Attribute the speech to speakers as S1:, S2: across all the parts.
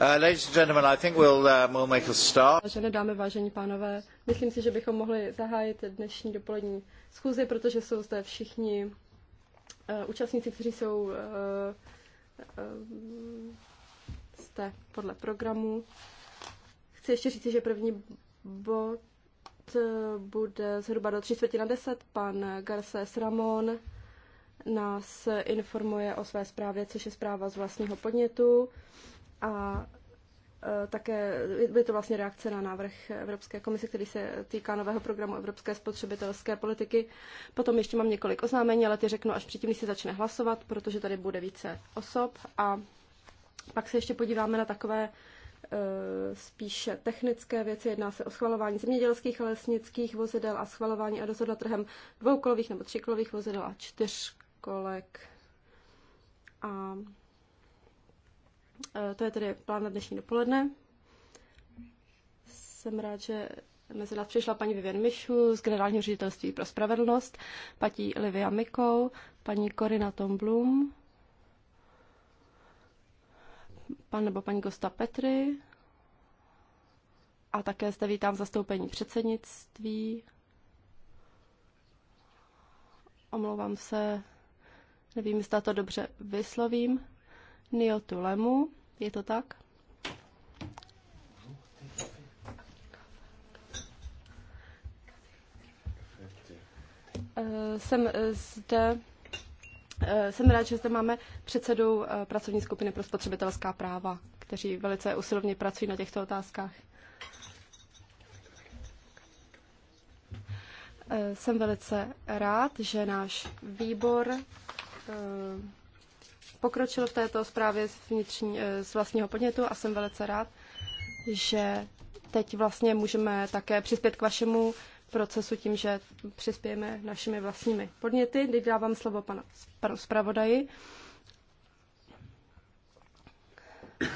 S1: Vážené
S2: dámy, vážení pánové, myslím si, že bychom mohli zahájit dnešní dopolední schůzi, protože jsou zde všichni uh, účastníci, kteří jsou uh, uh, podle programu. Chci ještě říct, že první bod uh, bude zhruba do 3 čtvrtě na 10. Pan Garces Ramon nás informuje o své zprávě, což je zpráva z vlastního podnětu a Eh, také je to vlastně reakce na návrh Evropské komise, který se týká nového programu Evropské spotřebitelské politiky. Potom ještě mám několik oznámení, ale ty řeknu až předtím, když se začne hlasovat, protože tady bude více osob. A pak se ještě podíváme na takové eh, spíše technické věci. Jedná se o schvalování zemědělských a lesnických vozidel a schvalování a dozor nad trhem dvoukolových nebo tříkolových vozidel a čtyřkolek. A Eh, to je tedy plán na dnešní dopoledne. Jsem rád, že mezi nás přišla paní Vivian Mišu z Generálního ředitelství pro spravedlnost, paní Livia Mikou, paní Korina Tomblum, pan nebo paní Gosta Petry a také zde vítám zastoupení předsednictví. Omlouvám se, nevím, jestli to dobře vyslovím. Niotu Lemu, je to tak? Eh, jsem eh, zde eh, jsem rád, že zde máme předsedu pracovní skupiny pro spotřebitelská práva, kteří velice usilovně pracují na těchto otázkách. Jsem velice rád, že náš výbor pokročil v této zprávě z, vnitřní, eh, z vlastního podnětu a jsem velice rád, že teď vlastně můžeme také přispět k vašemu procesu tím, že přispějeme našimi vlastními podněty. Teď dávám slovo pana, panu zpravodaji.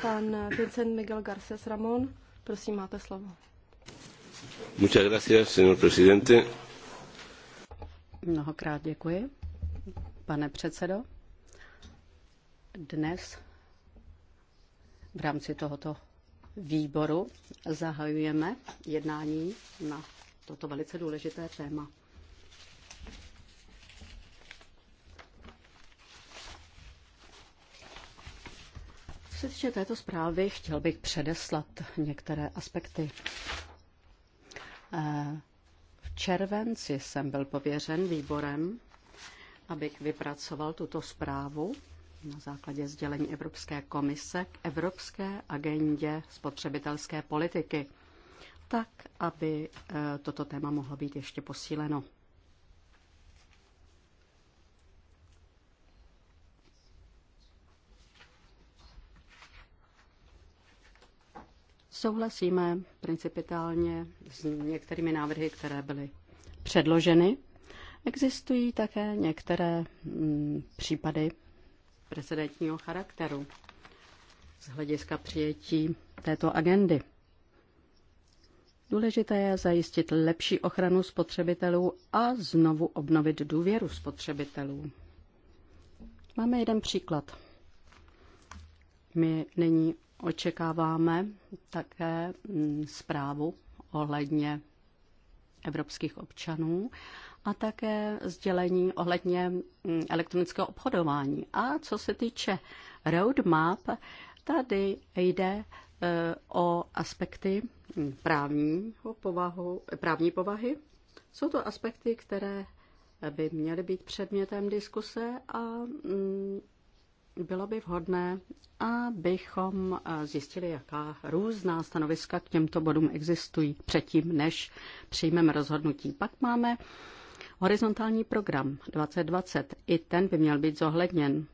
S2: Pan Vincent Miguel Garces Ramon,
S3: prosím, máte slovo.
S4: Muchas gracias, señor presidente.
S3: Mnohokrát děkuji, pane předsedo. Dnes v rámci tohoto výboru zahajujeme jednání na toto velice důležité téma. Co se týče této zprávy, chtěl bych předeslat některé aspekty. V červenci jsem byl pověřen výborem, abych vypracoval tuto zprávu na základě sdělení Evropské komise k Evropské agendě spotřebitelské politiky, tak aby e, toto téma mohlo být ještě posíleno. Souhlasíme principitálně s některými návrhy, které byly předloženy. Existují také některé mm, případy bezprecedentního charakteru z hlediska přijetí této agendy. Důležité je zajistit lepší ochranu spotřebitelů a znovu obnovit důvěru spotřebitelů. Máme jeden příklad. My nyní očekáváme také mm, zprávu ohledně evropských občanů a také sdělení ohledně mm, elektronického obchodování. A co se týče roadmap, tady jde e, o aspekty mm, právního povahu, právní povahy. Jsou to aspekty, které by měly být předmětem diskuse a mm, bylo by vhodné, abychom e, zjistili, jaká různá stanoviska k těmto bodům existují předtím, než přijmeme rozhodnutí. Pak máme Horizontální program 2020, i ten by měl být zohledněn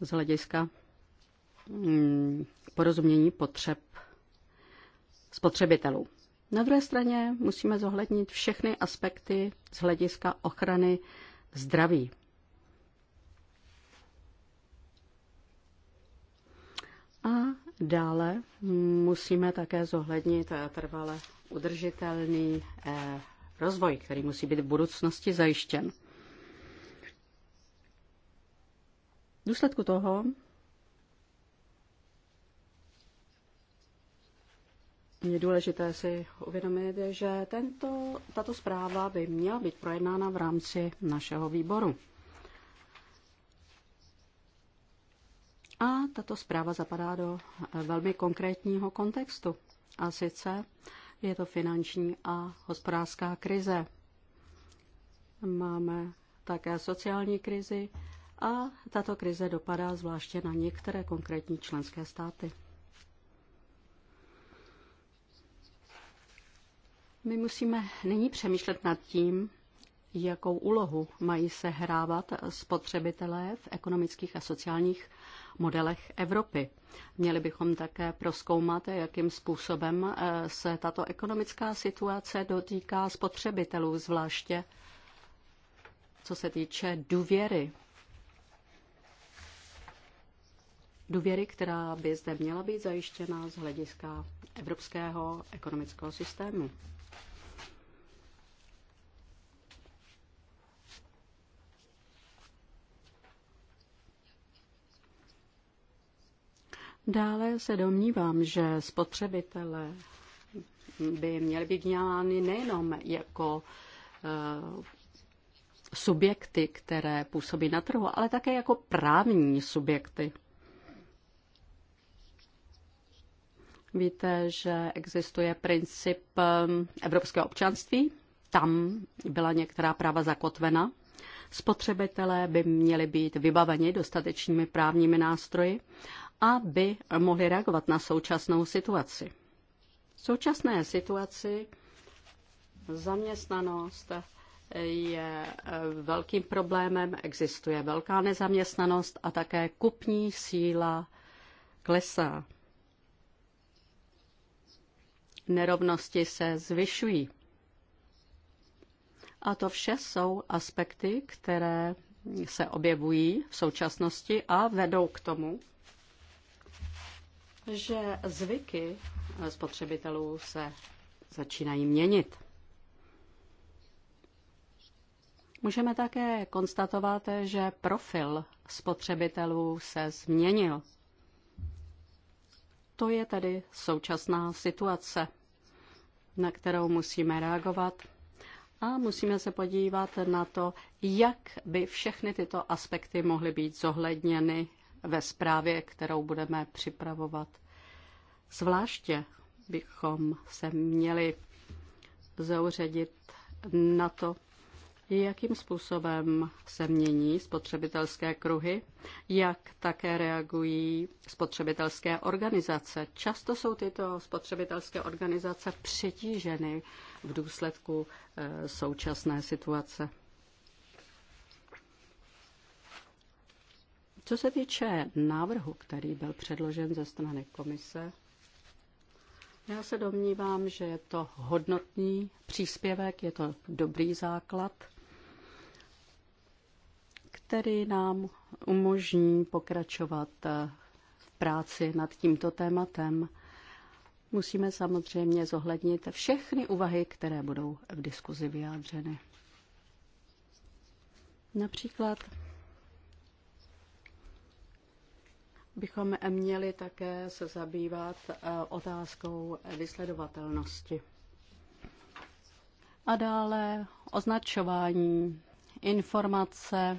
S3: z hlediska mm, porozumění potřeb spotřebitelů. Na druhé straně musíme zohlednit všechny aspekty z hlediska ochrany zdraví. A dále musíme také zohlednit trvale udržitelný eh, rozvoj, který musí být v budoucnosti zajištěn. V důsledku toho je důležité si uvědomit, že tento, tato zpráva by měla být projednána v rámci našeho výboru. A tato zpráva zapadá do velmi konkrétního kontextu. A sice je to finanční a hospodářská krize. Máme také sociální krizi a tato krize dopadá zvláště na některé konkrétní členské státy. My musíme nyní přemýšlet nad tím, jakou úlohu mají se hrávat spotřebitelé v ekonomických a sociálních modelech Evropy. Měli bychom také proskoumat, jakým způsobem eh, se tato ekonomická situace dotýká spotřebitelů, zvláště co se týče důvěry. Důvěry, která by zde měla být zajištěna z hlediska evropského ekonomického systému. Dále se domnívám, že spotřebitele by měly být vnímány nejenom jako eh, subjekty, které působí na trhu, ale také jako právní subjekty. Víte, že existuje princip eh, evropského občanství, tam byla některá práva zakotvena. Spotřebitelé by měli být vybaveni dostatečnými právními nástroji aby mohli reagovat na současnou situaci. V současné situaci zaměstnanost je eh, velkým problémem, existuje velká nezaměstnanost a také kupní síla klesá. Nerovnosti se zvyšují. A to vše jsou aspekty, které se objevují v současnosti a vedou k tomu, že zvyky spotřebitelů se začínají měnit. Můžeme také konstatovat, že profil spotřebitelů se změnil. To je tedy současná situace, na kterou musíme reagovat a musíme se podívat na to, jak by všechny tyto aspekty mohly být zohledněny ve zprávě, kterou budeme připravovat. Zvláště bychom se měli zauředit na to, jakým způsobem se mění spotřebitelské kruhy, jak také reagují spotřebitelské organizace. Často jsou tyto spotřebitelské organizace přetíženy v důsledku eh, současné situace. Co se týče návrhu, který byl předložen ze strany komise, já se domnívám, že je to hodnotný příspěvek, je to dobrý základ, který nám umožní pokračovat v práci nad tímto tématem. Musíme samozřejmě zohlednit všechny úvahy, které budou v diskuzi vyjádřeny. Například bychom měli také se zabývat eh, otázkou vysledovatelnosti. A dále označování informace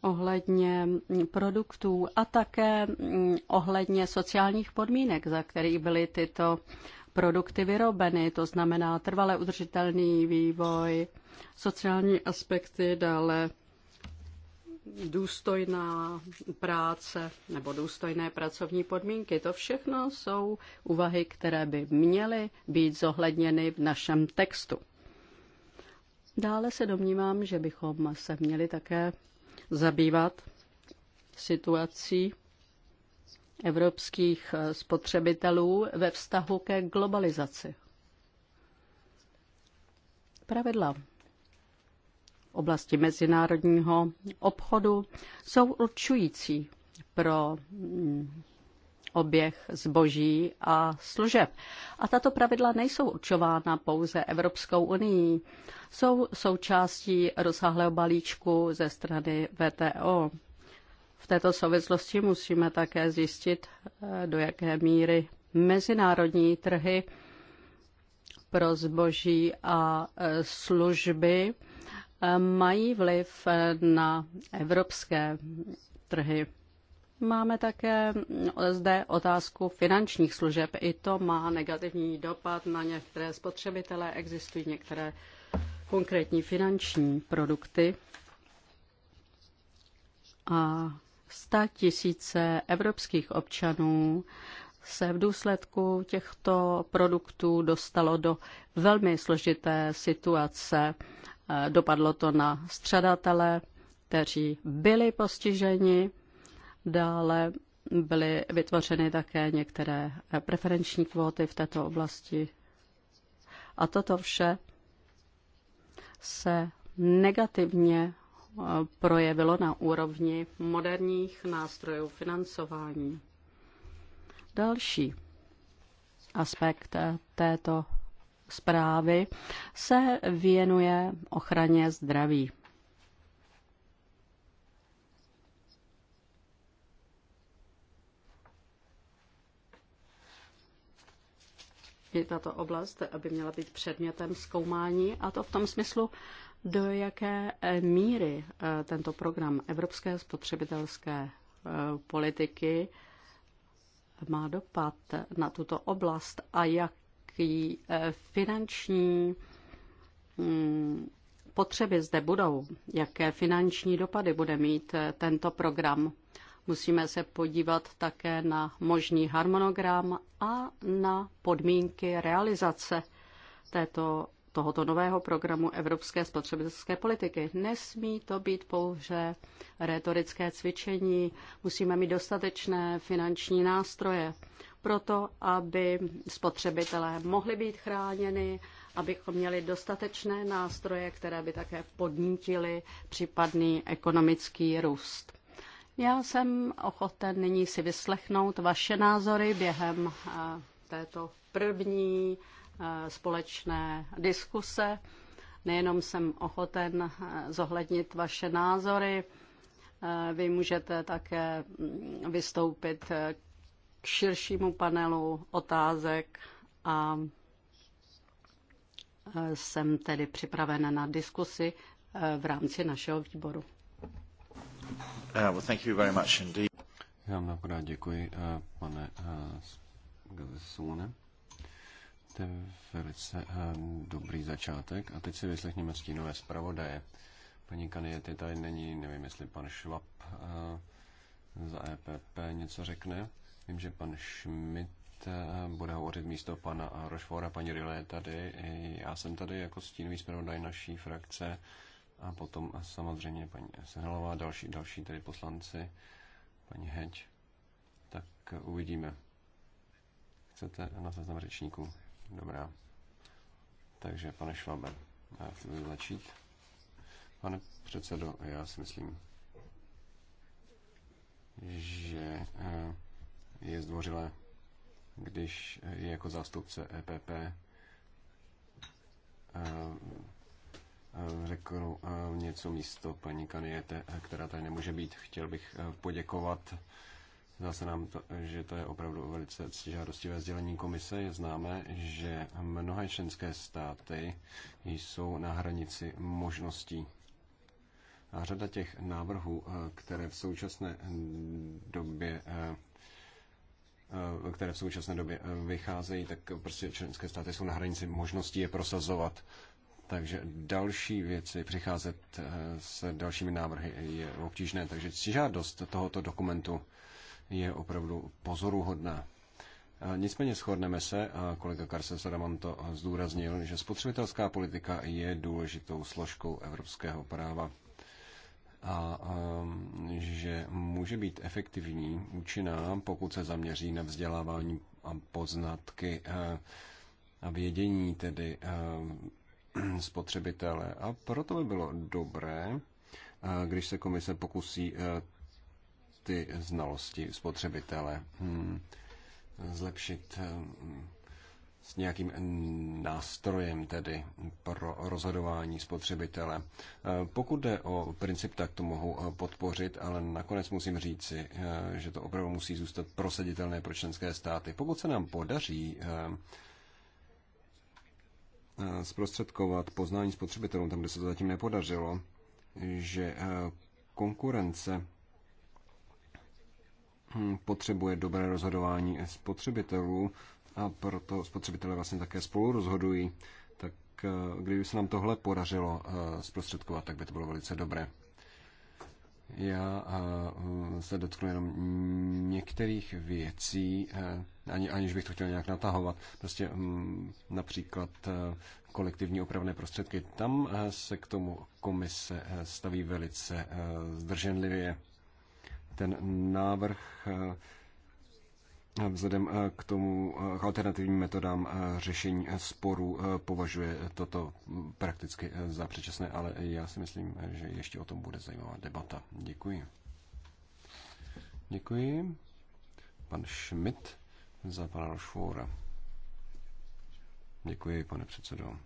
S3: ohledně produktů a také mm, ohledně sociálních podmínek, za kterých byly tyto produkty vyrobeny, to znamená trvale udržitelný vývoj, sociální aspekty, dále důstojná práce nebo důstojné pracovní podmínky. To všechno jsou úvahy, které by měly být zohledněny v našem textu. Dále se domnívám, že bychom se měli také zabývat situací evropských spotřebitelů ve vztahu ke globalizaci. Pravidla oblasti mezinárodního obchodu jsou určující pro mm, oběh zboží a služeb. A tato pravidla nejsou určována pouze Evropskou unii, jsou součástí rozsáhlého balíčku ze strany VTO. V této souvislosti musíme také zjistit, eh, do jaké míry mezinárodní trhy pro zboží a eh, služby mají vliv na evropské trhy. Máme také zde otázku finančních služeb. I to má negativní dopad na některé spotřebitele. Existují některé konkrétní finanční produkty. A sta tisíce evropských občanů se v důsledku těchto produktů dostalo do velmi složité situace Eh, dopadlo to na středatele, kteří byli postiženi. Dále byly vytvořeny také některé eh, preferenční kvóty v této oblasti. A toto vše se negativně eh, projevilo na úrovni moderních nástrojů financování. Další aspekt této zprávy se věnuje ochraně zdraví. Je tato oblast aby měla být předmětem zkoumání a to v tom smyslu, do jaké míry eh, tento program Evropské spotřebitelské eh, politiky má dopad na tuto oblast a jak nějaké eh, finanční hm, potřeby zde budou, jaké finanční dopady bude mít eh, tento program. Musíme se podívat také na možný harmonogram a na podmínky realizace této, tohoto nového programu Evropské spotřebitelské politiky. Nesmí to být pouze retorické cvičení, musíme mít dostatečné finanční nástroje proto aby spotřebitelé mohli být chráněni, abychom měli dostatečné nástroje, které by také podnítily případný ekonomický růst. Já jsem ochoten nyní si vyslechnout vaše názory během eh, této první eh, společné diskuse. Nejenom jsem ochoten eh, zohlednit vaše názory, vy můžete také mm, vystoupit k širšímu panelu otázek a e, jsem tedy připravena na diskusi e, v rámci našeho výboru. Uh, Já vám
S4: mnohokrát děkuji, uh, pane uh, Gazesone. To je velice dobrý začátek. A teď si vyslechneme stínové zpravodaje. Paní Kaniety tady není, nevím, jestli pan Švab za EPP něco řekne. Vím, že pan Schmidt eh, bude hovořit místo pana Rošvora, paní Rilé tady. Já jsem tady jako stínový zpravodaj naší frakce a potom samozřejmě paní Senelová, další, další tady poslanci, paní Heď. Tak uvidíme. Chcete na seznam řečníků? Dobrá. Takže, pane Švabe, eh, chcete začít? Pane předsedo, já si myslím, že eh, je zdvořilé, když je jako zástupce EPP eh, řeknu eh, něco místo paní Kaniete, eh, která tady nemůže být. Chtěl bych poděkovat. zase se nám, to, že to je opravdu velice ctižádostivé sdělení komise. Je známé, že mnohé členské státy jsou na hranici možností. A řada těch návrhů, které v současné mm, době Eh, které v současné době eh, vycházejí, tak prostě členské státy jsou na hranici možností je prosazovat. Takže další věci, přicházet eh, s dalšími návrhy je obtížné. Takže žádost tohoto dokumentu je opravdu pozoruhodná. Nicméně shodneme se, a kolega Karsen Sadaman to zdůraznil, že spotřebitelská politika je důležitou složkou evropského práva a um, že může být efektivní, účinná, pokud se zaměří na vzdělávání a poznatky eh, a vědění tedy eh, spotřebitele. A proto by bylo dobré, eh, když se komise pokusí ty znalosti spotřebitele hm, zlepšit s nějakým nástrojem tedy pro rozhodování spotřebitele. Eh, pokud jde o princip, tak to mohu eh, podpořit, ale nakonec musím říci, eh, že to opravdu musí zůstat proseditelné pro členské státy. Pokud se nám podaří zprostředkovat poznání spotřebitelům tam, kde se to zatím nepodařilo, že konkurence hm, potřebuje dobré rozhodování spotřebitelů, a proto spotřebitelé vlastně také spolu rozhodují. Tak eh, kdyby se nám tohle podařilo eh, zprostředkovat, tak by to bylo velice dobré. Já eh, se dotknu jenom některých věcí, ani, aniž bych to chtěl nějak natahovat. Prostě hm, například kolektivní opravné prostředky. Tam se k tomu komise staví velice zdrženlivě. Ten návrh vzhledem eh, k tomu eh, k alternativním metodám eh, řešení sporů považuje toto hm, prakticky za předčasné, ale já si myslím, že ještě o tom bude zajímavá debata. Děkuji. Děkuji. Pan Schmidt za pana Rošvora. Děkuji, pane předsedo.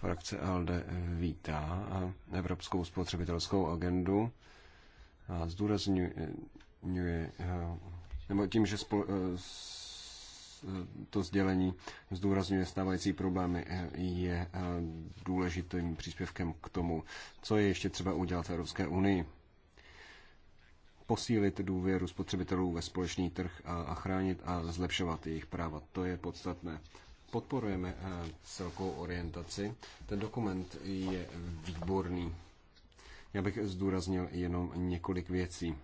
S4: Frakce ALDE vítá Evropskou spotřebitelskou agendu a zdůrazňuje, eh, nebo tím, že spol, eh, to sdělení zdůrazňuje stávající problémy, eh, je důležitým příspěvkem k tomu, co je ještě třeba udělat v Evropské unii. Posílit důvěru spotřebitelů ve společný trh a chránit a zlepšovat jejich práva. To je podstatné podporujeme celkovou orientaci. Ten dokument je výborný. Já bych zdůraznil jenom několik věcí.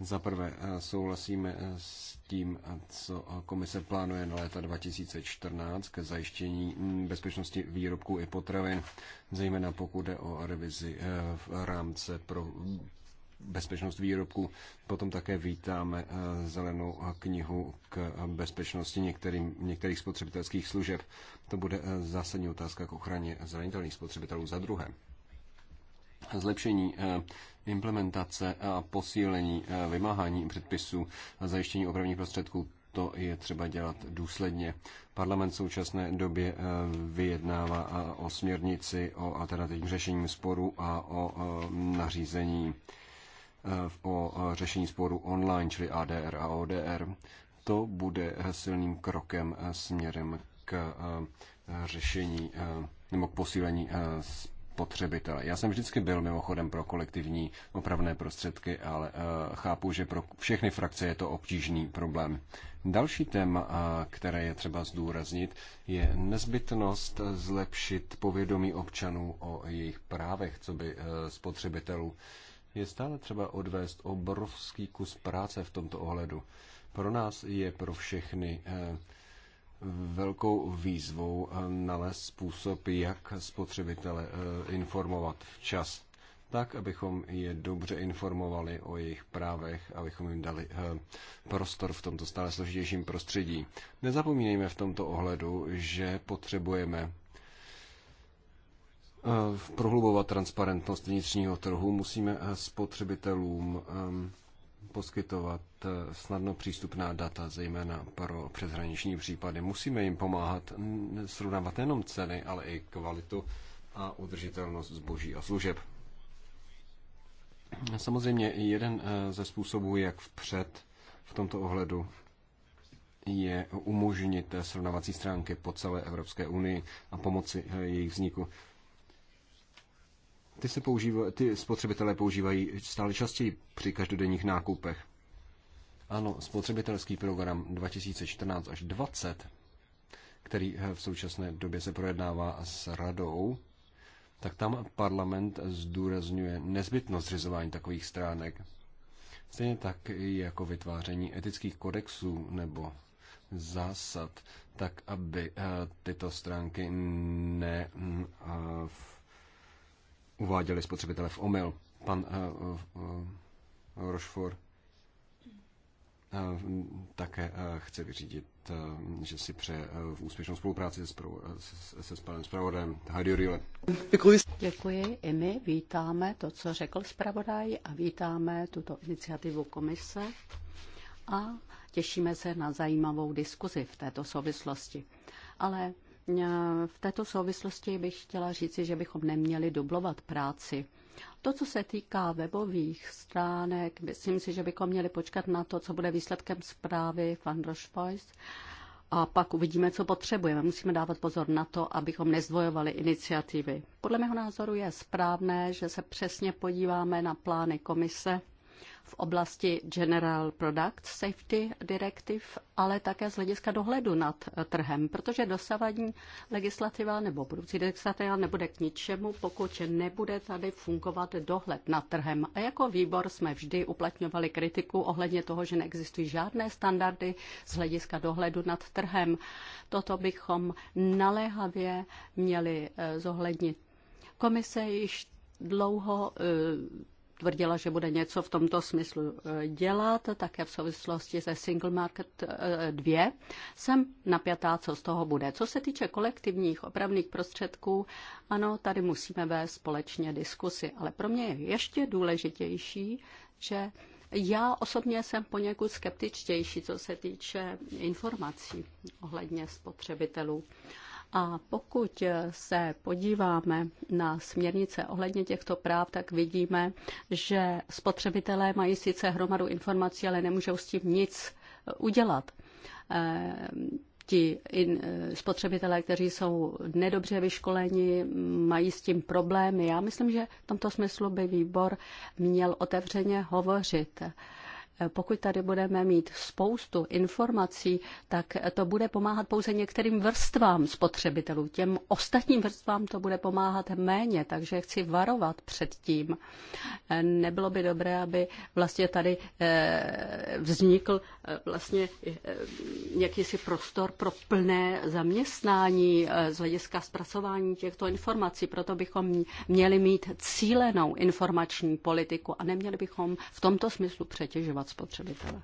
S4: Za prvé eh, souhlasíme eh, s tím, eh, co komise plánuje na léta 2014 k zajištění mm, bezpečnosti výrobků i potravin, zejména pokud jde o revizi v rámce pro bezpečnost výrobků. Potom také vítáme zelenou knihu k bezpečnosti některým, některých spotřebitelských služeb. To bude zásadní otázka k ochraně zranitelných spotřebitelů za druhé zlepšení eh, implementace a posílení eh, vymáhání předpisů a zajištění opravních prostředků to je třeba dělat důsledně. Parlament v současné době eh, vyjednává o směrnici, o alternativním řešení sporu a o nařízení o řešení sporu online, čili ADR a ODR. To bude silným krokem směrem k řešení nebo k posílení spotřebitele. Já jsem vždycky byl mimochodem pro kolektivní opravné prostředky, ale eh, chápu, že pro všechny frakce je to obtížný problém. Další téma, eh, které je třeba zdůraznit, je nezbytnost zlepšit povědomí občanů o jejich právech, co by eh, spotřebitelů. Je stále třeba odvést obrovský kus práce v tomto ohledu. Pro nás je pro všechny velkou výzvou eh, nalézt způsob, jak spotřebitele eh, informovat včas, tak, abychom je dobře informovali o jejich právech, abychom jim dali eh, prostor v tomto stále složitějším prostředí. Nezapomínejme v tomto ohledu, že potřebujeme prohlubovat transparentnost vnitřního trhu, musíme spotřebitelům poskytovat eh, snadno přístupná data, zejména pro přeshraniční případy. Musíme jim pomáhat srovnávat nejenom ceny, ale i kvalitu a udržitelnost zboží a služeb. Samozřejmě jeden eh, ze způsobů, jak vpřed v tomto ohledu je umožnit eh, srovnávací stránky po celé Evropské unii a pomoci jejich vzniku. Ty, se používa, ty spotřebitelé používají stále častěji při každodenních nákupech. Ano, spotřebitelský program 2014 až 20, který eh, v současné době se projednává s radou, tak tam parlament zdůrazňuje nezbytnost zřizování takových stránek. Stejně tak i jako vytváření etických kodexů nebo zásad, tak aby eh, tyto stránky ne mm, uváděli spotřebitele v omyl. Pan uh, uh, Rochefort také chce vyřídit, že si pře v úspěšnou spolupráci se, se, se panem zpravodajem Heidi
S3: Děkuji i my vítáme to, co řekl zpravodaj a vítáme tuto iniciativu komise a těšíme se na zajímavou diskuzi v této souvislosti. Ale v této souvislosti bych chtěla říci, že bychom neměli dublovat práci. To, co se týká webových stránek, myslím si, že bychom měli počkat na to, co bude výsledkem zprávy Van Voice, a pak uvidíme, co potřebujeme. Musíme dávat pozor na to, abychom nezdvojovali iniciativy. Podle mého názoru je správné, že se přesně podíváme na plány komise v oblasti General Product Safety Directive, ale také z hlediska dohledu nad trhem, protože dosavadní legislativa nebo budoucí legislativa nebude k ničemu, pokud nebude tady fungovat dohled nad trhem. A jako výbor jsme vždy uplatňovali kritiku ohledně toho, že neexistují žádné standardy z hlediska dohledu nad trhem. Toto bychom naléhavě měli eh, zohlednit. Komise již dlouho eh, tvrdila, že bude něco v tomto smyslu eh, dělat, také v souvislosti se Single Market 2. Eh, jsem napjatá, co z toho bude. Co se týče kolektivních opravných prostředků, ano, tady musíme vést společně diskusy, ale pro mě je ještě důležitější, že já osobně jsem poněkud skeptičtější, co se týče informací ohledně spotřebitelů. Uh, a pokud se podíváme na směrnice ohledně těchto práv, tak vidíme, že spotřebitelé mají sice hromadu informací, ale nemůžou s tím nic eh, udělat eh, ti eh, spotřebitelé, kteří jsou nedobře vyškoleni, mají s tím problémy. Já myslím, že v tomto smyslu by výbor měl otevřeně hovořit. Pokud tady budeme mít spoustu informací, tak to bude pomáhat pouze některým vrstvám spotřebitelů. Těm ostatním vrstvám to bude pomáhat méně, takže chci varovat před tím. Nebylo by dobré, aby vlastně tady eh, vznikl eh, vlastně eh, jakýsi prostor pro plné zaměstnání z hlediska zpracování těchto informací. Proto bychom měli mít cílenou informační politiku a neměli bychom v tomto smyslu přetěžovat od spotřebitele.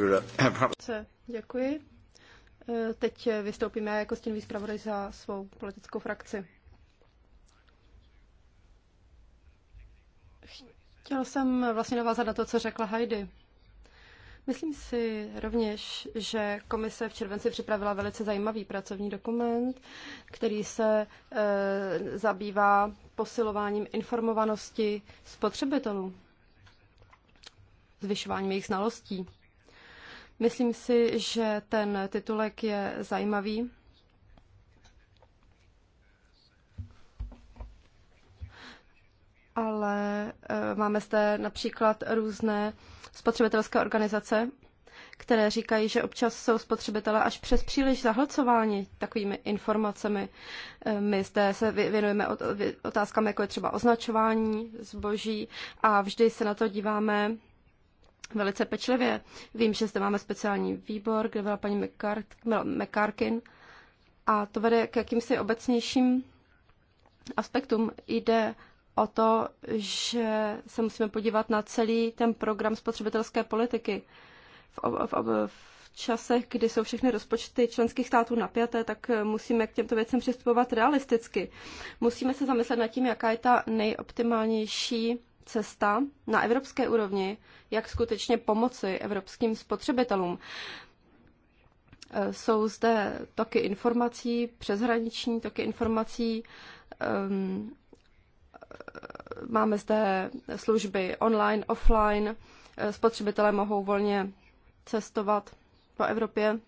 S1: Uh,
S2: děkuji. Eh, teď vystoupíme jako stínový zpravodaj za svou politickou frakci. Chtěl jsem vlastně navázat na to, co řekla Heidi. Myslím si rovněž, že komise v červenci připravila velice zajímavý pracovní dokument, který se e, zabývá posilováním informovanosti spotřebitelů zvyšováním jejich znalostí. Myslím si, že ten titulek je zajímavý. Ale e, máme zde například různé spotřebitelské organizace, které říkají, že občas jsou spotřebitelé až přes příliš zahlcováni takovými informacemi. E, my zde se věnujeme otázkám, jako je třeba označování zboží a vždy se na to díváme velice pečlivě. Vím, že zde máme speciální výbor, kde byla paní McCarkin a to vede k jakýmsi obecnějším aspektům. Jde o to, že se musíme podívat na celý ten program spotřebitelské politiky. V, v, v, v časech, kdy jsou všechny rozpočty členských států napjaté, tak musíme k těmto věcem přistupovat realisticky. Musíme se zamyslet nad tím, jaká je ta nejoptimálnější cesta na evropské úrovni, jak skutečně pomoci evropským spotřebitelům. Eh, jsou zde toky informací, přeshraniční toky informací, ehm, máme zde služby online, offline, eh, spotřebitelé mohou volně cestovat po Evropě.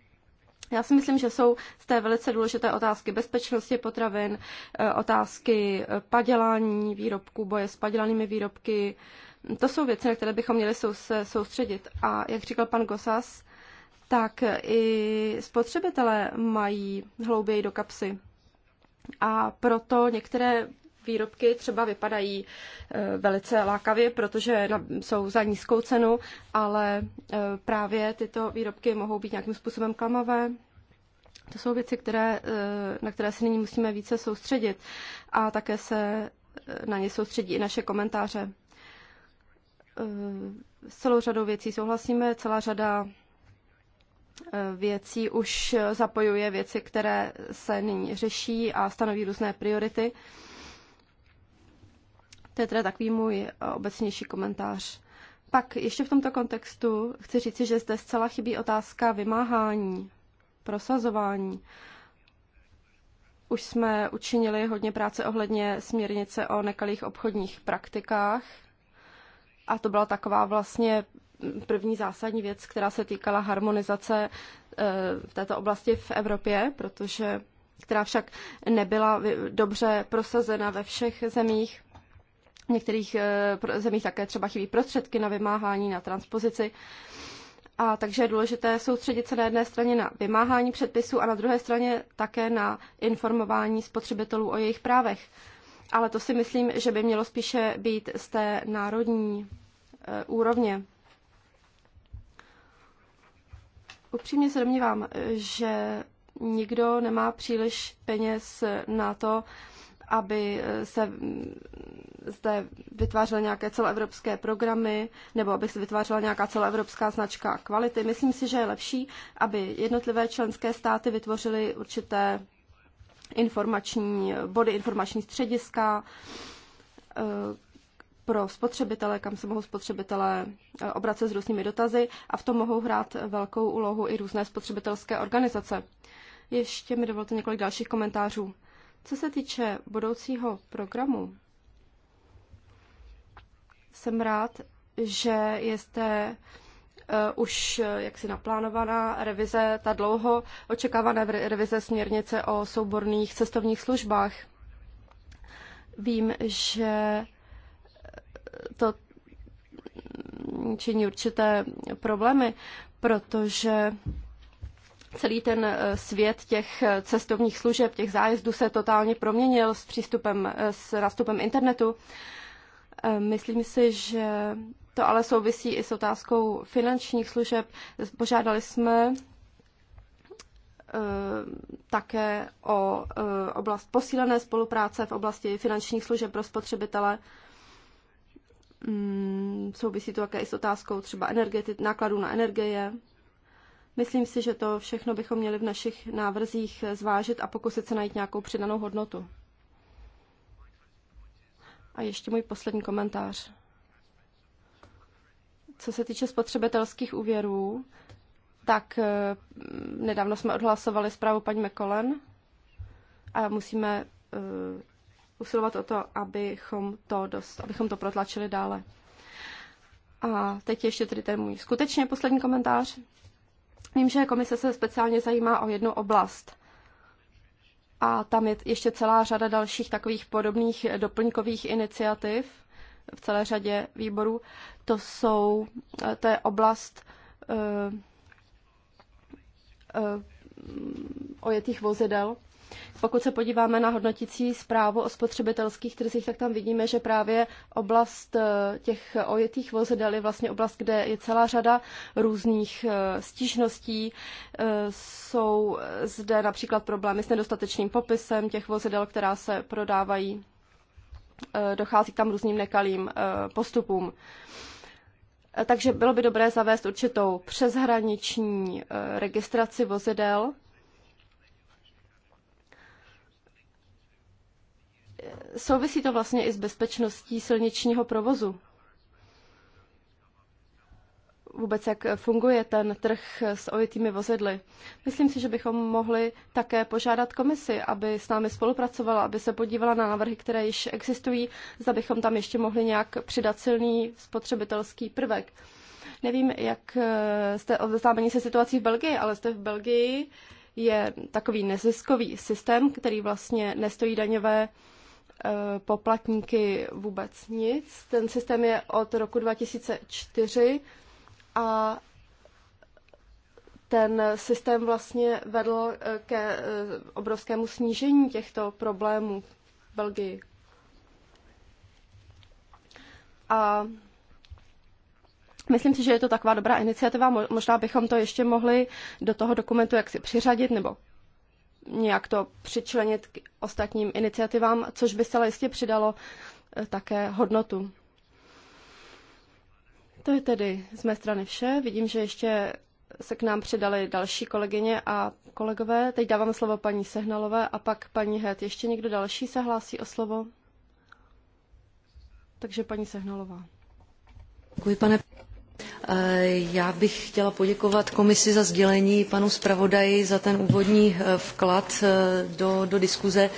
S2: Já si myslím, že jsou z té velice důležité otázky bezpečnosti potravin, eh, otázky eh, padělání výrobků, boje s padělanými výrobky. To jsou věci, na které bychom měli se soustředit. A jak říkal pan Gosas, tak i spotřebitelé mají hlouběji do kapsy. A proto některé výrobky třeba vypadají eh, velice lákavě, protože jsou za nízkou cenu, ale eh, právě tyto výrobky mohou být nějakým způsobem klamavé. To jsou věci, které, eh, na které se nyní musíme více soustředit a také se na ně soustředí i naše komentáře. S celou řadou věcí souhlasíme, celá řada věcí už zapojuje věci, které se nyní řeší a stanoví různé priority. To je teda takový můj eh, obecnější komentář. Pak ještě v tomto kontextu chci říci, že zde zcela chybí otázka vymáhání, prosazování. Už jsme učinili hodně práce ohledně směrnice o nekalých obchodních praktikách a to byla taková vlastně první zásadní věc, která se týkala harmonizace eh, v této oblasti v Evropě, protože která však nebyla dobře prosazena ve všech zemích. V některých eh, zemích také třeba chybí prostředky na vymáhání, na transpozici. A takže je důležité soustředit se na jedné straně na vymáhání předpisů a na druhé straně také na informování spotřebitelů o jejich právech. Ale to si myslím, že by mělo spíše být z té národní eh, úrovně. Upřímně se domnívám, eh, že nikdo nemá příliš peněz na to, aby eh, se mm, zde vytvářely nějaké celoevropské programy nebo aby se vytvářela nějaká celoevropská značka kvality. Myslím si, že je lepší, aby jednotlivé členské státy vytvořily určité informační eh, body, informační střediska eh, pro spotřebitele, kam se mohou spotřebitelé obracet s různými dotazy a v tom mohou hrát velkou úlohu i různé spotřebitelské organizace. Ještě mi dovolte několik dalších komentářů. Co se týče budoucího programu, jsem rád, že jste uh, eh, už jaksi naplánovaná revize, ta dlouho očekávaná revize směrnice o souborných cestovních službách. Vím, že eh, to činí určité problémy, protože celý ten eh, svět těch eh, cestovních služeb, těch zájezdů se totálně proměnil s přístupem, eh, s nástupem internetu. Myslím si, že to ale souvisí i s otázkou finančních služeb. Požádali jsme také o oblast posílené spolupráce v oblasti finančních služeb pro spotřebitele. Mm, souvisí to také i s otázkou třeba energeti- nákladů na energie, Myslím si, že to všechno bychom měli v našich návrzích zvážit a pokusit se najít nějakou přidanou hodnotu. A ještě můj poslední komentář. Co se týče spotřebitelských úvěrů, tak eh, nedávno jsme odhlasovali zprávu paní Mekolen a musíme uh, usilovat o to, abychom to, dost, abychom to protlačili dále. A teď ještě tedy ten můj skutečně poslední komentář. Vím, že komise se speciálně zajímá o jednu oblast. A tam je ještě celá řada dalších takových podobných doplňkových iniciativ v celé řadě výborů. To jsou, eh, to je oblast uh, uh, ojetých vozidel. Pokud se podíváme na hodnotící zprávu o spotřebitelských trzích, tak tam vidíme, že právě oblast eh, těch ojetých vozidel je vlastně oblast, kde je celá řada různých eh, stížností. Eh, jsou zde například problémy s nedostatečným popisem těch vozidel, která se prodávají. Dochází k tam různým nekalým postupům. Takže bylo by dobré zavést určitou přeshraniční registraci vozidel, souvisí to vlastně i s bezpečností silničního provozu. Vůbec jak funguje ten trh s ojetými vozidly. Myslím si, že bychom mohli také požádat komisi, aby s námi spolupracovala, aby se podívala na návrhy, které již existují, zda bychom tam ještě mohli nějak přidat silný spotřebitelský prvek. Nevím, jak eh, jste obeznámeni se situací v Belgii, ale jste v Belgii je takový neziskový systém, který vlastně nestojí daňové Eh, poplatníky vůbec nic. Ten systém je od roku 2004 a ten systém vlastně vedl eh, ke eh, obrovskému snížení těchto problémů v Belgii. A myslím si, že je to taková dobrá iniciativa. Možná bychom to ještě mohli do toho dokumentu jaksi přiřadit nebo nějak to přičlenit k ostatním iniciativám, což by se jistě přidalo eh, také hodnotu. To je tedy z mé strany vše. Vidím, že ještě se k nám přidali další kolegyně a kolegové. Teď dávám slovo paní Sehnalové a pak paní Het. Ještě někdo další se hlásí o slovo? Takže paní Sehnalová.
S1: Děkuji, pane Eh, já bych chtěla poděkovat komisi za sdělení, panu zpravodaji za ten úvodní eh, vklad eh, do, do diskuze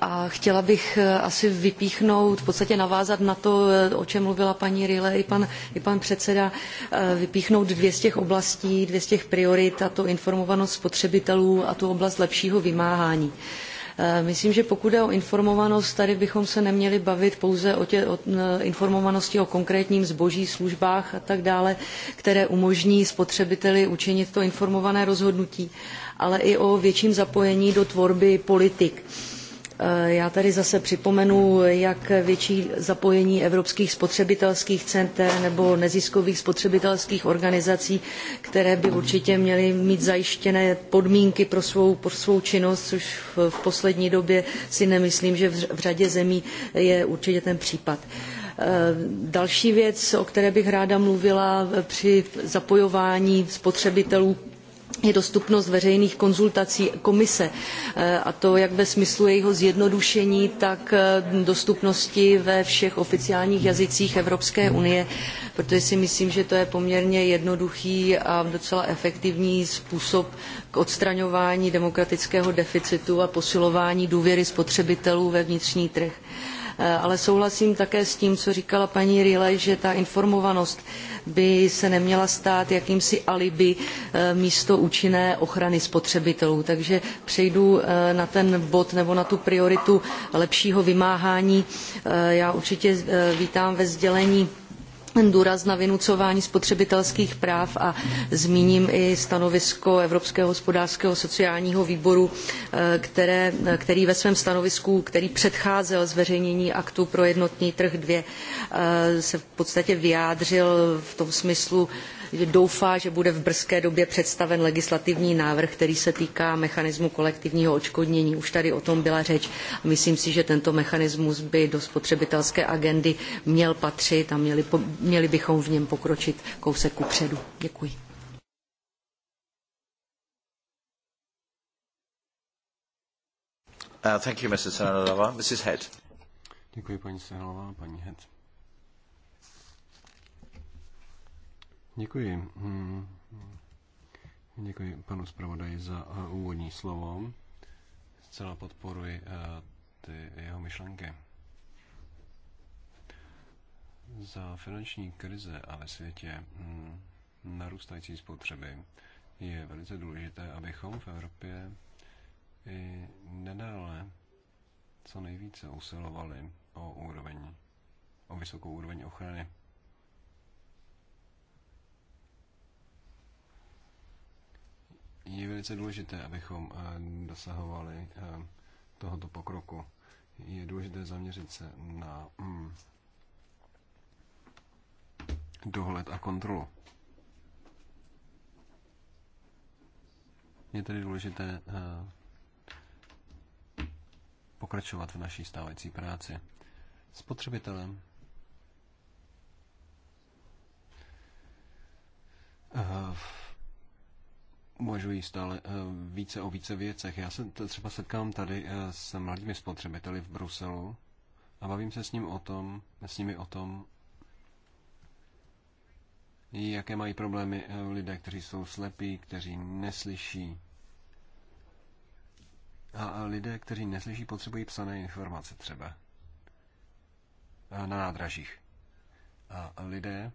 S1: a chtěla bych asi vypíchnout, v podstatě navázat na to, o čem mluvila paní Rile i pan, i pan předseda, vypíchnout dvě z těch oblastí, dvě z těch priorit, a to informovanost spotřebitelů a tu oblast lepšího vymáhání. Eh, myslím, že pokud je o informovanost, tady bychom se neměli bavit pouze o, tě, o eh, informovanosti o konkrétním zboží, službách a tak dále, které umožní spotřebiteli učinit to informované rozhodnutí, ale i o větším zapojení do tvorby politik. Eh, já tady zase připomenu, jak větší zapojení evropských spotřebitelských center nebo neziskových spotřebitelských organizací, které by určitě měly mít zajištěné podmínky pro svou, pro svou činnost, což v poslední době si nemyslím, že v řadě zemí je určitě ten případ. Eh, další věc, o které bych ráda mluvila eh, při zapojování spotřebitelů je dostupnost veřejných konzultací komise eh, a to jak ve smyslu jejího zjednodušení tak eh, dostupnosti ve všech oficiálních jazycích evropské unie protože si myslím že to je poměrně jednoduchý a docela efektivní způsob k odstraňování demokratického deficitu a posilování důvěry spotřebitelů ve vnitřní trh. Eh, ale souhlasím také s tím, co říkala paní Rilej, že ta informovanost by se neměla stát jakýmsi alibi eh, místo účinné ochrany spotřebitelů. Takže přejdu eh, na ten bod nebo na tu prioritu lepšího vymáhání. Já určitě vítám ve sdělení důraz na vynucování spotřebitelských práv a zmíním i stanovisko Evropského hospodářského sociálního výboru, eh, které, eh, který ve svém stanovisku, který předcházel zveřejnění aktu pro jednotný trh 2, eh, se v podstatě vyjádřil v tom smyslu, doufá, že bude v brzké době představen legislativní návrh, který se týká mechanismu kolektivního odškodnění. Už tady o tom byla řeč. Myslím si, že tento mechanismus by do spotřebitelské agendy měl patřit a měli, měli bychom v něm pokročit kousek kupředu. Děkuji.
S4: Uh, thank you, Mrs. Mrs. Head. Děkuji, paní Sehnalová, paní Head. Děkuji. Hmm. Děkuji panu zpravodaji za eh, úvodní slovo. Zcela podporuji eh, ty jeho myšlenky. Za finanční krize a ve světě hmm, narůstající spotřeby je velice důležité, abychom v Evropě i nadále co nejvíce usilovali o úroveň, o vysokou úroveň ochrany je velice důležité, abychom eh, dosahovali eh, tohoto pokroku. Je důležité zaměřit se na mm, dohled a kontrolu. Je tedy důležité eh, pokračovat v naší stávající práci. Spotřebitelem uh, uvažují stále eh, více o více věcech. Já se třeba setkám tady eh, s mladými spotřebiteli v Bruselu a bavím se s, ním o tom, s nimi o tom, jaké mají problémy eh, lidé, kteří jsou slepí, kteří neslyší. A lidé, kteří neslyší, potřebují psané informace třeba na nádražích. A lidé,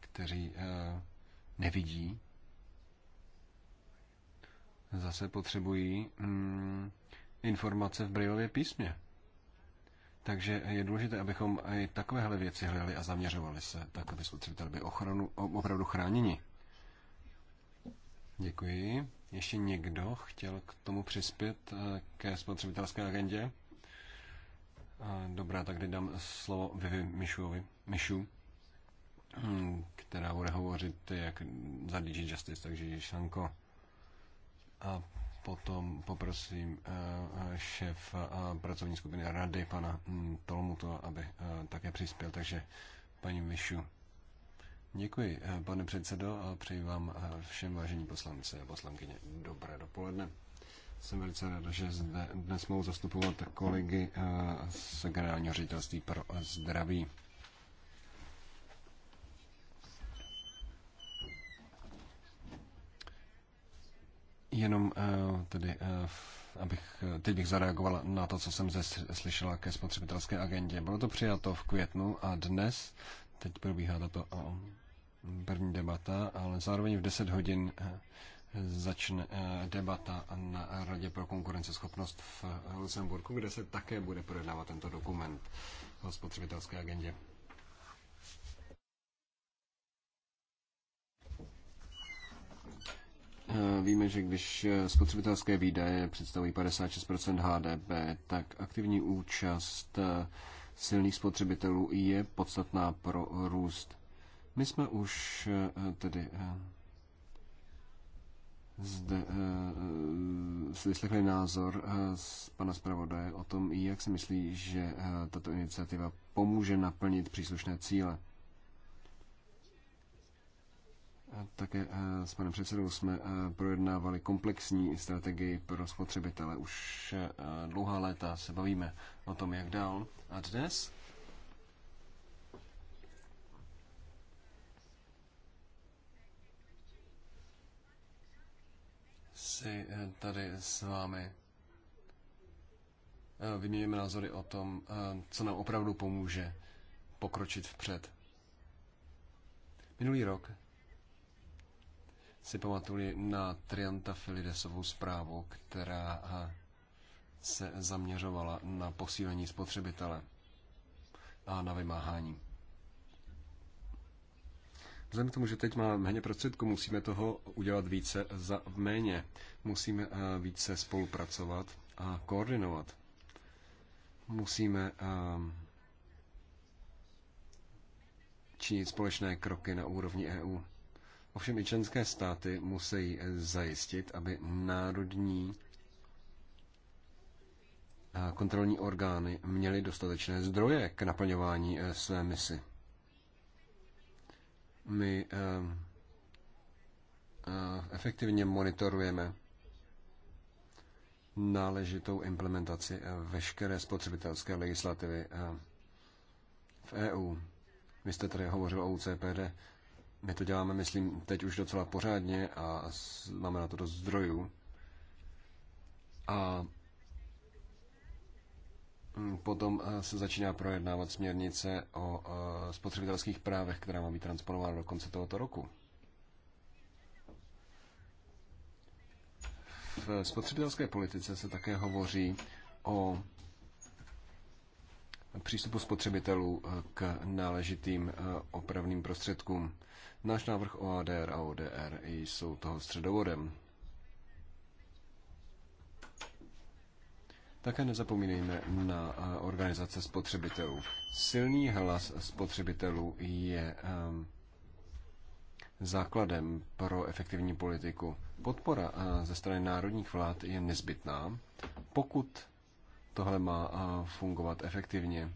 S4: kteří nevidí, zase potřebují mm, informace v brajlově písmě. Takže je důležité, abychom i takovéhle věci hledali a zaměřovali se, tak aby spotřebitel by ochranu, opravdu chráněni. Děkuji. Ještě někdo chtěl k tomu přispět eh, ke spotřebitelské agendě? Eh, dobrá, tak kdy dám slovo Vivi Mišuovi, Mišu, hm, která bude hovořit jak za DG Justice, takže Šanko. A potom poprosím eh, šéf eh, pracovní skupiny rady, pana hm, Tolmuto, aby eh, také přispěl. Takže paní Mišu. Děkuji, pane předsedo, a přeji vám všem vážení poslanci a poslankyně dobré dopoledne. Jsem velice rád, že zde dnes mohu zastupovat kolegy z Generálního ředitelství pro zdraví. Jenom eh, tedy, eh, abych, eh, teď bych zareagoval na to, co jsem zde slyšela ke spotřebitelské agendě. Bylo to přijato v květnu a dnes, teď probíhá tato první debata, ale zároveň v 10 hodin začne debata na Radě pro konkurenceschopnost v Lucemburku, kde se také bude projednávat tento dokument o spotřebitelské agendě. Eh, víme, že když eh, spotřebitelské výdaje představují 56% HDP, tak aktivní účast eh, silných spotřebitelů je podstatná pro růst. My jsme už tedy zde slyšeli názor z pana zpravodaje o tom, jak si myslí, že tato iniciativa pomůže naplnit příslušné cíle. Také eh, s panem předsedou jsme eh, projednávali komplexní strategii pro spotřebitele. Už eh, dlouhá léta se bavíme o tom, jak dál. A dnes si tady s vámi vyměníme názory o tom, co nám opravdu pomůže pokročit vpřed. Minulý rok si pamatuji na Trianta Filidesovou zprávu, která eh, se zaměřovala na posílení spotřebitele a na vymáhání. Vzhledem k tomu, že teď máme méně prostředků, musíme toho udělat více za méně. Musíme eh, více spolupracovat a koordinovat. Musíme eh, činit společné kroky na úrovni EU. Ovšem i členské státy musí zajistit, aby národní kontrolní orgány měly dostatečné zdroje k naplňování eh, své misi. My eh, eh, efektivně monitorujeme náležitou implementaci veškeré spotřebitelské legislativy v EU. Vy jste tady hovořil o UCPD. My to děláme, myslím, teď už docela pořádně a máme na to dost zdrojů. A mm, potom eh, se začíná projednávat směrnice o eh, spotřebitelských právech, která má být transponována do konce tohoto roku. V spotřebitelské politice se také hovoří o přístupu spotřebitelů eh, k náležitým opravným prostředkům. Náš návrh OADR a ODR jsou toho středovodem. Také nezapomínejme na eh, organizace spotřebitelů. Silný hlas spotřebitelů je ehm, základem pro efektivní politiku. Podpora eh, ze strany národních vlád je nezbytná, pokud tohle má eh, fungovat efektivně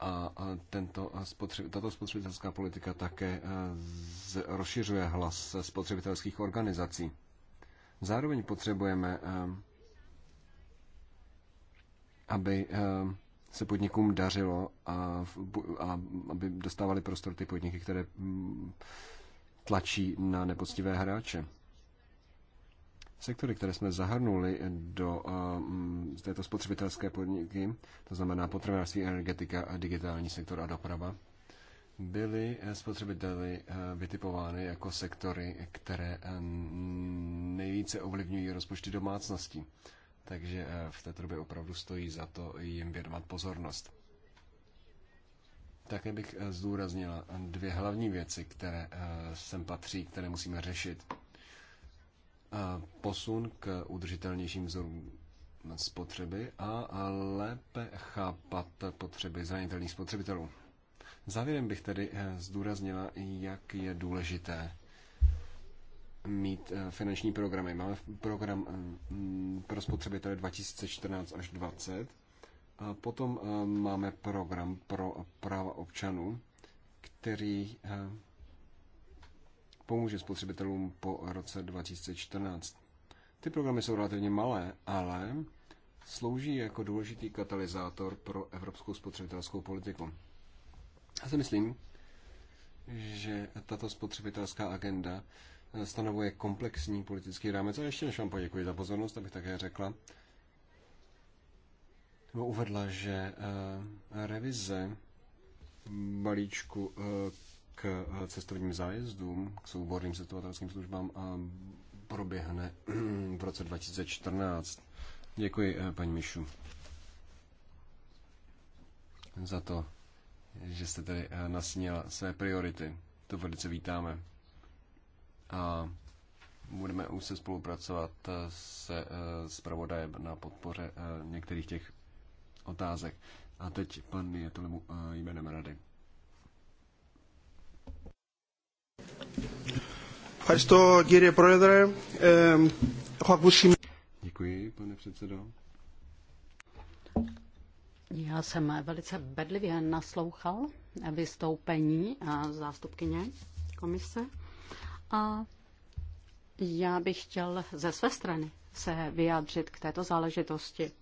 S4: a tento spotřeb, tato spotřebitelská politika také e, z, rozšiřuje hlas spotřebitelských organizací. Zároveň potřebujeme, e, aby e, se podnikům dařilo a, a aby dostávali prostor ty podniky, které mm, tlačí na nepoctivé hráče. Sektory, které jsme zahrnuli do eh, této spotřebitelské podniky, to znamená potravinářství, energetika, digitální sektor a doprava, byly eh, spotřebiteli eh, vytipovány jako sektory, které nejvíce ovlivňují rozpočty domácností. Takže v té době opravdu stojí za to jim věnovat pozornost. Také bych zdůraznila dvě hlavní věci, které sem patří, které musíme řešit posun k udržitelnějším vzorům spotřeby a lépe chápat potřeby zranitelných spotřebitelů. Závěrem bych tedy eh, zdůraznila, jak je důležité mít eh, finanční programy. Máme program mm, pro spotřebitele 2014 až 2020 a potom eh, máme program pro práva občanů, který pomůže spotřebitelům po roce 2014. Ty programy jsou relativně malé, ale slouží jako důležitý katalyzátor pro evropskou spotřebitelskou politiku. Já si myslím, že tato spotřebitelská agenda eh, stanovuje komplexní politický rámec. A ještě než vám poděkuji za pozornost, abych také řekla, nebo uvedla, že eh, revize balíčku eh, k eh, cestovním zájezdům, k souborným cestovatelským službám a proběhne v roce 2014. Děkuji, eh, paní Mišu, za to, že jste tady eh, nasněla své priority. To velice vítáme. A budeme už se spolupracovat se zpravodajem na podpoře některých těch otázek. A teď pan Jetolemu jménem Rady. Děkuji, pane předsedo.
S3: Já jsem velice bedlivě naslouchal vystoupení zástupkyně komise a já bych chtěl ze své strany se vyjádřit k této záležitosti.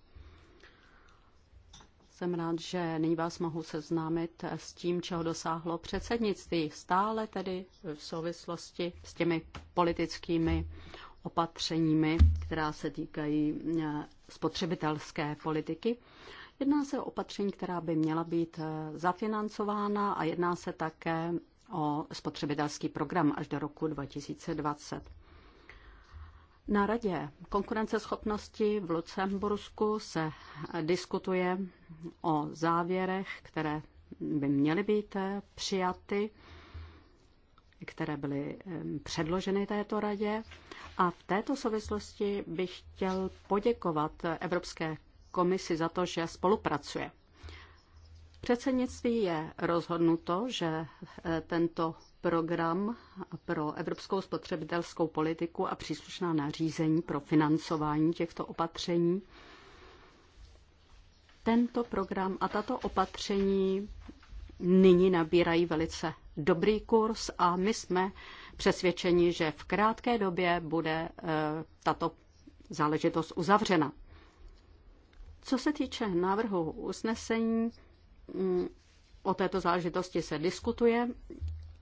S3: Jsem rád, že nyní vás mohu seznámit s tím, čeho dosáhlo předsednictví, stále tedy v souvislosti s těmi politickými opatřeními, která se týkají eh, spotřebitelské politiky. Jedná se o opatření, která by měla být eh, zafinancována a jedná se také o spotřebitelský program až do roku 2020. Na radě konkurenceschopnosti v Lucembursku se diskutuje o závěrech, které by měly být přijaty, které byly předloženy této radě. A v této souvislosti bych chtěl poděkovat Evropské komisi za to, že spolupracuje. předsednictví je rozhodnuto, že e, tento program pro evropskou spotřebitelskou politiku a příslušná nařízení pro financování těchto opatření. Tento program a tato opatření nyní nabírají velice dobrý kurz a my jsme přesvědčeni, že v krátké době bude eh, tato záležitost uzavřena. Co se týče návrhu usnesení, mm, o této záležitosti se diskutuje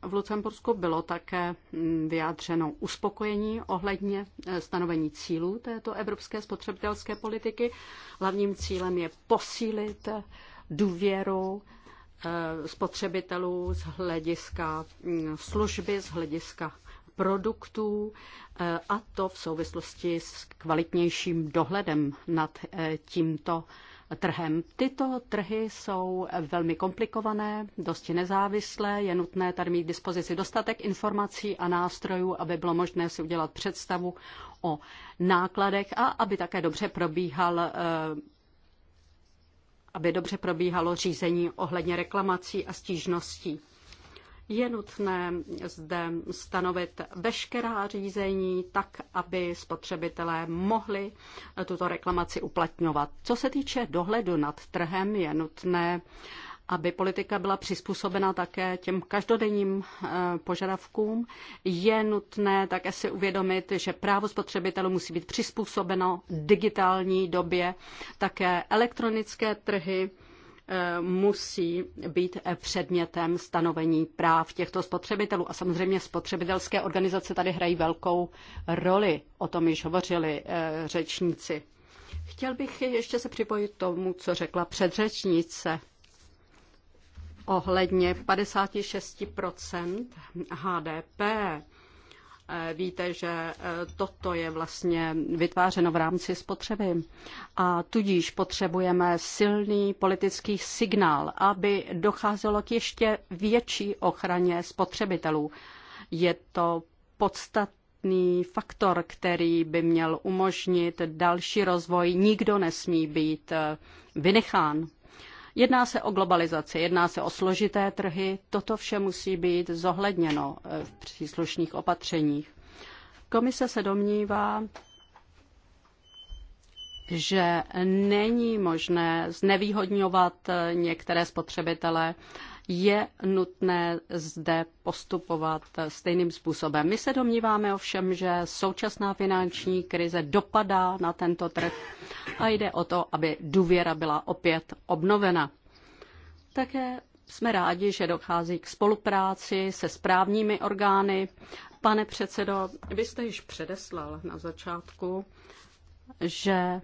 S3: v Lucembursku bylo také mm, vyjádřeno uspokojení ohledně eh, stanovení cílů této evropské spotřebitelské politiky. Hlavním cílem je posílit eh, důvěru eh, spotřebitelů z hlediska mm, služby, z hlediska produktů a to v souvislosti s kvalitnějším dohledem nad tímto trhem. Tyto trhy jsou velmi komplikované, dosti nezávislé, je nutné tady mít k dispozici dostatek informací a nástrojů, aby bylo možné si udělat představu o nákladech a aby také dobře probíhal eh, aby dobře probíhalo řízení ohledně reklamací a stížností je nutné zde stanovit veškerá řízení tak, aby spotřebitelé mohli tuto reklamaci uplatňovat. Co se týče dohledu nad trhem, je nutné aby politika byla přizpůsobena také těm každodenním eh, požadavkům. Je nutné také si uvědomit, že právo spotřebitelů musí být přizpůsobeno digitální době, také elektronické trhy Eh, musí být předmětem stanovení práv těchto spotřebitelů. A samozřejmě spotřebitelské organizace tady hrají velkou roli. O tom již hovořili eh, řečníci. Chtěl bych ještě se připojit tomu, co řekla předřečnice ohledně 56 HDP Eh, víte, že eh, toto je vlastně vytvářeno v rámci spotřeby a tudíž potřebujeme silný politický signál, aby docházelo k ještě větší ochraně spotřebitelů. Je to podstatný faktor, který by měl umožnit další rozvoj. Nikdo nesmí být eh, vynechán Jedná se o globalizaci, jedná se o složité trhy, toto vše musí být zohledněno eh, v příslušných opatřeních. Komise se domnívá, že není možné znevýhodňovat eh, některé spotřebitele, je nutné zde postupovat eh, stejným způsobem. My se domníváme ovšem, že současná finanční krize dopadá na tento trh a jde o to, aby důvěra byla opět obnovena. Také jsme rádi, že dochází k spolupráci se správními orgány. Pane předsedo, vy jste již předeslal na začátku, že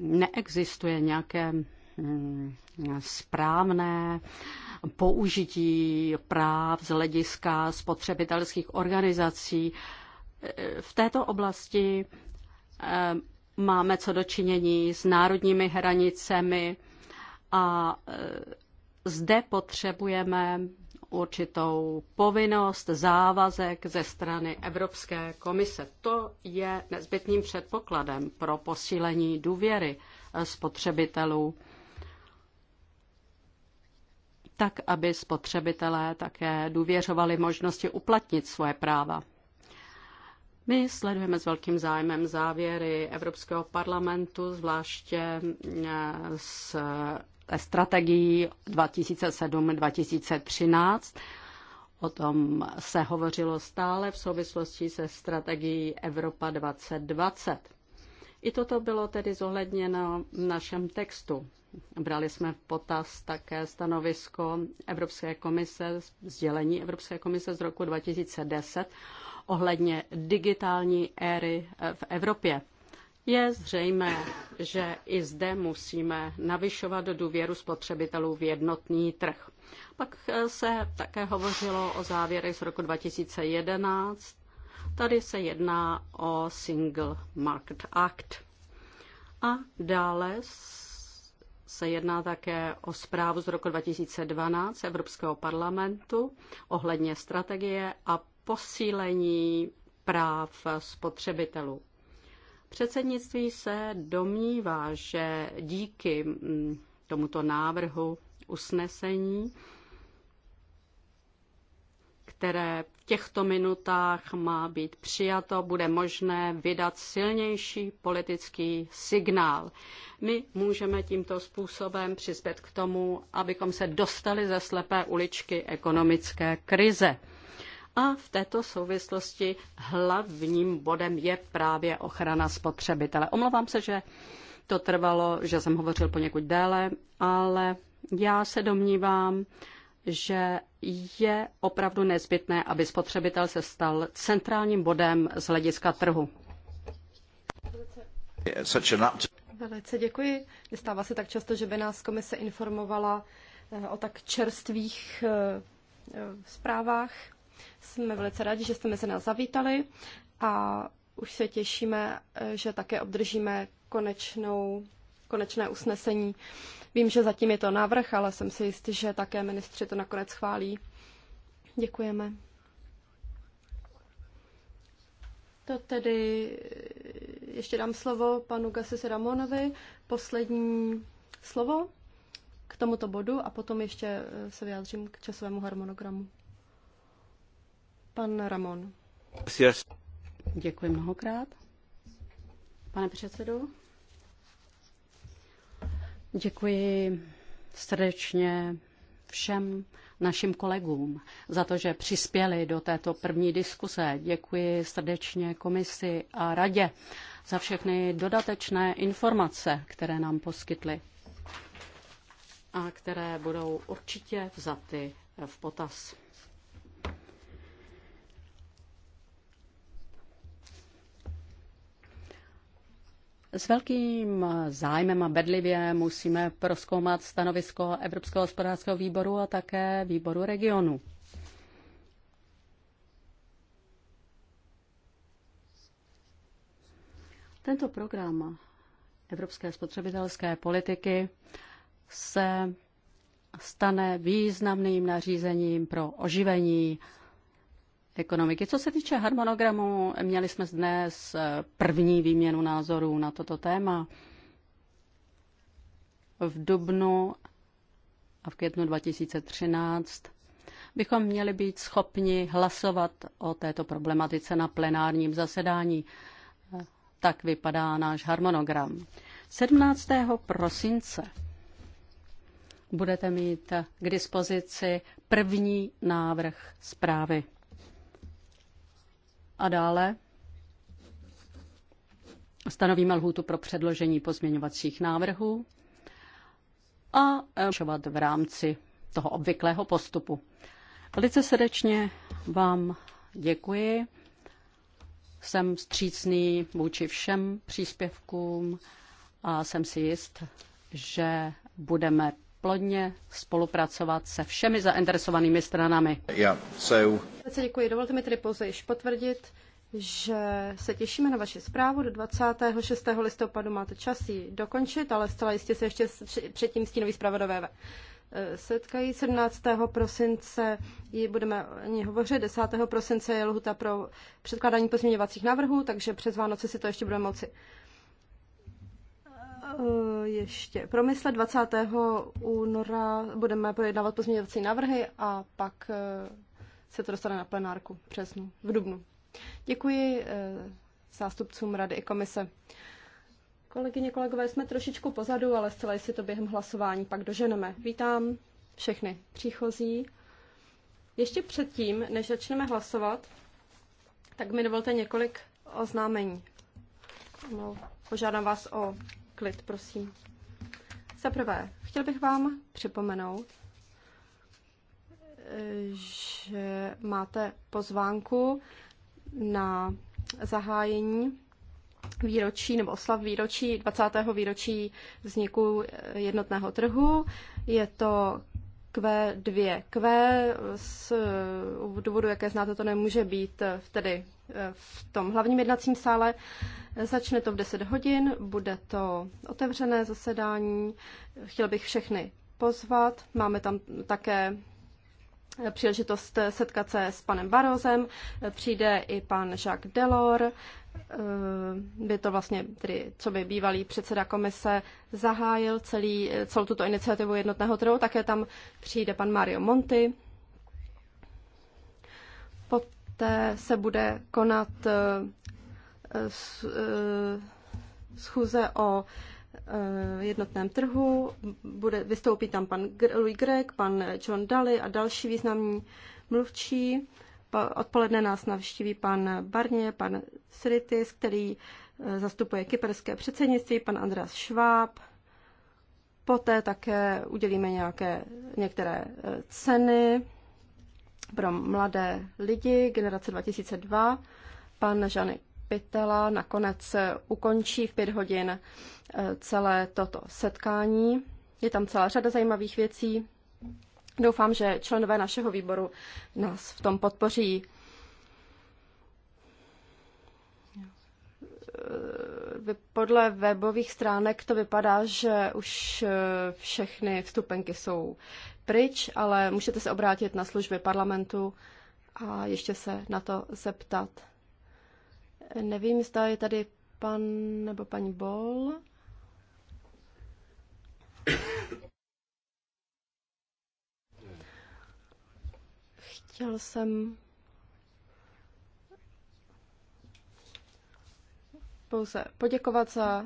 S3: neexistuje nějaké mm, správné použití práv z hlediska spotřebitelských organizací. V této oblasti eh, máme co dočinění s národními hranicemi a eh, zde potřebujeme určitou povinnost, závazek ze strany Evropské komise. To je nezbytným předpokladem pro posílení důvěry eh, spotřebitelů, tak aby spotřebitelé také důvěřovali možnosti uplatnit svoje práva. My sledujeme s velkým zájmem závěry Evropského parlamentu, zvláště z eh, strategii 2007-2013. O tom se hovořilo stále v souvislosti se strategií Evropa 2020. I toto bylo tedy zohledněno v našem textu. Brali jsme v potaz také stanovisko Evropské komise, sdělení Evropské komise z roku 2010 ohledně digitální éry v Evropě. Je zřejmé, že i zde musíme navyšovat důvěru spotřebitelů v jednotný trh. Pak eh, se také hovořilo o závěrech z roku 2011. Tady se jedná o Single Market Act. A dále se jedná také o zprávu z roku 2012 Evropského parlamentu ohledně strategie a posílení práv spotřebitelů. Předsednictví se domnívá, že díky mm, tomuto návrhu usnesení, které v těchto minutách má být přijato, bude možné vydat silnější politický signál. My můžeme tímto způsobem přispět k tomu, abychom se dostali ze slepé uličky ekonomické krize. A v této souvislosti hlavním bodem je právě ochrana spotřebitele. Omlouvám se, že to trvalo, že jsem hovořil poněkud déle, ale já se domnívám, že je opravdu nezbytné, aby spotřebitel se stal centrálním bodem z hlediska trhu.
S2: Velice děkuji. Nestává se tak často, že by nás komise informovala eh, o tak čerstvých eh, eh, zprávách. Jsme velice rádi, že jste mezi nás zavítali a už se těšíme, eh, že také obdržíme konečnou, konečné usnesení. Vím, že zatím je to návrh, ale jsem si jistý, že také ministři to nakonec chválí. Děkujeme. To tedy eh, ještě dám slovo panu Gasis Ramonovi, poslední slovo k tomuto bodu a potom ještě eh, se vyjádřím k časovému harmonogramu.
S3: Pan Ramon. Yes. Děkuji mnohokrát. Pane předsedo, děkuji srdečně všem našim kolegům za to, že přispěli do této první diskuse. Děkuji srdečně komisi a radě za všechny dodatečné informace, které nám poskytly a které budou určitě vzaty v potaz. S velkým zájmem a bedlivě musíme proskoumat stanovisko Evropského hospodářského výboru a také výboru regionu. Tento program evropské spotřebitelské politiky se stane významným nařízením pro oživení ekonomiky. Co se týče harmonogramu, měli jsme dnes eh, první výměnu názorů na toto téma. V dubnu a v květnu 2013 bychom měli být schopni hlasovat o této problematice na plenárním zasedání. Eh, tak vypadá náš harmonogram. 17. prosince budete mít k dispozici první návrh zprávy. A dále stanovíme lhůtu pro předložení pozměňovacích návrhů a šovat e, v rámci toho obvyklého postupu. Velice srdečně vám děkuji. Jsem střícný vůči všem příspěvkům a jsem si jist, že budeme plodně spolupracovat se všemi zainteresovanými stranami. Yeah,
S4: so...
S2: Děkuji. Dovolte mi tedy pouze již potvrdit, že se těšíme na vaši zprávu. Do 26. listopadu máte čas ji dokončit, ale zcela jistě se ještě předtím stínoví zpravodové e, setkají. 17. prosince ji budeme o ní hovořit, 10. prosince je lhuta pro předkládání pozměňovacích návrhů, takže přes Vánoce si to ještě budeme moci Eh, ještě promysle 20. února budeme projednávat pozměňovací návrhy a pak eh, se to dostane na plenárku v březnu, v dubnu. Děkuji eh, zástupcům Rady i komise. Kolegyně, kolegové, jsme trošičku pozadu, ale zcela si to během hlasování pak doženeme. Vítám všechny příchozí. Ještě předtím, než začneme hlasovat, tak mi dovolte několik oznámení. No, požádám vás o klid, prosím. Za prvé, chtěl bych vám připomenout, že máte pozvánku na zahájení výročí nebo oslav výročí 20. výročí vzniku jednotného trhu. Je to Q2. Q z důvodu, jaké znáte, to nemůže být eh, tedy eh, v tom hlavním jednacím sále. Začne to v 10 hodin, bude to otevřené zasedání. Chtěl bych všechny pozvat. Máme tam také eh, příležitost setkat se s panem Barozem. Přijde i pan Jacques Delors, by eh, to vlastně, tedy co by bývalý předseda komise zahájil celý, eh, celou tuto iniciativu jednotného trhu, také tam přijde pan Mario Monti. Poté se bude konat eh, schůze o jednotném trhu. Bude, vystoupí tam pan Louis Gregg, pan John Daly a další významní mluvčí odpoledne nás navštíví pan Barně, pan Sritis, který eh, zastupuje kyperské předsednictví, pan Andreas Schwab. Poté také udělíme nějaké, některé eh, ceny pro mladé lidi, generace 2002. Pan Žany Pitela nakonec eh, ukončí v pět hodin celé toto setkání. Je tam celá řada zajímavých věcí. Doufám, že členové našeho výboru nás v tom podpoří. Podle webových stránek to vypadá, že už eh, všechny vstupenky jsou pryč, ale můžete se obrátit na služby parlamentu a ještě se na to zeptat. Nevím, zda je tady pan nebo paní Bol. Chtěl jsem pouze poděkovat za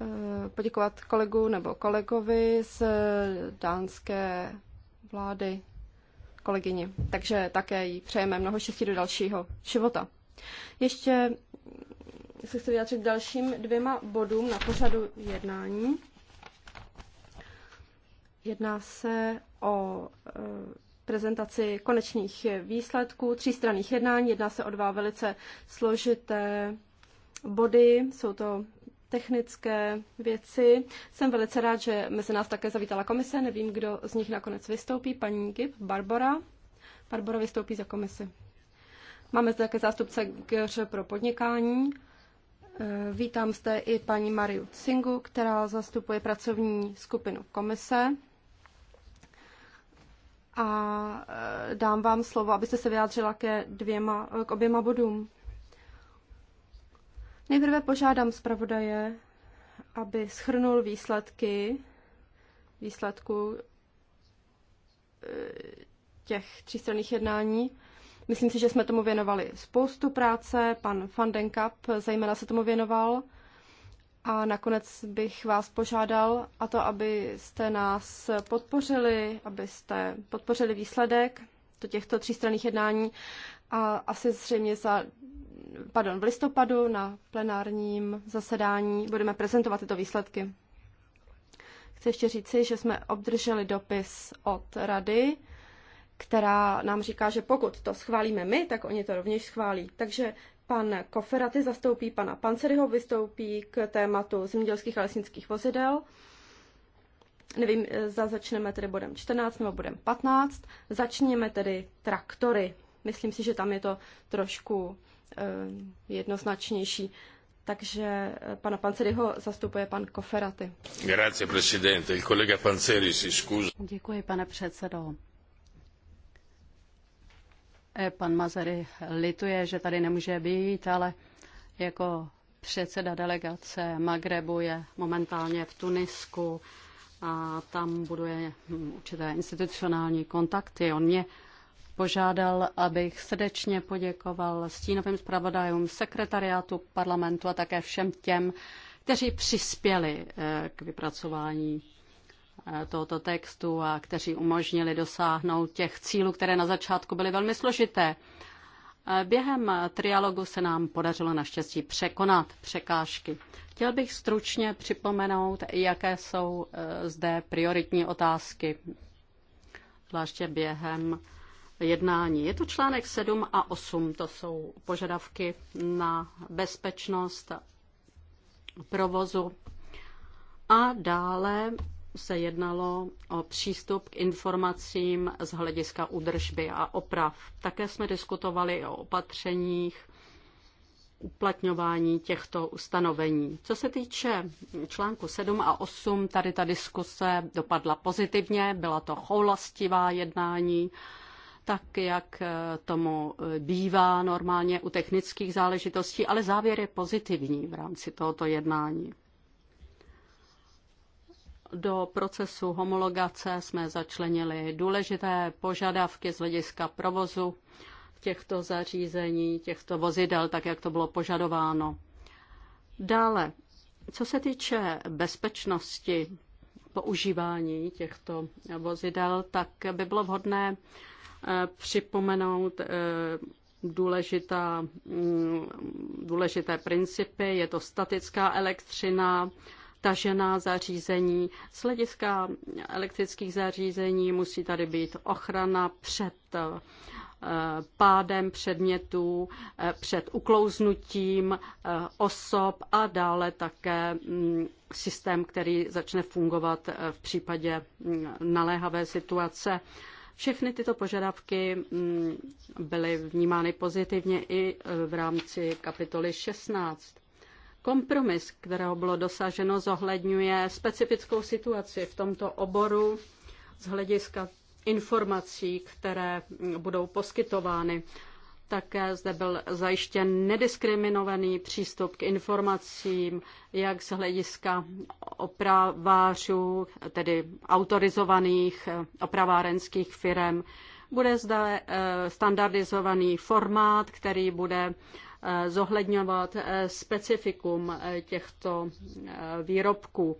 S2: eh, poděkovat kolegu nebo kolegovi z dánské vlády kolegyni. Takže také jí přejeme mnoho štěstí do dalšího života. Ještě se chci vyjádřit dalším dvěma bodům na pořadu jednání. Jedná se o eh, prezentaci konečných výsledků třístranných jednání. Jedná se o dva velice složité body, jsou to technické věci. Jsem velice rád, že mezi nás také zavítala komise. Nevím, kdo z nich nakonec vystoupí. Paní Gib, Barbara. Barbara vystoupí za komisi. Máme zde také zástupce GŘ pro podnikání. Eh, vítám zde i paní Mariu Singu která zastupuje pracovní skupinu komise a e, dám vám slovo, abyste se vyjádřila ke dvěma, k oběma bodům. Nejprve požádám zpravodaje, aby schrnul výsledky výsledku e, těch třístranných jednání. Myslím si, že jsme tomu věnovali spoustu práce, pan Fandenkap zejména se tomu věnoval. A nakonec bych vás požádal a to, abyste nás podpořili, abyste podpořili výsledek do těchto třístranných jednání a asi zřejmě za, pardon, v listopadu na plenárním zasedání budeme prezentovat tyto výsledky. Chci ještě říci, že jsme obdrželi dopis od rady, která nám říká, že pokud to schválíme my, tak oni to rovněž schválí. Takže Pan Koferaty zastoupí pana Panceryho, vystoupí k tématu zemědělských a lesnických vozidel. Nevím, eh, za začneme tedy bodem 14 nebo bodem 15. Začněme tedy traktory. Myslím si, že tam je to trošku eh, jednoznačnější. Takže eh, pana Panceryho zastupuje pan Koferaty.
S1: Grazie, presidente. Il collega Panceri si scusa.
S3: Děkuji, pane předsedo. Eh, pan Mazary lituje, že tady nemůže být, ale jako předseda delegace Magrebu je momentálně v Tunisku a tam buduje hm, určité institucionální kontakty. On mě požádal, abych srdečně poděkoval stínovým zpravodajům sekretariátu parlamentu a také všem těm, kteří přispěli eh, k vypracování Eh, tohoto textu a kteří umožnili dosáhnout těch cílů, které na začátku byly velmi složité. Eh, během trialogu se nám podařilo naštěstí překonat překážky. Chtěl bych stručně připomenout, jaké jsou eh, zde prioritní otázky, zvláště během jednání. Je to článek 7 a 8, to jsou požadavky na bezpečnost provozu a dále se jednalo o přístup k informacím z hlediska údržby a oprav. Také jsme diskutovali o opatřeních uplatňování těchto ustanovení. Co se týče článku 7 a 8, tady ta diskuse dopadla pozitivně, byla to choulastivá jednání, tak jak tomu bývá normálně u technických záležitostí, ale závěr je pozitivní v rámci tohoto jednání do procesu homologace jsme začlenili důležité požadavky z hlediska provozu těchto zařízení, těchto vozidel, tak jak to bylo požadováno. Dále, co se týče bezpečnosti používání těchto vozidel, tak by bylo vhodné eh, připomenout eh, důležitá, mm, důležité principy. Je to statická elektřina, tažená zařízení. Z hlediska elektrických zařízení musí tady být ochrana před eh, pádem předmětů, eh, před uklouznutím eh, osob a dále také mm, systém, který začne fungovat v případě mm, naléhavé situace. Všechny tyto požadavky mm, byly vnímány pozitivně i v rámci kapitoly 16. Kompromis, kterého bylo dosaženo, zohledňuje specifickou situaci v tomto oboru z hlediska informací, které budou poskytovány. Také zde byl zajištěn nediskriminovaný přístup k informacím, jak z hlediska opravářů, tedy autorizovaných opravárenských firm. Bude zde eh, standardizovaný formát, který bude Eh, zohledňovat eh, specifikum eh, těchto výrobků.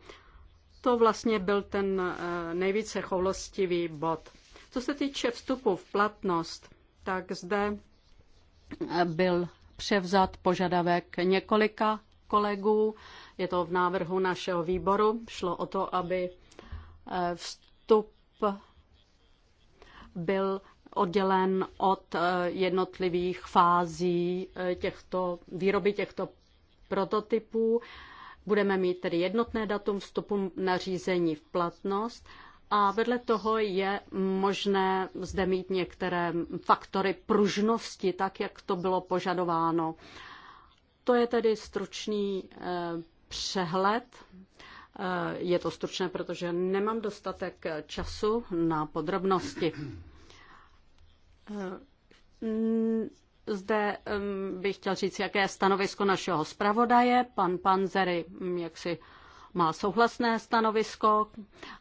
S3: To vlastně byl ten nejvíce choulostivý bod. Co se týče vstupu v platnost, tak zde byl převzat požadavek několika kolegů. Je to v návrhu našeho výboru. Šlo o to, aby vstup byl oddělen od eh, jednotlivých fází eh, těchto, výroby těchto prototypů. Budeme mít tedy jednotné datum vstupu nařízení v platnost a vedle toho je možné zde mít některé faktory pružnosti, tak jak to bylo požadováno. To je tedy stručný eh, přehled. Je to stručné, protože nemám dostatek času na podrobnosti. Eh, zde bych chtěl říct, jaké je stanovisko našeho zpravodaje. Pan Panzery mm, jaksi má souhlasné stanovisko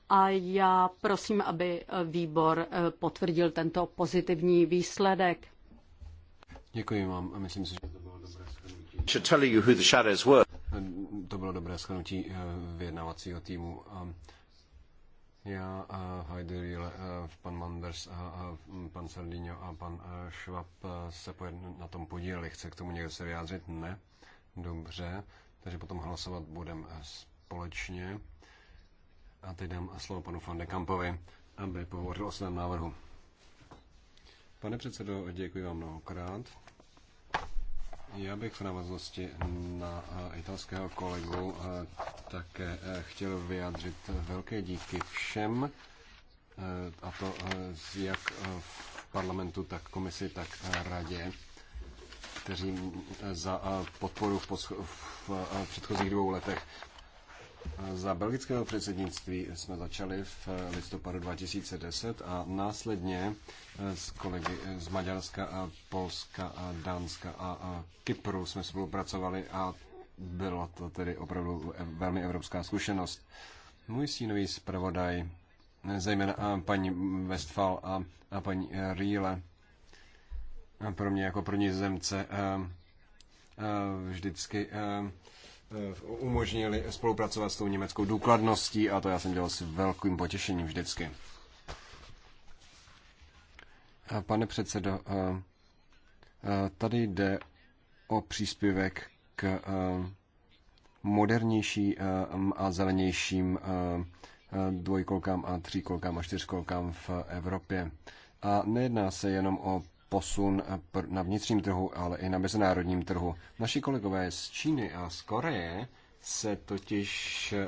S3: a já prosím, aby eh, výbor eh, potvrdil tento pozitivní výsledek.
S4: Děkuji vám a myslím si, že to bylo dobré shrnutí. To bylo dobré shrnutí vyjednávacího týmu. Já, eh, Heidi eh, pan Manders a pan Sardinio a pan eh, Schwab se na tom podíleli. Chce k tomu někdo se vyjádřit? Ne. Dobře, takže potom hlasovat budeme společně. A teď dám slovo panu van de Kampovi, aby pohovořil o svém návrhu. Pane předsedo, děkuji vám mnohokrát. Já bych v návaznosti na eh, italského kolegu eh, také eh, chtěl vyjádřit velké díky všem, a to jak v parlamentu, tak komisi, tak radě, kteří za podporu v, v předchozích dvou letech. Za belgického předsednictví jsme začali v listopadu 2010 a následně eh, s kolegy eh, z Maďarska, a Polska, a Dánska a, a Kypru jsme spolupracovali a byla to tedy opravdu velmi evropská zkušenost. Můj stínový zpravodaj, eh, zejména paní Westfal a, a paní Riele, pro mě jako pro zemce vždycky Eh, umožnili spolupracovat s tou německou důkladností a to já jsem dělal s velkým potěšením vždycky. Pane předsedo, eh, eh, tady jde o příspěvek k modernější a zelenějším dvojkolkám a tříkolkám a čtyřkolkám v Evropě. A nejedná se jenom o posun na vnitřním trhu, ale i na mezinárodním trhu. Naši kolegové z Číny a z Koreje se totiž eh,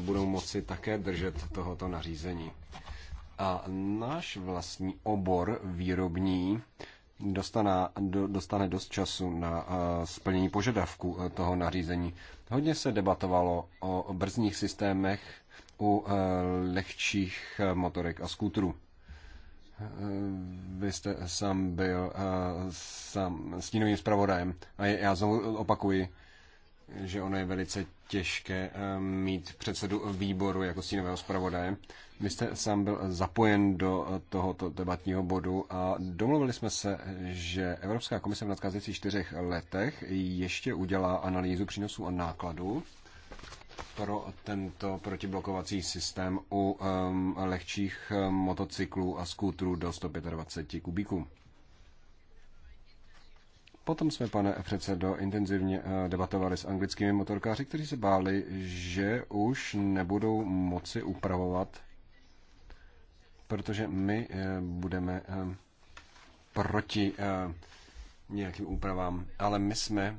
S4: budou moci také držet tohoto nařízení. A náš vlastní obor výrobní dostane, dostane dost času na eh, splnění požadavku eh, toho nařízení. Hodně se debatovalo o brzdních systémech u lehčích motorek a skútrů. Vy jste sám byl sám stínovým zpravodajem a já znovu opakuji, že ono je velice těžké mít předsedu výboru jako stínového zpravodaje. Vy jste sám byl zapojen do tohoto debatního bodu a domluvili jsme se, že Evropská komise v nadcházejících čtyřech letech ještě udělá analýzu přínosů a nákladů pro tento protiblokovací systém u um, lehčích um, motocyklů a skútrů do 125 kubíků. Potom jsme, pane předsedo, intenzivně uh, debatovali s anglickými motorkáři, kteří se báli, že už nebudou moci upravovat, protože my uh, budeme um, proti uh, nějakým úpravám. Ale my jsme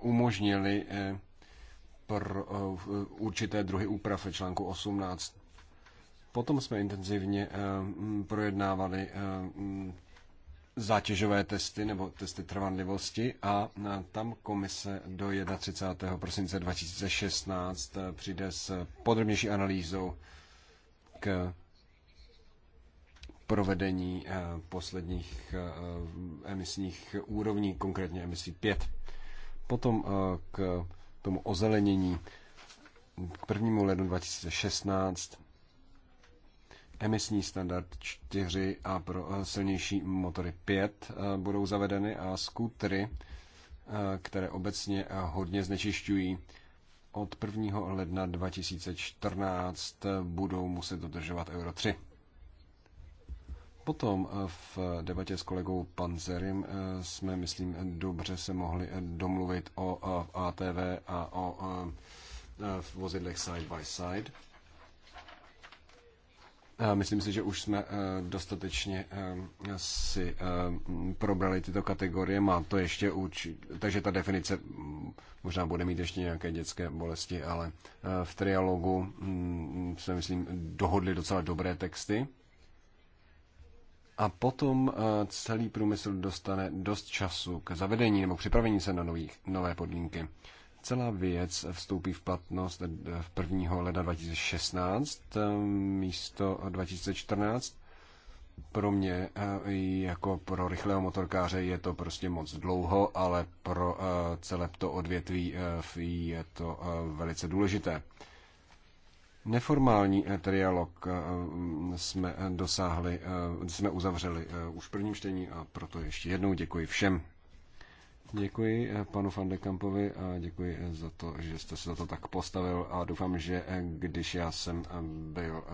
S4: umožnili pro eh, určité druhy úprav ve článku 18. Potom jsme intenzivně eh, projednávali eh, zátěžové testy nebo testy trvanlivosti a tam komise do 31. prosince 2016 přijde s podrobnější analýzou k provedení posledních emisních úrovní, konkrétně emisí 5. Potom k tomu ozelenění k 1. lednu 2016 emisní standard 4 a pro eh, silnější motory 5 eh, budou zavedeny a skutry, eh, které obecně hodně znečišťují, od 1. ledna 2014 budou muset dodržovat Euro 3. Potom eh, v debatě s kolegou Panzerim eh, jsme, myslím, dobře se mohli eh, domluvit o ATV a o vozidlech side by side. Myslím si, že už jsme dostatečně si probrali tyto kategorie. Má to ještě určit, takže ta definice hm, možná bude mít ještě nějaké dětské bolesti, ale v trialogu hm, se, myslím, dohodli docela dobré texty a potom eh, celý průmysl dostane dost času k zavedení nebo připravení se na nových, nové podmínky. Celá věc vstoupí v platnost 1. leda 2016 místo 2014. Pro mě eh, jako pro rychlého motorkáře je to prostě moc dlouho, ale pro eh, celé to odvětví je to velice důležité. Neformální eh, trialog eh, eh, jsme dosáhli, jsme uzavřeli už v prvním čtení a proto ještě jednou děkuji všem. Děkuji panu Fandekampovi a děkuji za to, že jste se za to tak postavil a doufám, že když já jsem byl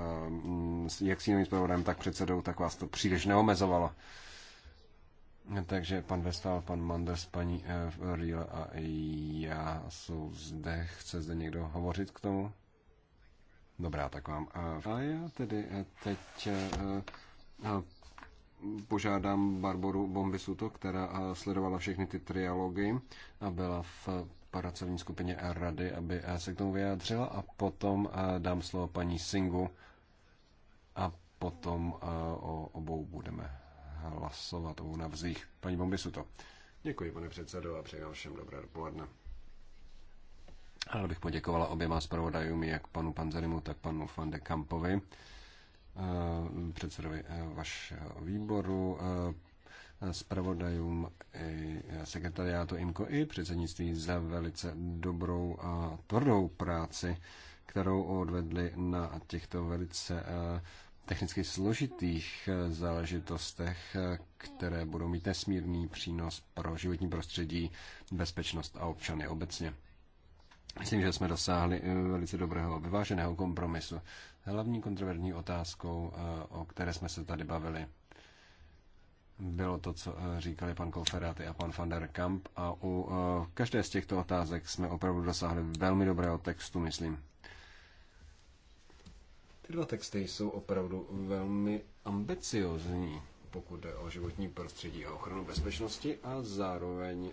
S4: jak s jiným zpravodajem, tak předsedou, tak vás to příliš neomezovalo. Takže pan Vestal, pan Manders, paní Riel a já jsou zde. Chce zde někdo hovořit k tomu? Dobrá, tak vám. Eh, a já tedy eh, teď eh, požádám Barboru Bombisuto, která sledovala všechny ty trialogy a byla v pracovní skupině rady, aby se k tomu vyjádřila a potom dám slovo paní Singu a potom o obou budeme hlasovat o navzích. Paní Bombisuto. Děkuji, pane předsedo, a přeji vám všem dobré dopoledne. Ale bych poděkovala oběma zpravodajům, jak panu Panzerimu, tak panu van de Kampovi, eh, předsedovi eh, vašeho výboru, eh, zpravodajům i sekretariátu IMCO i předsednictví za velice dobrou a tvrdou práci, kterou odvedli na těchto velice technicky složitých záležitostech, které budou mít nesmírný přínos pro životní prostředí, bezpečnost a občany obecně. Myslím, že jsme dosáhli eh, velice dobrého vyváženého kompromisu. Hlavní kontroverzní otázkou, eh, o které jsme se tady bavili, bylo to, co eh, říkali pan Kolferáty a pan van der Kamp a u každé z těchto otázek jsme opravdu dosáhli velmi dobrého textu, myslím. Ty dva texty jsou opravdu velmi ambiciozní, pokud jde o životní prostředí a ochranu bezpečnosti a zároveň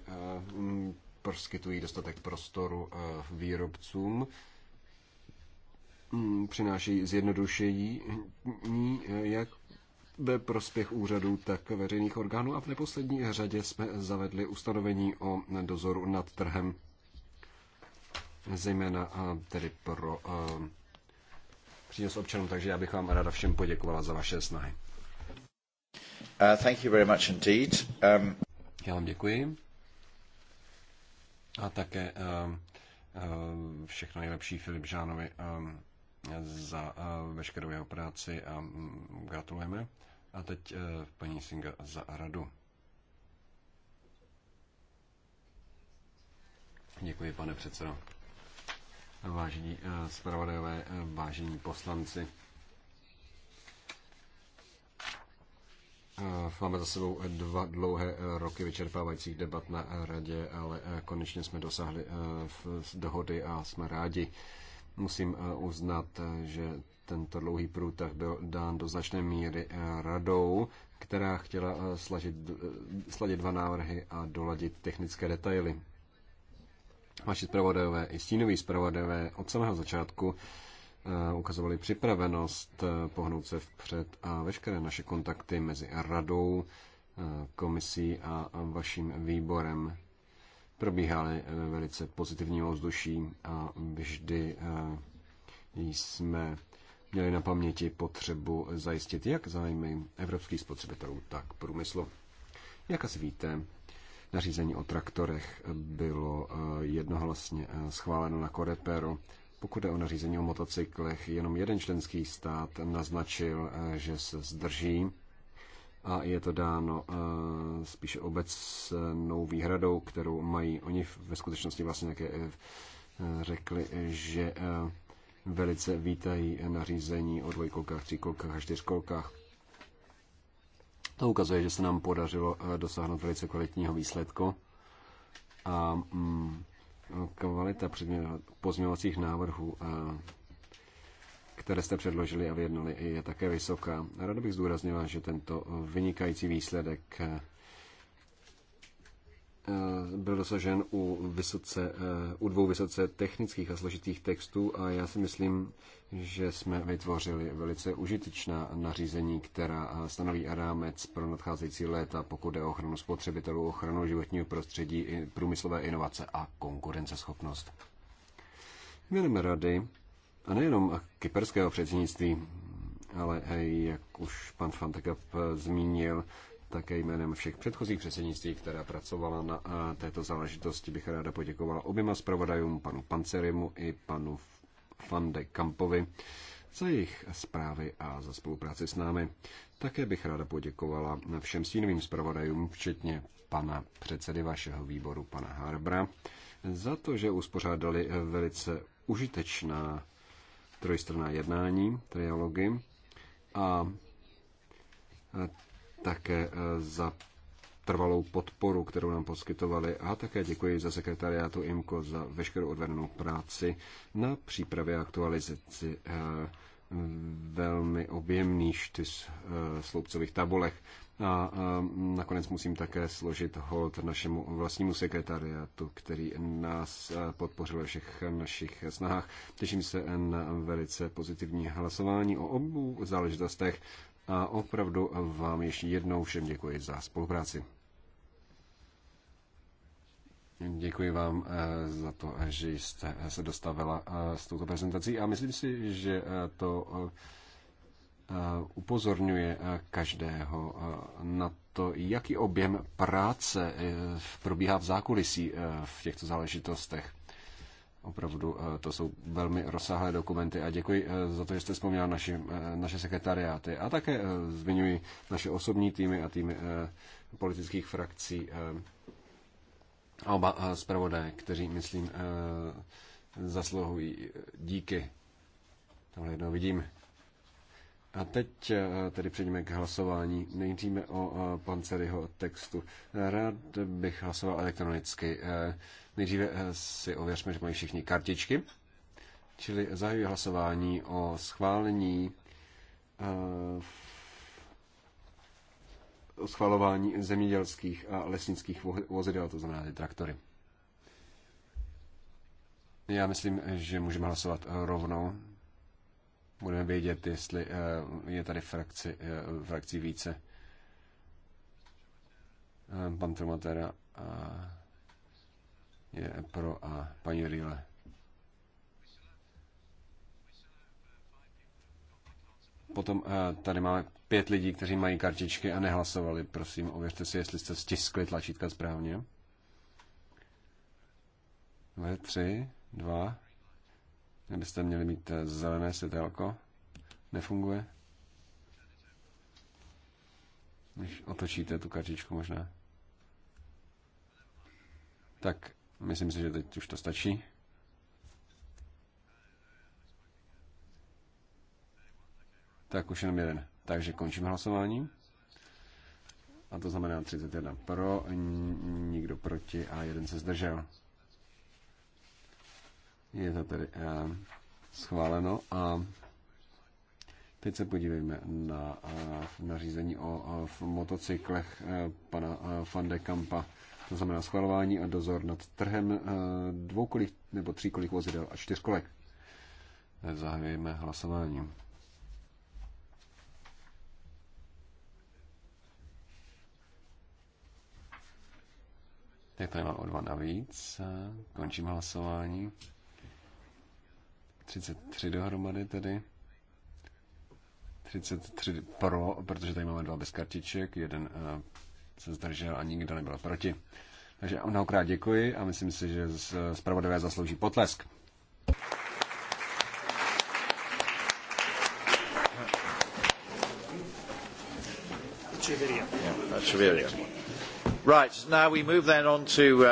S4: poskytují dostatek prostoru eh, výrobcům, mm, přináší zjednodušení eh, jak ve prospěch úřadů, tak veřejných orgánů a v neposlední řadě jsme zavedli ustanovení o dozoru nad trhem, zejména eh, tedy pro přínos občanů, takže já bych vám ráda všem poděkovala za vaše snahy. Uh, thank you very much indeed. Um... Já vám děkuji a také ehm, ehm, všechno nejlepší Filip Žánovi ehm, za veškerou jeho práci a mm, gratulujeme. A teď eh, paní Singa za radu. Děkuji, pane předsedo. Vážení eh, zpravodajové, eh, vážení poslanci. Eh, máme za sebou dva dlouhé eh, roky vyčerpávajících debat na eh, radě, ale konečně jsme dosáhli dohody a jsme rádi. Musím uznat, že tento dlouhý průtah byl dán do značné míry radou, která chtěla slažit, sladit dva návrhy a doladit technické detaily. Vaši zpravodajové i stínoví zpravodajové od samého začátku Eh, ukazovali připravenost eh, pohnout se vpřed a veškeré naše kontakty mezi radou, eh, komisí a vaším výborem probíhaly ve velice pozitivním ovzduší a vždy jsme měli na paměti potřebu zajistit jak zájmy evropských spotřebitelů, tak průmyslu. Jak asi víte, nařízení o traktorech bylo jednohlasně schváleno na Koreperu pokud je o nařízení o motocyklech, jenom jeden členský stát naznačil, eh, že se zdrží a je to dáno eh, spíše obecnou výhradou, kterou mají oni ve skutečnosti vlastně nějaké eh, řekli, že velice vítají nařízení o dvojkolkách, tříkolkách a čtyřkolkách. To ukazuje, že se nám podařilo dosáhnout velice kvalitního výsledku a mm, kvalita pozměňovacích návrhů, které jste předložili a vyjednali, je také vysoká. Ráda bych zdůraznila, že tento vynikající výsledek byl dosažen u, vysoce, u dvou vysoce technických a složitých textů a já si myslím, že jsme vytvořili velice užitečná nařízení, která stanoví rámec pro nadcházející léta, pokud je o ochranu spotřebitelů, ochranu životního prostředí, průmyslové inovace a konkurenceschopnost. Měneme rady, a nejenom kyperského předsednictví, ale i, jak už pan Fantekap zmínil, také jménem všech předchozích předsednictví, která pracovala na této záležitosti, bych ráda poděkovala oběma zpravodajům, panu Pancerimu i panu van de Kampovi za jejich zprávy a za spolupráci s námi. Také bych ráda poděkovala všem stínovým zpravodajům, včetně pana předsedy vašeho výboru, pana Harbra, za to, že uspořádali velice užitečná trojstranná jednání, trialogy a také za trvalou podporu, kterou nám poskytovali a také děkuji za sekretariátu IMCO za veškerou odvedenou práci na přípravě aktualizaci eh, velmi objemných štys eh, sloupcových tabulech. A nakonec musím také složit hold našemu vlastnímu sekretariatu, který nás podpořil ve všech našich snahách. Těším se na velice pozitivní hlasování o obou záležitostech a opravdu vám ještě jednou všem děkuji za spolupráci. Děkuji vám e, za to, že jste se dostavila e, s touto prezentací a myslím si, že e, to upozorňuje každého na to, jaký objem práce e, probíhá v zákulisí e, v těchto záležitostech. Opravdu e, to jsou velmi rozsáhlé dokumenty a děkuji za to, že jste vzpomněl naši, naše sekretariáty a také zmiňuji naše osobní týmy a týmy politických frakcí a oba zpravodé, kteří, myslím, zasluhují díky. Tamhle jednou vidím. A teď eh, tedy přejdeme k hlasování. Nejdříve o eh, Panceryho textu. Rád bych hlasoval elektronicky. Eh, nejdříve si ověřme, že mají všichni kartičky. Čili zahajuji hlasování o schválení o schvalování zemědělských a lesnických vozidel, to znamená ty traktory. Já myslím, že můžeme hlasovat rovnou budeme vědět, jestli eh, je tady frakci, eh, frakcí více. Eh, pan Tromatera je pro a paní Rile. Potom tady máme pět lidí, kteří mají kartičky a nehlasovali. Prosím, ověřte si, jestli jste stiskli tlačítka správně. Ve tři, dva, Kdybyste měli mít eh, zelené světelko. Nefunguje. Když otočíte tu kartičku možná. Tak, myslím si, že teď už to stačí. Tak už jenom jeden. Takže končím hlasování. A to znamená 31 pro, nikdo proti a jeden se zdržel. Je to tedy eh, schváleno a teď se podívejme na eh, nařízení o eh, motocyklech pana Van de Kampa. To znamená schvalování a dozor nad trhem dvoukolik nebo tříkolik vozidel a čtyřkolek. Zahajujeme hlasování. Tak tady mám o dva navíc. Končím hlasování. 33 dohromady tedy. 33 pro, protože tady máme dva bez kartiček, jeden eh, se zdržel a nikdo nebyl proti. Takže mnohokrát děkuji a myslím si, že z zpravodajové zaslouží potlesk.
S1: Right, now we move then on to, uh,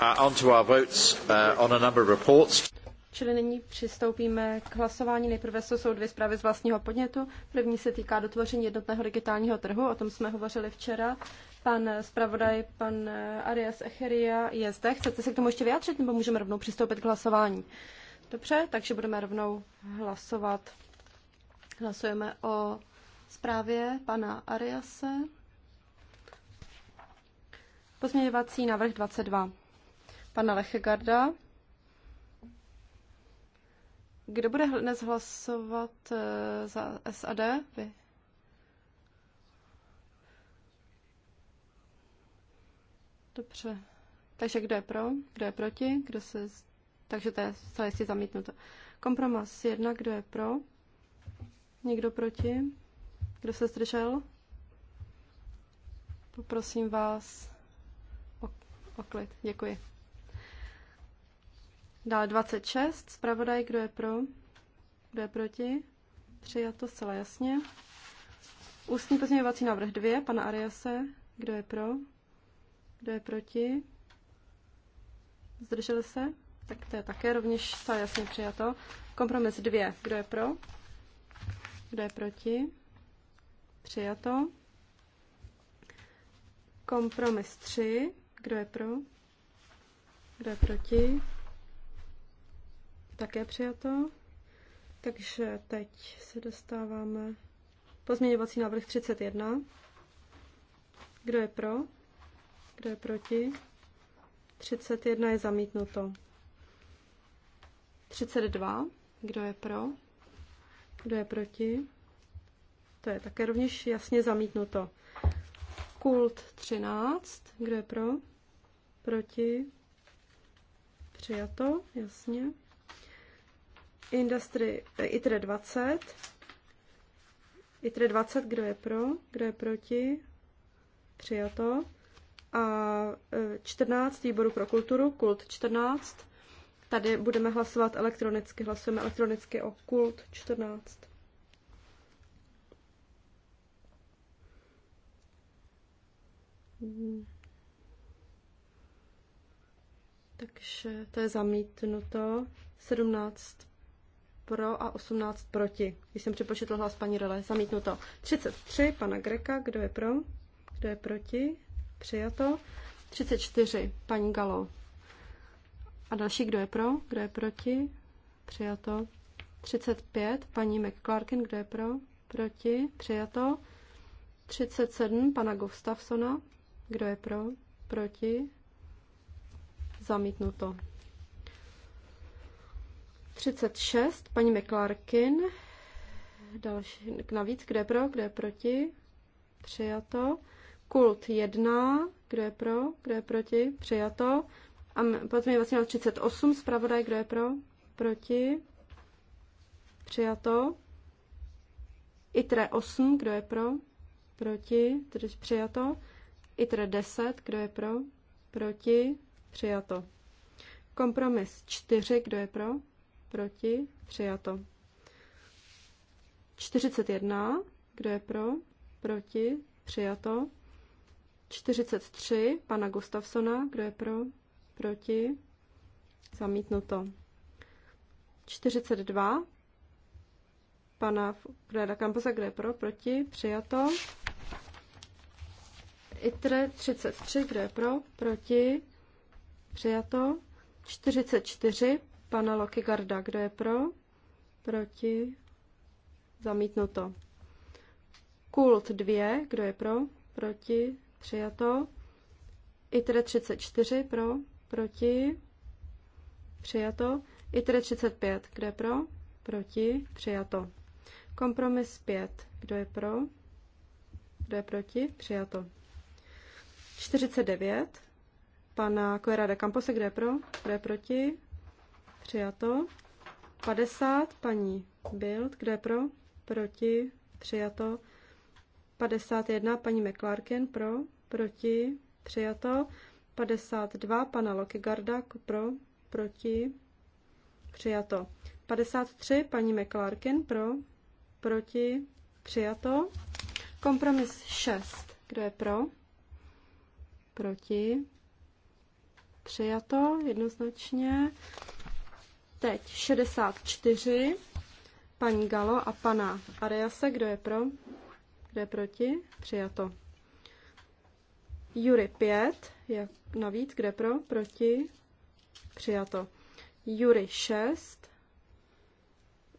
S1: uh, on to our votes uh, on a number of reports.
S2: Čili nyní přistoupíme k hlasování. Nejprve jsou dvě zprávy z vlastního podnětu. První se týká dotvoření jednotného digitálního trhu, o tom jsme hovořili včera. Pan zpravodaj, pan Arias Echeria je zde. Chcete se k tomu ještě vyjádřit, nebo můžeme rovnou přistoupit k hlasování? Dobře, takže budeme rovnou hlasovat. Hlasujeme o zprávě pana Ariase. Pozměňovací návrh 22. Pana Lechegarda. Kdo bude dnes hlasovat eh, za SAD? Vy. Dobře. Takže kdo je pro, kdo je proti, kdo se... Takže to je celé jistě zamítnuto. Kompromis jedna, kdo je pro, někdo proti, kdo se zdržel. Poprosím vás o, o klid. Děkuji. Dále 26, zpravodaj, kdo je pro, kdo je proti, přijato zcela jasně. Ústní pozměňovací návrh 2, pana Ariase, kdo je pro, kdo je proti, zdrželi se, tak to je také rovněž zcela jasně přijato. Kompromis 2, kdo je pro, kdo je proti, přijato. Kompromis 3, kdo je pro, kdo je proti, také přijato. Takže teď se dostáváme pozměňovací návrh 31. Kdo je pro? Kdo je proti? 31 je zamítnuto. 32. Kdo je pro? Kdo je proti? To je také rovněž jasně zamítnuto. Kult 13. Kdo je pro? Proti? Přijato, jasně. Industry ITR 20. ITR 20, kdo je pro, kdo je proti? Přijato. A 14 eh, výboru pro kulturu, kult 14. Tady budeme hlasovat elektronicky. Hlasujeme elektronicky o kult 14. Takže to je zamítnuto. 17 pro a 18 proti. Když jsem přepočetl hlas paní Rele, zamítnuto. 33 pana Greka, kdo je pro, kdo je proti, přijato. 34 paní Galo. A další, kdo je pro, kdo je proti, přijato. 35 paní McClarkin, kdo je pro, proti, přijato. 37 pana Gustafsona, kdo je pro, proti, zamítnuto. 36, paní McClarkin. Další, navíc, kdo je pro, kdo je proti? Přijato. Kult 1, kdo je pro, kdo je proti? Přijato. A potom je vlastně 38, zpravodaj, kdo je pro, proti? Přijato. ITRE 8, kdo je pro, proti? Tedy přijato. ITRE 10, kdo je pro, proti? Přijato. Kompromis 4, kdo je pro, proti, přijato. 41, kdo je pro, proti, přijato. 43, pana Gustafsona, kdo je pro, proti, zamítnuto. 42, pana Freda Kampusa, kde je pro, proti, přijato. ITRE 33, kde je pro, proti, přijato. 44, pana Lokigarda. Kdo je pro? Proti? Zamítnuto. Kult 2. Kdo je pro? Proti? Přijato. ITRE 34. Pro? Proti? Přijato. ITRE 35. Kdo je pro? Proti? Přijato. Kompromis 5. Kdo je pro? Kdo je proti? Přijato. 49. Pana Koera de Campose, kdo je pro? Kdo je proti? Přijato. 50, paní Bild, kdo je pro? Proti, přijato. 51, paní McClarkin, pro, proti, přijato. 52, pana Lokigarda, pro, proti, přijato. 53, paní McClarkin, pro, proti, přijato. Kompromis 6, kdo je pro? Proti, přijato jednoznačně. Teď 64, paní Galo a pana Ariase, kdo je pro? Kdo je proti? Přijato. Jury 5, je navíc, kde pro? Proti? Přijato. Jury 6,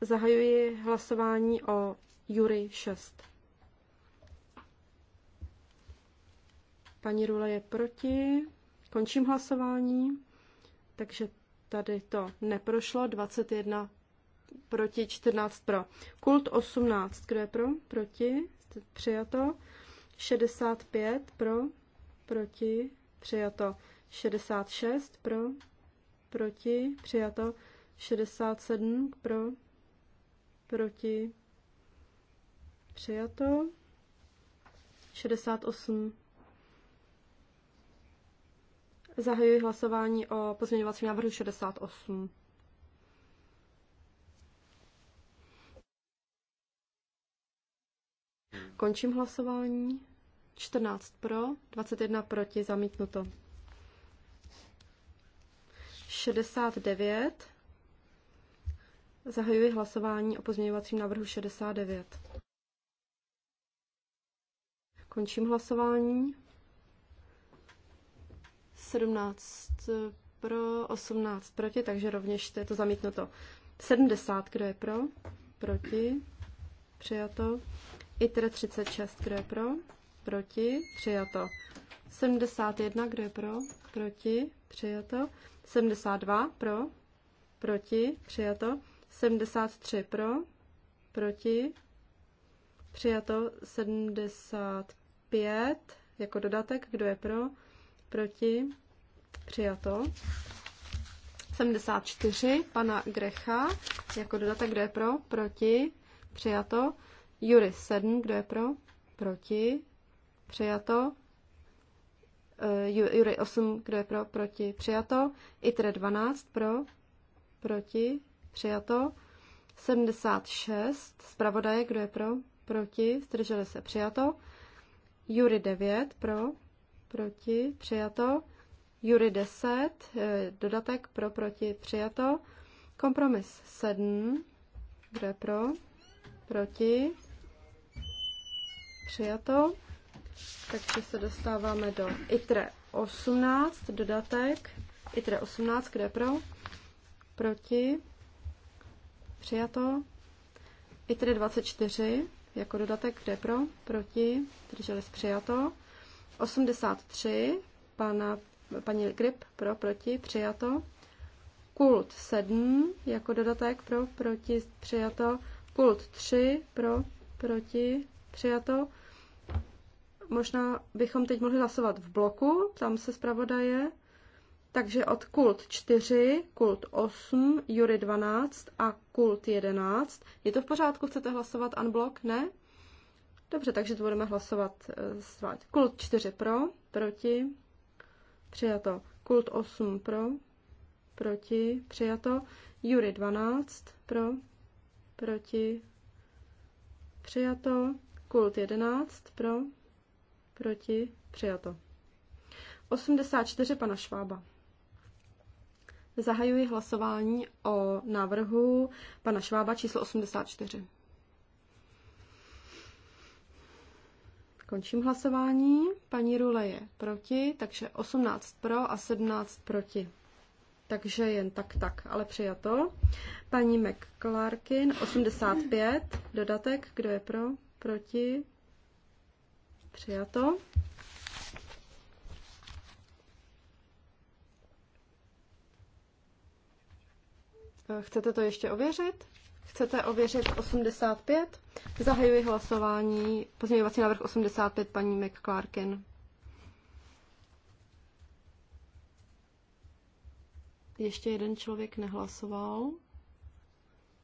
S2: zahajuji hlasování o Jury 6. Paní Rule je proti. Končím hlasování. Takže Tady to neprošlo, 21 proti, 14 pro. Kult 18, kdo je pro? Proti, přijato. 65 pro, proti, přijato. 66 pro, proti, přijato. 67 pro, proti, přijato. 68 Zahajuji hlasování o pozměňovacím návrhu 68. Končím hlasování. 14 pro, 21 proti, zamítnuto. 69. Zahajuji hlasování o pozměňovacím návrhu 69. Končím hlasování. 17 pro, 18 proti, takže rovněž to je to zamítnuto. 70, kdo je pro, proti, přijato. ITRE 36, kdo je pro, proti, přijato. 71, kdo je pro, proti, přijato. 72, pro, proti, přijato. 73, pro, proti, přijato. 75, jako dodatek, kdo je pro, proti, přijato. 74 pana Grecha jako dodatek, kdo je pro, proti, přijato. Jury 7, kdo je pro, proti, přijato. Eh, jury 8, kdo je pro, proti, přijato. ITRE 12, pro, proti, přijato. 76, zpravodaje, kdo je pro, proti, zdrželi se, přijato. Jury 9, pro, proti, přijato. Jury 10, eh, dodatek pro, proti, přijato. Kompromis 7, kde pro, proti, přijato. Takže se dostáváme do ITRE 18, dodatek. ITRE 18, kde pro? Proti. Přijato. ITRE 24, jako dodatek, kde pro? Proti. Drželi přijato. 83 pana, paní Grip pro, proti, přijato. Kult 7 jako dodatek pro, proti, přijato. Kult 3 pro, proti, přijato. Možná bychom teď mohli hlasovat v bloku, tam se zpravodaje. Takže od kult 4, kult 8, jury 12 a kult 11. Je to v pořádku? Chcete hlasovat unblock? Ne? Dobře, takže to budeme hlasovat eh, zvlášť. Kult 4 pro, proti, přijato. Kult 8 pro, proti, přijato. Jury 12 pro, proti, přijato. Kult 11 pro, proti, přijato. 84 pana Švába. Zahajuji hlasování o návrhu pana Švába číslo 84. Končím hlasování. Paní Rule je proti, takže 18 pro a 17 proti. Takže jen tak, tak, ale přijato. Paní McClarkin, 85, dodatek, kdo je pro, proti, přijato. Chcete to ještě ověřit? Chcete ověřit 85? Zahajuji hlasování. Pozměňovací návrh 85 paní McClarkin. Ještě jeden člověk nehlasoval.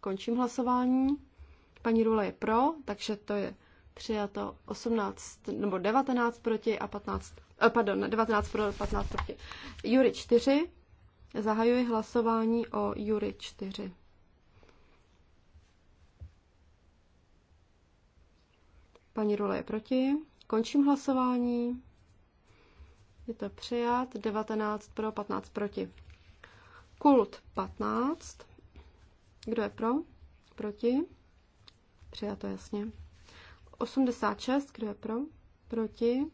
S2: Končím hlasování. Paní Rula je pro, takže to je přijato 18 nebo 19 proti a 15, eh, pardon, 19 pro, 15 proti. Jury 4. Zahajuji hlasování o Jury 4. Paní Rula je proti. Končím hlasování. Je to přijat. 19 pro, 15 proti. Kult 15. Kdo je pro? Proti. Přijato jasně. 86. Kdo je pro? Proti.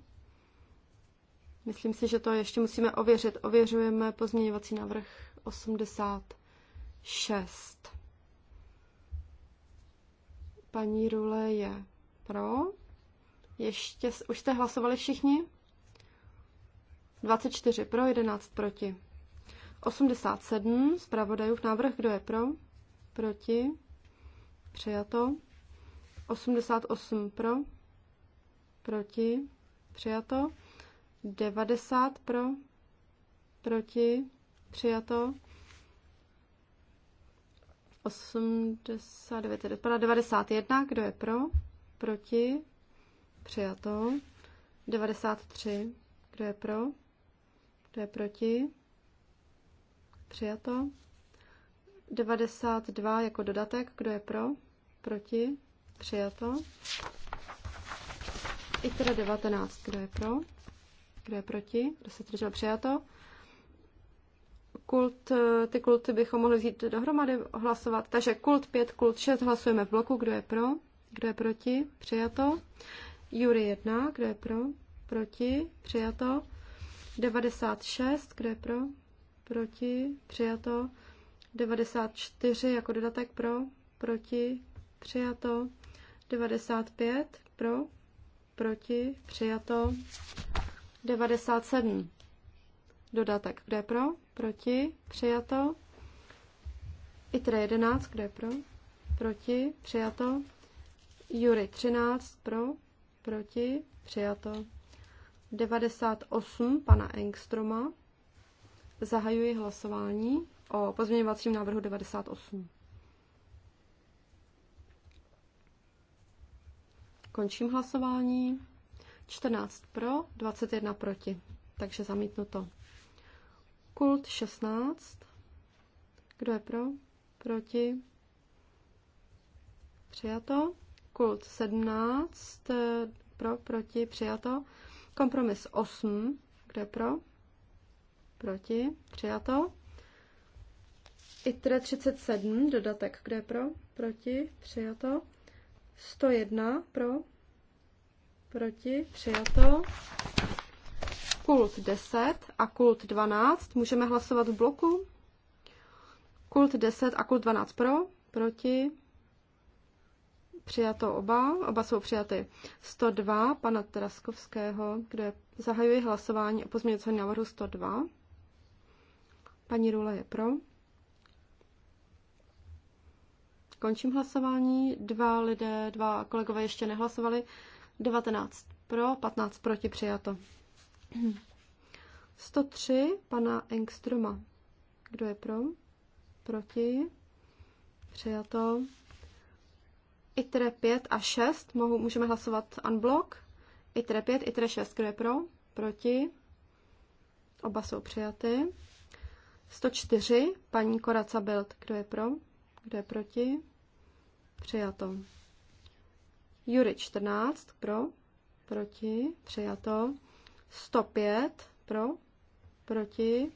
S2: Myslím si, že to ještě musíme ověřit. Ověřujeme pozměňovací návrh 86. Paní Rule je pro. Ještě, už jste hlasovali všichni? 24 pro, 11 proti. 87 zpravodajů v návrh, kdo je pro? Proti. Přijato. 88 pro. Proti. Přijato. 90 pro. Proti. Přijato. 89 odpadá. 91, kdo je pro? Proti? Přijato. 93. Kdo je pro? Kdo je proti? Přijato. 92 jako dodatek. Kdo je pro? Proti? Přijato. I teda 19. Kdo je pro? Kdo je proti? Kdo se držel Přijato. Kult, ty kulty bychom mohli vzít dohromady hlasovat. Takže kult 5, kult 6 hlasujeme v bloku. Kdo je pro? Kdo je proti? Přijato. Jury 1. Kdo je pro? Proti? Přijato. 96. Kdo je pro? Proti? Přijato. 94 jako dodatek pro? Proti? Přijato. 95 pro? Proti? Přijato. 97 dodatek. Kdo je pro? Proti? Přijato. ITRE 11. Kdo je pro? Proti? Přijato. Jury 13 pro, proti, přijato. 98 pana Engstroma. Zahajuji hlasování o pozměňovacím návrhu 98. Končím hlasování. 14 pro, 21 proti. Takže zamítnuto. Kult 16. Kdo je pro? Proti? Přijato. Kult 17, eh, pro, proti, přijato. Kompromis 8, kde pro, proti, přijato. ITRE 37, dodatek, kde pro, proti, přijato. 101, pro, proti, přijato. Kult 10 a kult 12, můžeme hlasovat v bloku. Kult 10 a kult 12 pro, proti, Přijato oba, oba jsou přijaty. 102 pana Traskovského kde zahajuji hlasování o pozměňovacím návrhu 102. Paní Rula je pro. Končím hlasování. Dva lidé, dva kolegové ještě nehlasovali. 19 pro, 15 proti přijato. 103 pana Engstroma. Kdo je pro? Proti? Přijato. ITRE 5 a 6 mohu, můžeme hlasovat unblock. ITRE 5, ITRE 6, kdo je pro? Proti? Oba jsou přijaty. 104, paní Koraca Bild, kdo je pro? Kdo je proti? Přijato. Jury 14, pro? Proti? Přijato. 105, pro? Proti?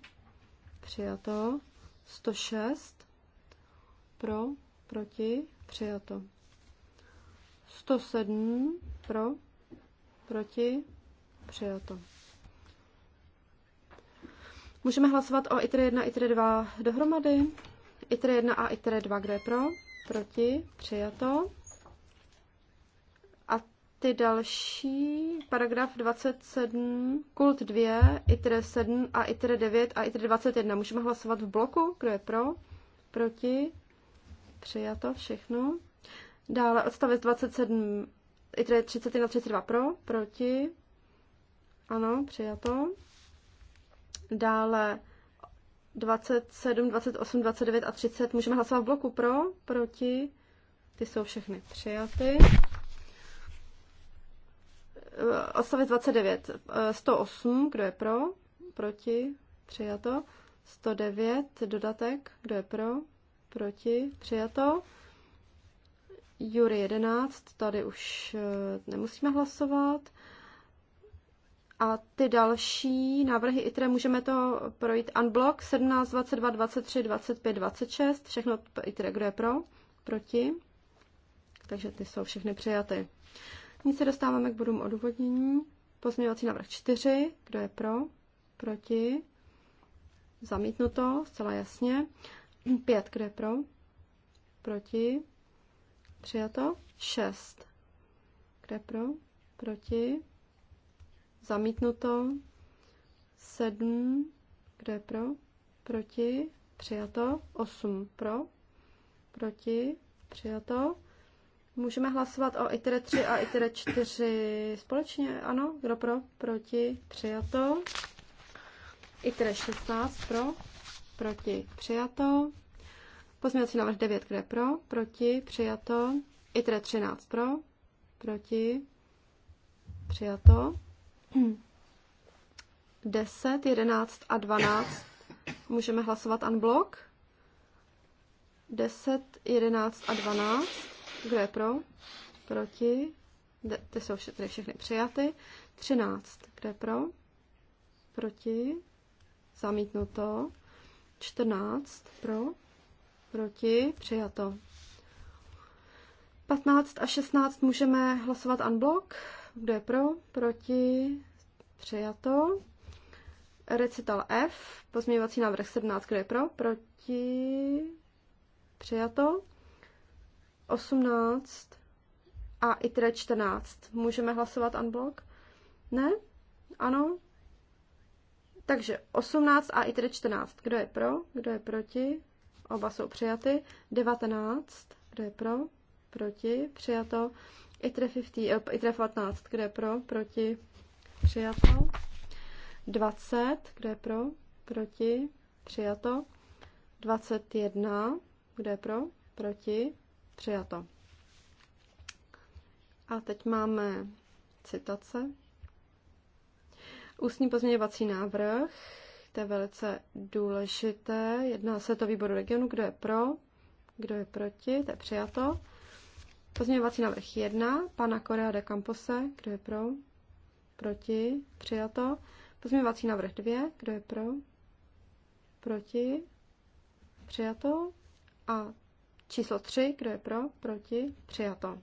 S2: Přijato. 106, pro? Proti? Přijato. 107 pro, proti, přijato. Můžeme hlasovat o ITRE 1 a ITRE 2 dohromady. ITRE 1 a ITRE 2, kde je pro, proti, přijato. A ty další, paragraf 27, kult 2, ITRE 7 a ITRE 9 a ITRE 21. Můžeme hlasovat v bloku, kdo je pro, proti, přijato všechno. Dále odstavec 27, i 31 32 pro, proti. Ano, přijato. Dále 27, 28, 29 a 30. Můžeme hlasovat v bloku pro, proti. Ty jsou všechny přijaty. Odstavec 29. 108, kdo je pro, proti, přijato. 109, dodatek, kdo je pro, proti, přijato. Jury 11, tady už eh, nemusíme hlasovat. A ty další návrhy ITRE můžeme to projít unblock 17, 22, 23, 25, 26. Všechno ITRE, kdo je pro, proti. Takže ty jsou všechny přijaty. Nyní se dostáváme k bodům odůvodnění. Pozměňovací návrh 4, kdo je pro, proti. Zamítnuto, zcela jasně. 5, kdo je pro, proti Přijato. 6. Kde pro? Proti. Zamítnuto. 7. Kde pro? Proti. Přijato. 8. Pro. Proti. Přijato. Můžeme hlasovat o ITERE 3 a ITERE 4 společně, ano? Kdo pro? Proti. Přijato. ITERE 16 pro. Proti. Přijato. Pozměňovací návrh 9, kde pro, proti, přijato. ITRE 13 pro, proti, přijato. 10, 11 a 12 můžeme hlasovat unblock. 10, 11 a 12. Kdo je pro? Proti? De, ty jsou vše, tedy všechny přijaty. 13. Kdo je pro? Proti? Zamítnuto. 14. Pro? proti, přijato. 15 a 16 můžeme hlasovat unblock. Kdo je pro, proti, přijato. Recital F, pozměňovací návrh 17, kdo je pro, proti, přijato. 18 a i teda 14. Můžeme hlasovat unblock? Ne? Ano? Takže 18 a i tedy 14. Kdo je pro? Kdo je proti? Oba jsou přijaty. 19, kde je pro? Proti, přijato. ITRE 50, 15, kde je pro? Proti, přijato. 20, kde je pro? Proti, přijato. 21, kde je pro? Proti, přijato. A teď máme citace. Ústní pozměňovací návrh to je velice důležité. Jedná se to výboru regionu, kdo je pro, kdo je proti, to je přijato. Pozměňovací návrh 1, pana Korea de Campose, kdo je pro, proti, přijato. Pozměňovací návrh 2, kdo je pro, proti, přijato. A číslo 3, kdo je pro, proti, přijato.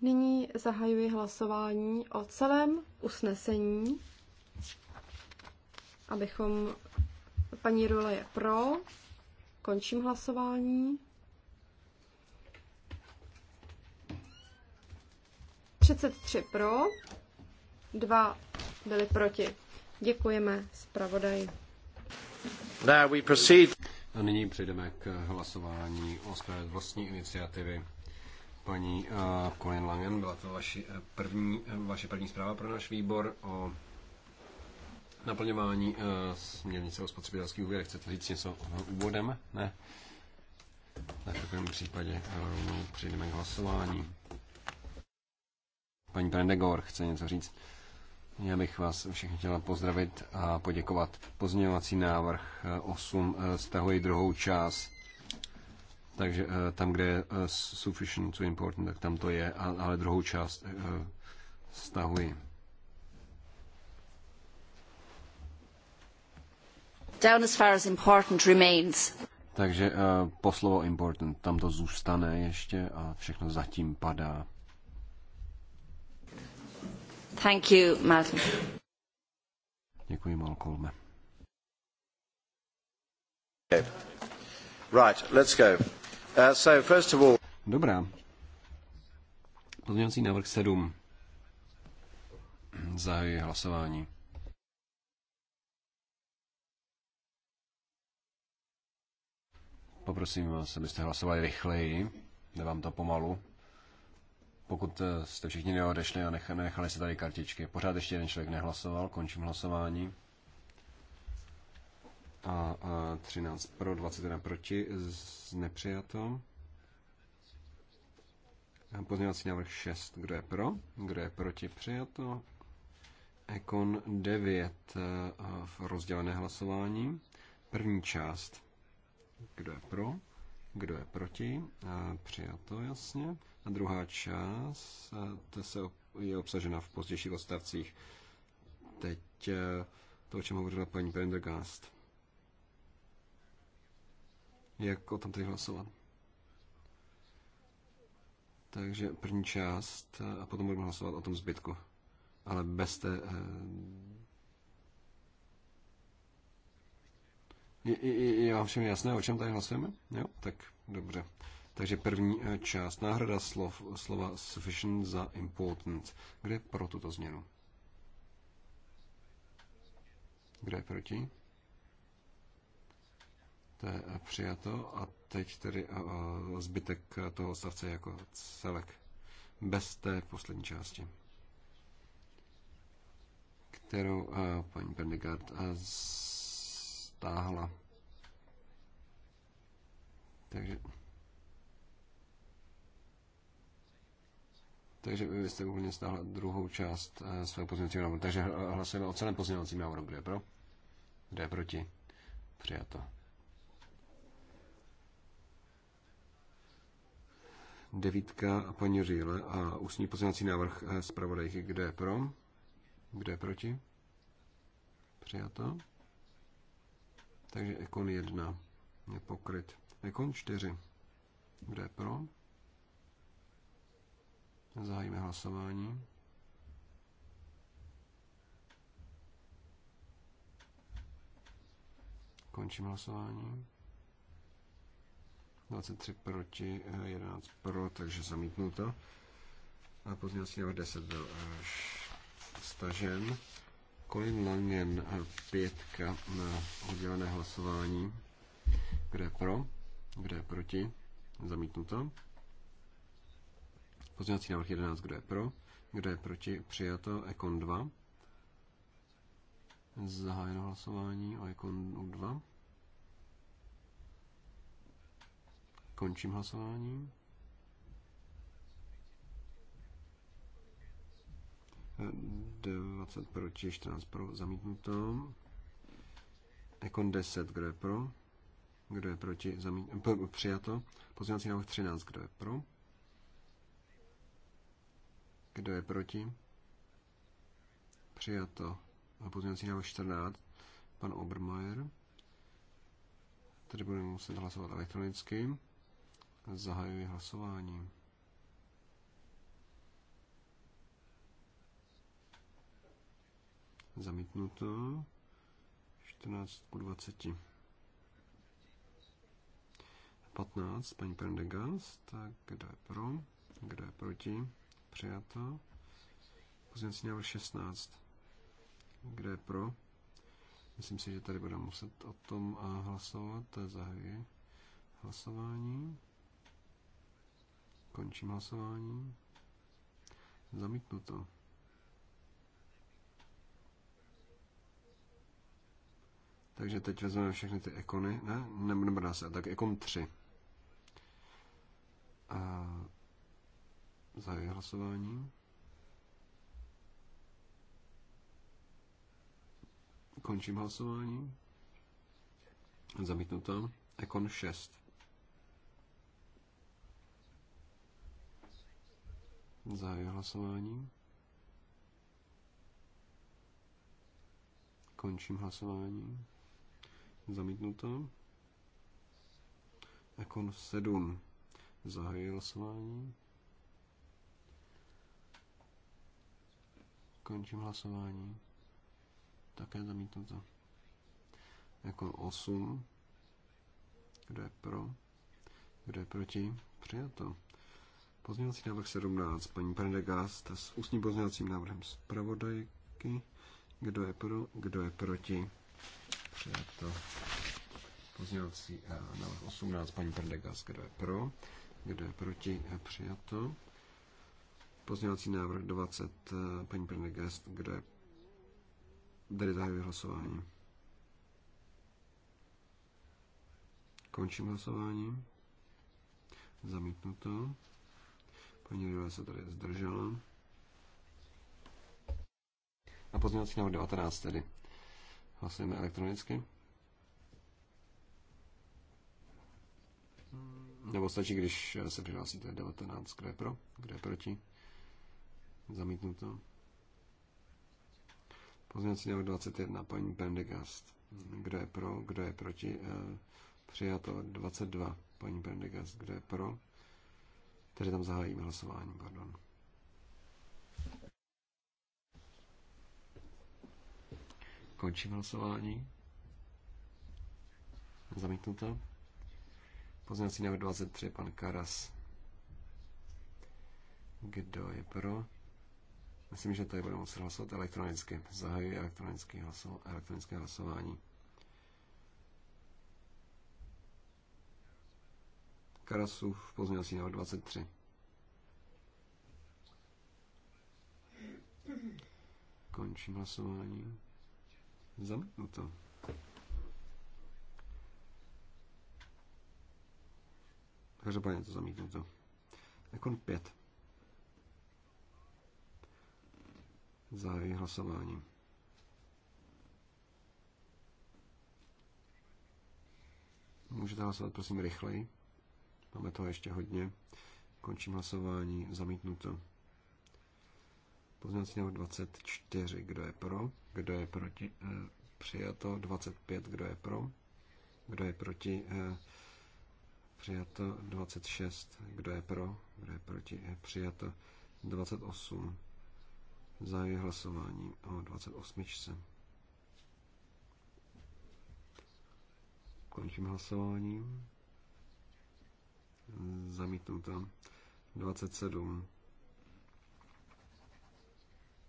S2: Nyní zahajuji hlasování o celém usnesení abychom... Paní Rule je pro. Končím hlasování. 33 pro, dva byli proti. Děkujeme zpravodaji.
S4: A nyní přejdeme k hlasování o své vlastní iniciativy. Paní uh, Colin Langen, byla to vaši, eh, první, eh, vaše první zpráva pro náš výbor o Naplňování uh, směrnice o spotřebitelských úvěrech. Chcete říct něco úvodem? Ne? Tak v takovém případě eh, rovnou přejdeme k hlasování. Paní Prendegor chce něco říct. Já bych vás všechny chtěla pozdravit a poděkovat. Pozměňovací návrh 8 eh, stahuje druhou část. Takže tam, kde je sufficient to important, tak tam to je, ale druhou část stahuji.
S3: down as far as important remains.
S4: Takže uh, po slovo important, tam to zůstane ještě a všechno zatím padá.
S3: Thank you, Malcolm.
S4: Děkuji, Malcolme. Right, let's go. Uh, so first of all... Dobrá. Pozměňovací návrh 7. Zahajuji hlasování. Poprosím vás, abyste hlasovali rychleji, jde vám to pomalu. Pokud eh, jste všichni neodešli a nechali si tady kartičky, pořád ještě jeden člověk nehlasoval, končím hlasování. A, a 13 pro, 21 proti, z nepřijato. Pozměňovací návrh 6, kdo je pro, kdo je proti, přijato. Ekon 9 eh, v rozdělené hlasování. První část kdo je pro? Kdo je proti? A přijato, jasně. A druhá část ta eh, se je obsažena v pozdějších odstavcích. Teď eh, to, o čem hovořila paní Prendergast. Jak o tom teď hlasovat? Takže první část eh, a potom budeme hlasovat o tom zbytku. Ale bez té Je, je, je vám všem jasné, o čem tady hlasujeme? Jo, tak dobře. Takže první eh, část, náhrada slov, slova sufficient za important. Kde je pro tuto změnu? Kde je proti? To je eh, přijato a teď tedy eh, zbytek toho stavce jako celek. Bez té poslední části kterou paní Bendegard stáhla. Takže... Takže vy jste úplně stáhla druhou část eh, svého pozměňovacího návrhu. Takže hlasujeme o celém pozměňovacím návrhu. Kdo je pro? Kdo je proti? Přijato. Devítka paní Říle a ústní pozměňovací návrh eh, zpravodajky. Kdo je pro? Kdo je proti? Přijato. Takže Ekon 1 je pokryt. Ekon 4. Kdo je pro? Zahájíme hlasování. Končím hlasování. 23 proti, 11 pro, takže zamítnuto. A pozměňovací návrh 10 byl eh, stažen. Colin Langen, eh, pětka na eh, oddělené hlasování. Kde je pro? Kde je proti? Zamítnuto. Pozměňovací návrh 11, kdo je pro? Kdo je proti? Přijato. Ekon 2. Zahájeno hlasování o Ekon 2. Končím hlasování. 20 proti, 14 pro, zamítnuto. Ekon 10, kdo je pro? Kdo je proti? Zamít, eh, p, přijato. Pozměňovací návrh 13, kdo je pro? Kdo je proti? Přijato. A pozměňovací návrh 14, pan Obermeier. Tady budeme muset hlasovat elektronicky. Zahajuji hlasování. Zamítnuto. 14 po 20. 15, paní Prendergast, tak kdo je pro, kdo je proti, přijato. Pozměnci návrh 16, kdo je pro, myslím si, že tady budeme muset o tom eh, hlasovat, to je zahajuji hlasování, končím hlasování, zamítnuto. Takže teď vezmeme všechny ty ekony, ne? ne nebo dá se, tak ekon 3. A za hlasování. Končím hlasování. Zamítnuto. Ekon 6. Zahajuji hlasování. Končím hlasování zamítnuto. Ekon 7. Zahajuji hlasování. Končím hlasování. Také zamítnuto. Ekon 8. Kdo je pro? Kdo je proti? Přijato. Pozměňovací návrh 17. Paní Prendergast s ústním pozměňovacím návrhem zpravodajky. Kdo je pro? Kdo je proti? Přijato. Pozdělací eh, návrh 18, paní Prendegas, kdo je pro, kdo je proti, eh, přijato. Pozdělací návrh 20, eh, paní Prendegas, kdo je Tady zahajuje hlasování. Končím hlasování. Zamítnuto. Paní Rila se tady zdržela. A pozdělací návrh 19 tedy. Hlasujeme elektronicky. Nebo stačí, když se přihlásíte 19, kdo je pro, kdo je proti. Zamítnuto. Pozměňovací návrh 21, paní Pendegast. Kdo je pro, kdo je proti. Eh, přijato 22, paní Pendegast. Kdo je pro. Tedy tam zahájíme hlasování, pardon. Končím hlasování. Zamítnuto. Pozměňovací návrh 23, pan Karas. Kdo je pro? Myslím, že tady budeme muset hlasovat elektronicky. Zahajuji elektronické, hlaso- elektronické hlasování. Karasův pozměňovací návrh 23. Končím hlasování. Zamítnuto. Každopádně to zamítnuto. Ekon 5. Zahajuji hlasování. Můžete hlasovat, prosím, rychleji. Máme toho ještě hodně. Končím hlasování. Zamítnuto. Pozměňovací návrh 24. Kdo je pro? kdo je proti, eh, přijato 25, kdo je pro, kdo je proti, eh, přijato 26, kdo je pro, kdo je proti, eh, přijato 28. Zahajuji hlasování o 28. Končím hlasování. Zamítnuto. 27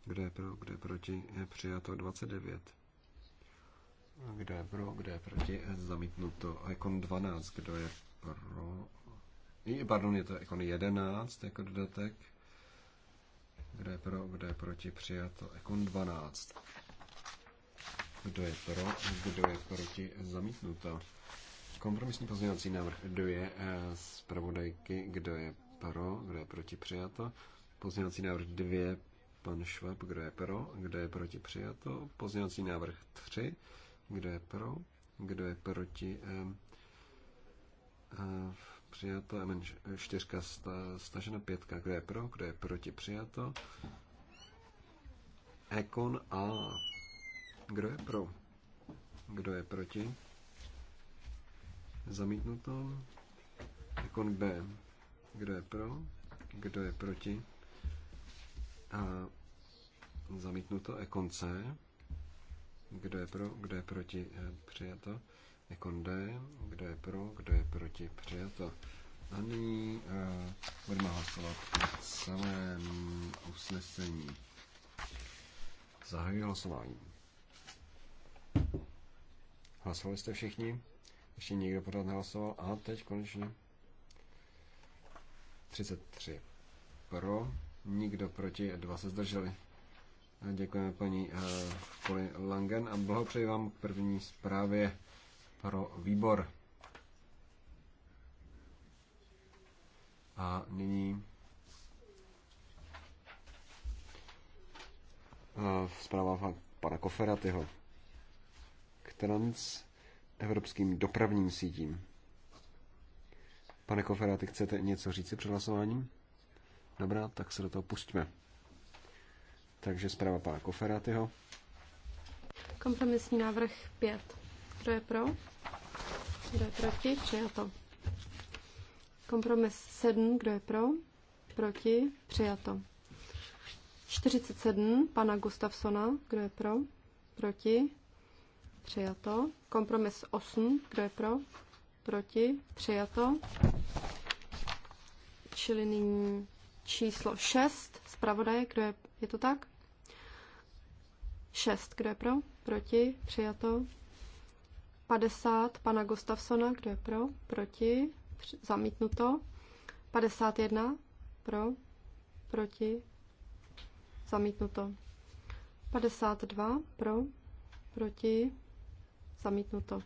S4: kdo je pro, kdo je proti? Je Přijato 29. Kdo je pro, kdo je proti? Je Zamítnuto. Ikon 12. Kdo je pro? Pardon, je to ikon 11 jako dodatek. Kdo je pro, kdo je proti? Přijato. Ikon 12. Kdo je pro, kdo je proti? Je Zamítnuto. Kompromisní pozměňovací návrh. Kdo je eh, z pravodajky? Kdo je pro, kdo je proti? Přijato. Pozměňovací návrh 2 Pan Švab, kdo je pro, kdo je proti přijato. pozněvací návrh 3, kdo je pro, kdo je proti eh, eh, přijato. čtyřka sta, stažena, pětka, kdo je pro, kdo je proti přijato. Ekon A. Kdo je pro? Kdo je proti? Zamítnuto. Ekon B. Kdo je pro? Kdo je proti? zamítnuto Ekonce. Kdo je pro, kdo je proti, eh, přijato. Ekon D, kdo je pro, kdo je proti, přijato. A nyní uh, budeme hlasovat o celém usnesení. Zahajuji hlasování. Hlasovali jste všichni? Ještě někdo pořád nehlasoval? A teď konečně. 33 pro, nikdo proti, dva se zdrželi. Děkujeme paní eh, Poli Langen a blahopřeji vám k první zprávě pro výbor. A nyní eh, zpráva pana Koferatyho k trans evropským dopravním sítím. Pane Koferaty, chcete něco říci před hlasováním? Dobrá, tak se do toho pustíme. Takže zpráva pana Koferatyho.
S2: Kompromisní návrh 5. Kdo je pro? Kdo je proti? Přijato. Kompromis 7. Kdo je pro? Proti? Přijato. 47. Pana Gustafsona. Kdo je pro? Proti? Přijato. Kompromis 8. Kdo je pro? Proti? Přijato. Čili nyní číslo 6 zpravodaje, kdo je, je to tak? 6, kdo je pro? Proti, přijato. 50 pana Gustafsona, kdo je pro? Proti, zamítnuto. 51 pro, proti, zamítnuto. 52 pro, proti, zamítnuto.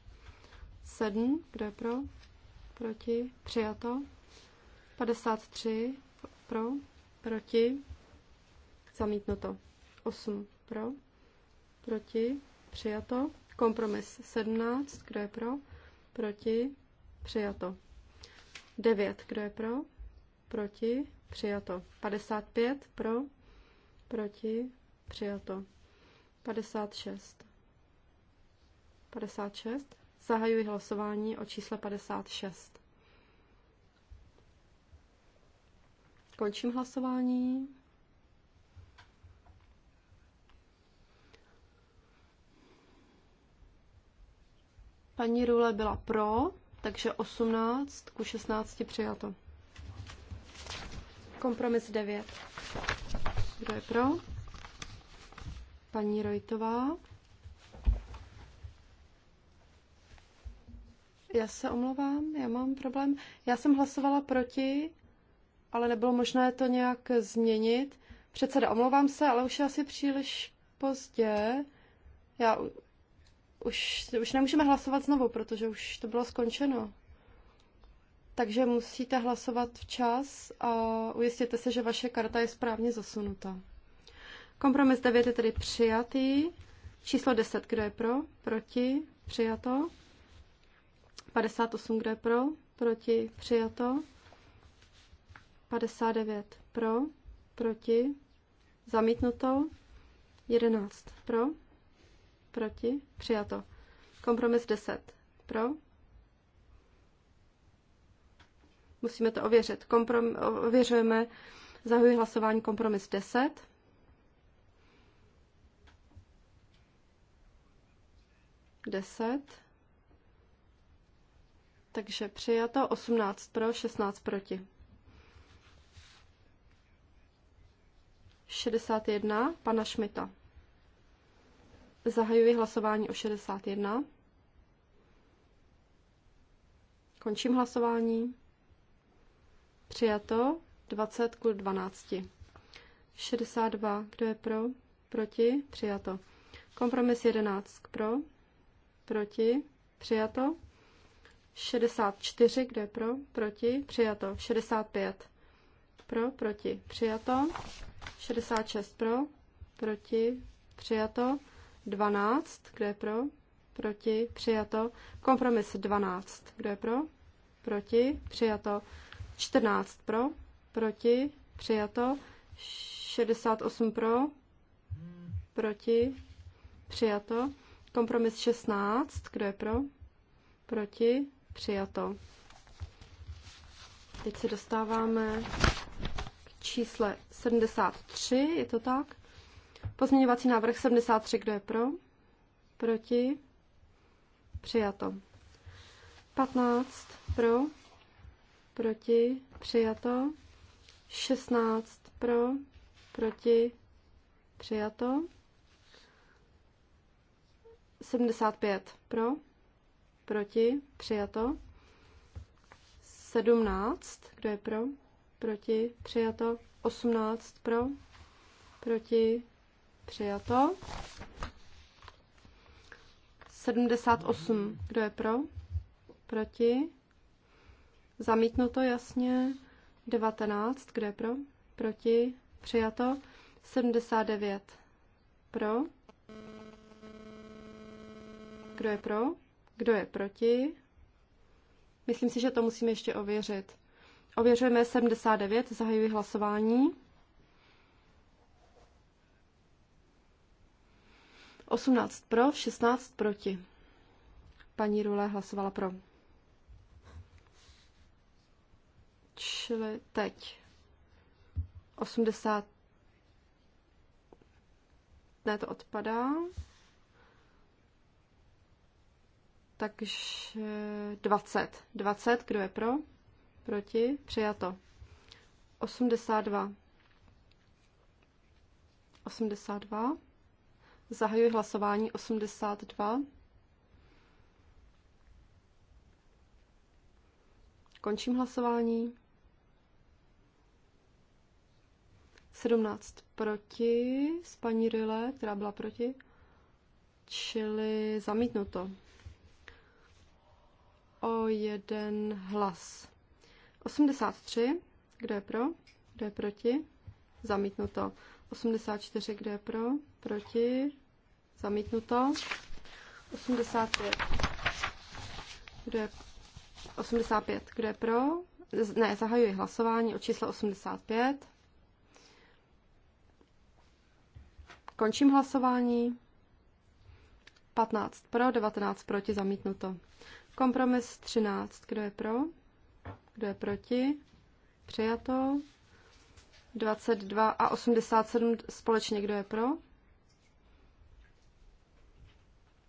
S2: 7, kdo je pro? Proti, přijato. 53 pro, proti, zamítnuto. 8 pro, proti, přijato. Kompromis 17, kdo je pro, proti, přijato. 9, kdo je pro, proti, přijato. 55 pro, proti, přijato. 56. 56. Zahajuji hlasování o čísle 56. Končím hlasování. Paní Rule byla pro, takže 18 ku 16 přijato. Kompromis 9. Kdo je pro? Paní Rojtová. Já se omlouvám, já mám problém. Já jsem hlasovala proti, ale nebylo možné to nějak změnit. Předseda, omlouvám se, ale už je asi příliš pozdě. Já už, už nemůžeme hlasovat znovu, protože už to bylo skončeno. Takže musíte hlasovat včas a ujistěte se, že vaše karta je správně zasunuta. Kompromis 9 je tedy přijatý. Číslo 10, kdo je pro? Proti? Přijato. 58, kdo je pro? Proti? Přijato. 59 pro, proti, zamítnuto, 11 pro, proti, přijato. Kompromis 10 pro. Musíme to ověřit. Komprom, ověřujeme, zahuji hlasování kompromis 10. Deset. Takže přijato 18 pro, 16 proti. 61 pana Šmita. Zahajuji hlasování o 61. Končím hlasování. Přijato 20 k 12. 62. Kdo je pro? Proti? Přijato. Kompromis 11. Pro? Proti? Přijato. 64. Kdo je pro? Proti? Přijato. 65. Pro? Proti? Přijato. 66 pro, proti, přijato. 12, kdo je pro, proti, přijato. Kompromis 12, kdo je pro, proti, přijato. 14 pro, proti, přijato. 68 pro, proti, přijato. Kompromis 16, kdo je pro, proti, přijato. Teď se dostáváme čísle 73, je to tak? Pozměňovací návrh 73, kdo je pro? Proti? Přijato. 15 pro, proti, přijato. 16 pro, proti, přijato. 75 pro, proti, přijato. 17, kdo je pro, proti, přijato. 18 pro, proti, přijato. 78, kdo je pro, proti, zamítnuto jasně. 19, kdo je pro, proti, přijato. 79 pro, kdo je pro, kdo je proti. Myslím si, že to musíme ještě ověřit. Ověřujeme 79, zahajuji hlasování. 18 pro, 16 proti. Paní Rule hlasovala pro. Čili teď 80. Ne, to odpadá. Takže 20. 20, kdo je pro? proti, přijato. 82. 82. Zahajuji hlasování 82. Končím hlasování. 17 proti s paní Rille, která byla proti, čili zamítnuto. O jeden hlas. 83, kdo je pro, kdo je proti, zamítnuto. 84, kdo je pro, proti, zamítnuto. 85, kdo je, 85, kdo je pro, ne, zahajuji hlasování o číslo 85. Končím hlasování. 15 pro, 19 proti, zamítnuto. Kompromis 13, kdo je pro? Kdo je proti? Přijato. 22 a 87 společně. Kdo je pro?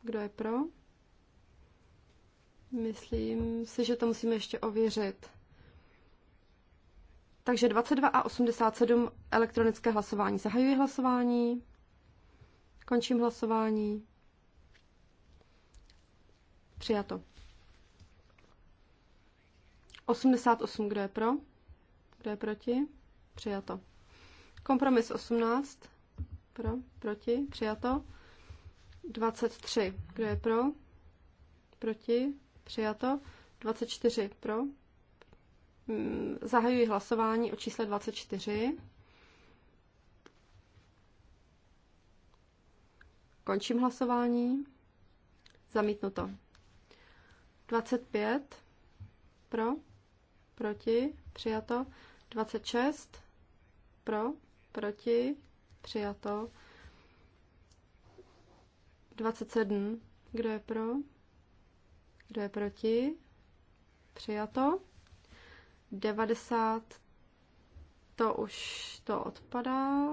S2: Kdo je pro? Myslím si, že to musíme ještě ověřit. Takže 22 a 87 elektronické hlasování. Zahajuji hlasování. Končím hlasování. Přijato. 88, kdo je pro? Kdo je proti? Přijato. Kompromis 18, pro, proti, přijato. 23, kdo je pro? Proti, přijato. 24, pro. Mm, zahajuji hlasování o čísle 24. Končím hlasování. Zamítnuto. 25 pro, proti, přijato. 26 pro, proti, přijato. 27, kdo je pro, kdo je proti, přijato. 90, to už to odpadá.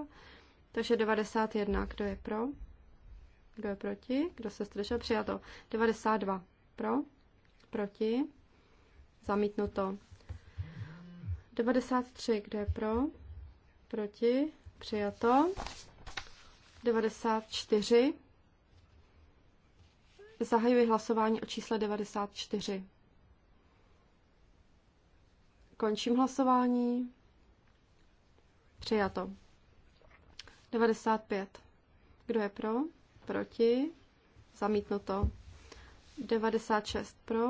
S2: Takže 91, kdo je pro, kdo je proti, kdo se zdržel, přijato. 92 pro, proti, zamítnuto. 93, kdo je pro? Proti? Přijato. 94. Zahajuji hlasování o čísle 94. Končím hlasování. Přijato. 95. Kdo je pro? Proti? Zamítnuto. 96 pro,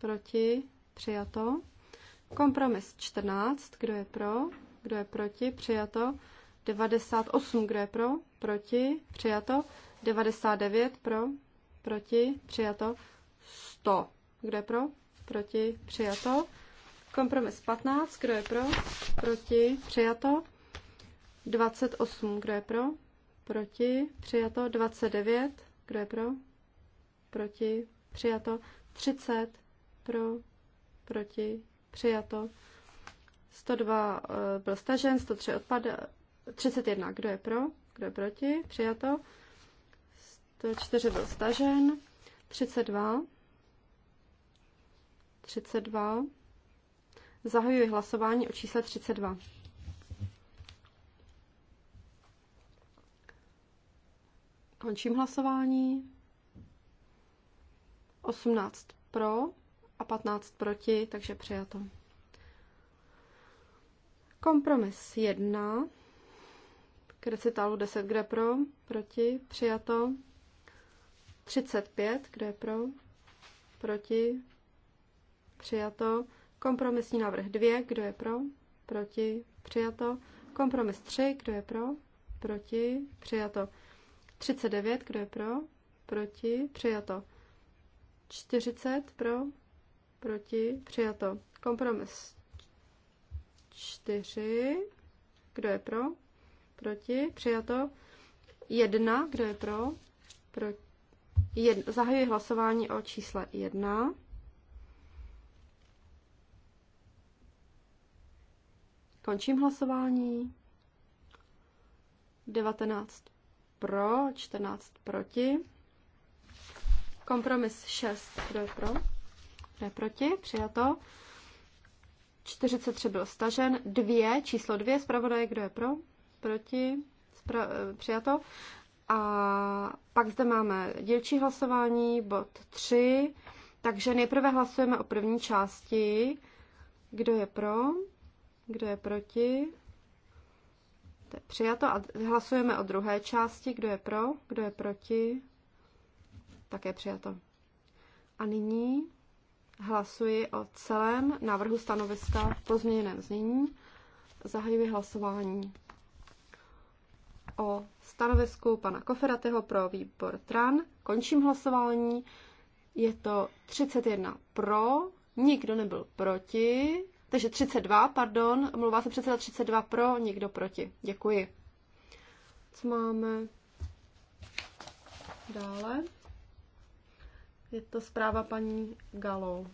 S2: proti, přijato. Kompromis 14, kdo je pro, kdo je proti, přijato. 98, kdo je pro, proti, přijato. 99 pro, proti, přijato. 100, kdo je pro, proti, přijato. Kompromis 15, kdo je pro, proti, přijato. 28, kdo je pro, proti, přijato. 29, kdo je pro, proti, přijato. 30, pro, proti, přijato. 102 eh, byl stažen, 103 odpad 31, kdo je pro, kdo je proti, přijato. 104 byl stažen, 32, 32, zahajuji hlasování o čísle 32. Končím hlasování. 18 pro, a 15 proti, takže přijato. Kompromis 1 k recitálu 10, kde pro, proti, přijato. 35, kde pro, proti, přijato. Kompromisní návrh 2, kdo je pro, proti, přijato. Kompromis 3, kdo je pro, proti, přijato. 39, kdo je pro, proti, přijato. 40 pro, proti, přijato. Kompromis Čtyři. kdo je pro, proti, přijato. Jedna. kdo je pro, pro Jed, zahajuji hlasování o čísle jedna. Končím hlasování. 19 pro, 14 proti. Kompromis 6, kdo je pro? Kdo je proti? Přijato. 43 byl stažen. 2, číslo 2, zpravodaj, kdo je pro? Proti? Spra- eh, přijato. A pak zde máme dílčí hlasování, bod 3. Takže nejprve hlasujeme o první části. Kdo je pro? Kdo je proti? To je přijato. A hlasujeme o druhé části. Kdo je pro? Kdo je proti? Také přijato. A nyní Hlasuji o celém návrhu stanoviska v pozměněném znění. Zahajuji hlasování o stanovisku pana Koferatyho pro výbor TRAN. Končím hlasování. Je to 31 pro, nikdo nebyl proti, takže 32, pardon, mluvá se předseda 32 pro, nikdo proti. Děkuji. Co máme dále? Je to zpráva paní Galo.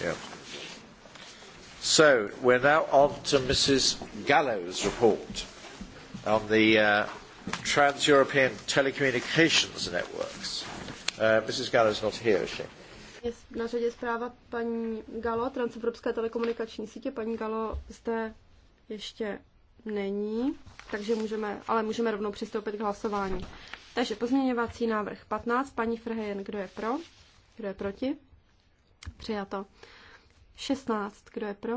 S4: Yeah. So we're
S2: now on to Mrs. Gallo's report on the uh,
S4: Trans-European Telecommunications Networks. Uh, Mrs. Gallo's not here, is she?
S2: Je na řadě zpráva paní Galo, Transevropské telekomunikační sítě. Paní Galo zde ještě není, takže můžeme, ale můžeme rovnou přistoupit k hlasování. Takže pozměňovací návrh 15, paní Frhejen, kdo je pro, kdo je proti? Přijato. 16, kdo je pro?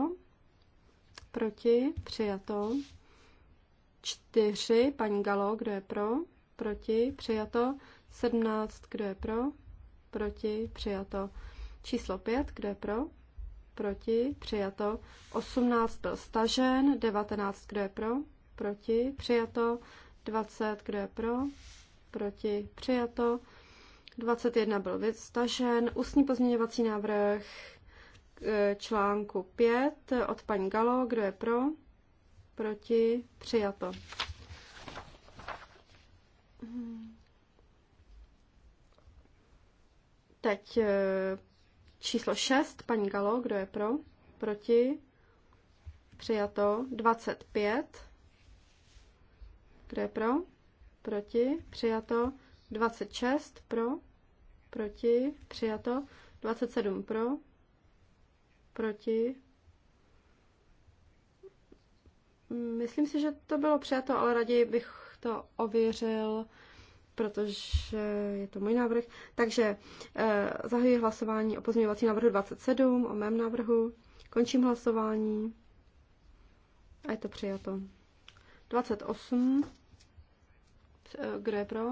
S2: Proti, přijato. 4, paní Galo, kdo je pro? Proti, přijato. 17, kdo je pro? Proti, přijato. Číslo 5, kdo je pro? Proti, přijato. 18 byl stažen, 19, kdo je pro? Proti, přijato. 20, kdo je pro? proti, přijato. 21 byl vystažen. Ústní pozměňovací návrh k e, článku 5 od paní Galo. Kdo je pro? Proti? Přijato. Teď e, číslo 6, paní Galo, kdo je pro? Proti? Přijato. 25. Kdo je pro? proti, přijato. 26 pro, proti, přijato. 27 pro, proti. Myslím si, že to bylo přijato, ale raději bych to ověřil, protože je to můj návrh. Takže eh, zahajuji hlasování o pozměňovací návrhu 27, o mém návrhu. Končím hlasování a je to přijato. 28 Eh, kdo je pro?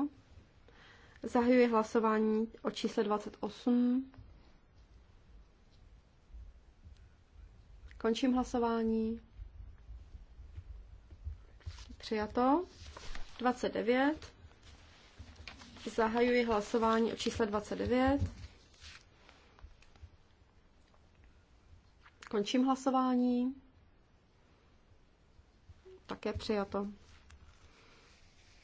S2: Zahajuji hlasování o čísle 28. Končím hlasování. Přijato. 29. Zahajuji hlasování o čísle 29. Končím hlasování. Také přijato.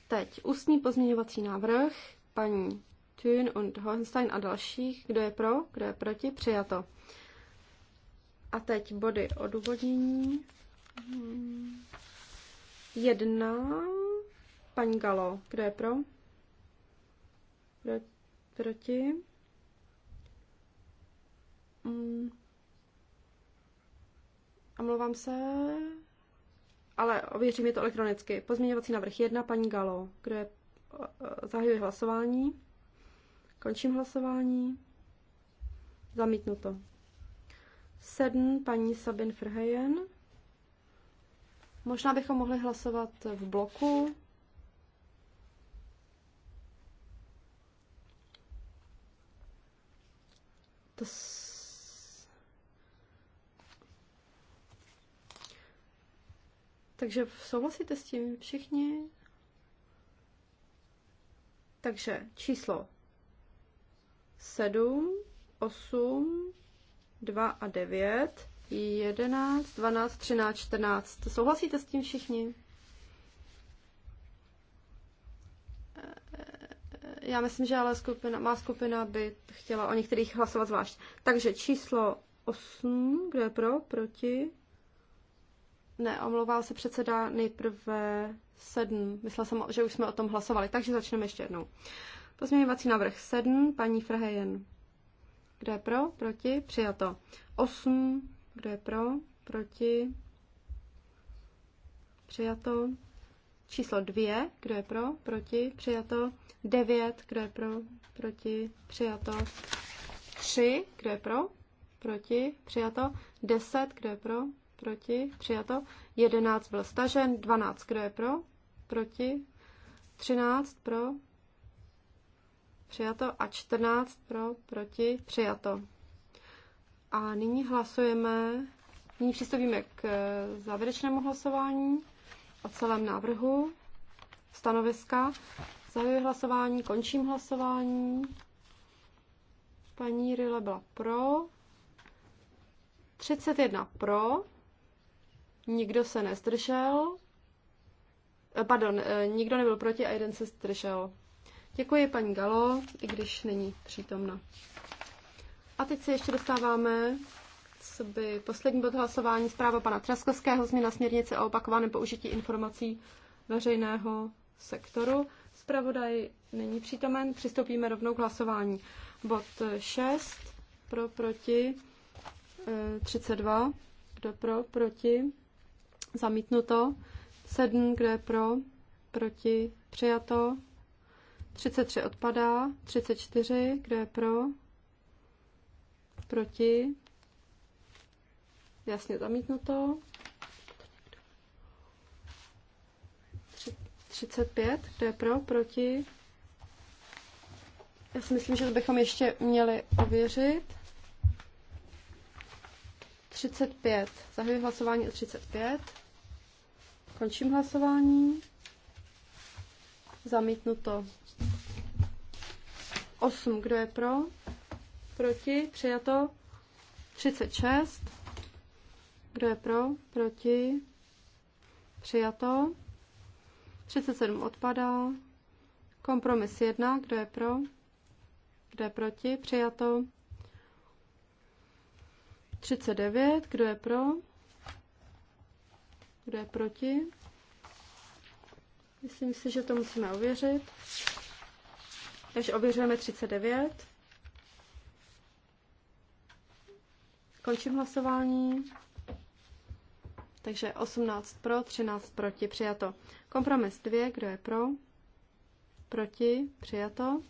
S2: Teď ústní pozměňovací návrh paní Thun und Hohenstein a dalších. Kdo je pro, kdo je proti, přijato. A teď body odůvodnění. Jedna. Paní Galo, kdo je pro? pro proti. Mm. Omlouvám se ale ověříme to elektronicky. Pozměňovací návrh 1, paní Galo. Kdo je? Eh, zahajuje hlasování. Končím hlasování. Zamítnuto. 7, paní Sabin Frhejen. Možná bychom mohli hlasovat v bloku. To Takže souhlasíte s tím všichni? Takže číslo 7, 8, 2 a 9, 11, 12, 13, 14. Souhlasíte s tím všichni? Já myslím, že ale skupina, má skupina by chtěla o některých hlasovat zvlášť. Takže číslo 8, kdo je pro, proti, ne, omlouvá se předseda nejprve sedm. Myslela jsem, že už jsme o tom hlasovali, takže začneme ještě jednou. Pozměňovací návrh sedm, paní Frahejen. Kdo je pro? Proti? Přijato. Osm. kdo je pro? Proti? Přijato. Číslo dvě. kdo je pro? Proti? Přijato. Devět. kdo je pro? Proti? Přijato. Tři. kdo je pro? Proti? Přijato. Deset. kdo je pro? proti, přijato. 11 byl stažen, 12, kdo je pro, proti, 13 pro, přijato a 14 pro, proti, přijato. A nyní hlasujeme, nyní přistoupíme k eh, závěrečnému hlasování o celém návrhu stanoviska. Zahajuji hlasování, končím hlasování. Paní Rila byla pro, 31 pro, nikdo se nestršel. Eh, pardon, eh, nikdo nebyl proti a jeden se stršel. Děkuji paní Galo, i když není přítomna. A teď se ještě dostáváme co by poslední bod hlasování zpráva pana Traskovského změna směrnice o opakovaném použití informací veřejného sektoru. Zpravodaj není přítomen, přistoupíme rovnou k hlasování. Bod 6 pro proti 32, eh, kdo pro proti Zamítnuto. 7, kdo je pro? Proti? Přijato. 33 odpadá. 34, kdo je pro? Proti? Jasně zamítnuto. 35, kdo je pro? Proti? Já si myslím, že to bychom ještě měli ověřit. 35. Zahajuji hlasování o 35. Končím hlasování. Zamítnuto. 8. Kdo je pro? Proti? Přijato. 36. Kdo je pro? Proti? Přijato. 37 odpadá. Kompromis 1. Kdo je pro? Kdo je proti? Přijato. 39, kdo je pro? Kdo je proti? Myslím si, že to musíme ověřit. Takže ověřujeme 39. Končím hlasování. Takže 18 pro, 13 proti, přijato. Kompromis 2, kdo je pro? Proti, přijato.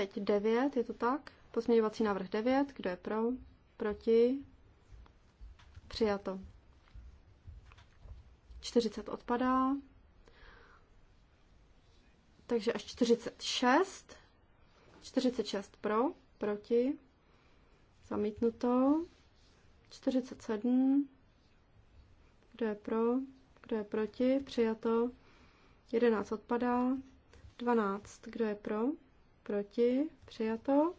S2: Teď 9, je to tak? Pozměňovací návrh 9, kdo je pro? Proti? Přijato. 40 odpadá. Takže až 46. 46 pro, proti. Zamítnuto. 47. Kdo je pro? Kdo je proti? Přijato. 11 odpadá. 12. Kdo je pro? proti, přijato.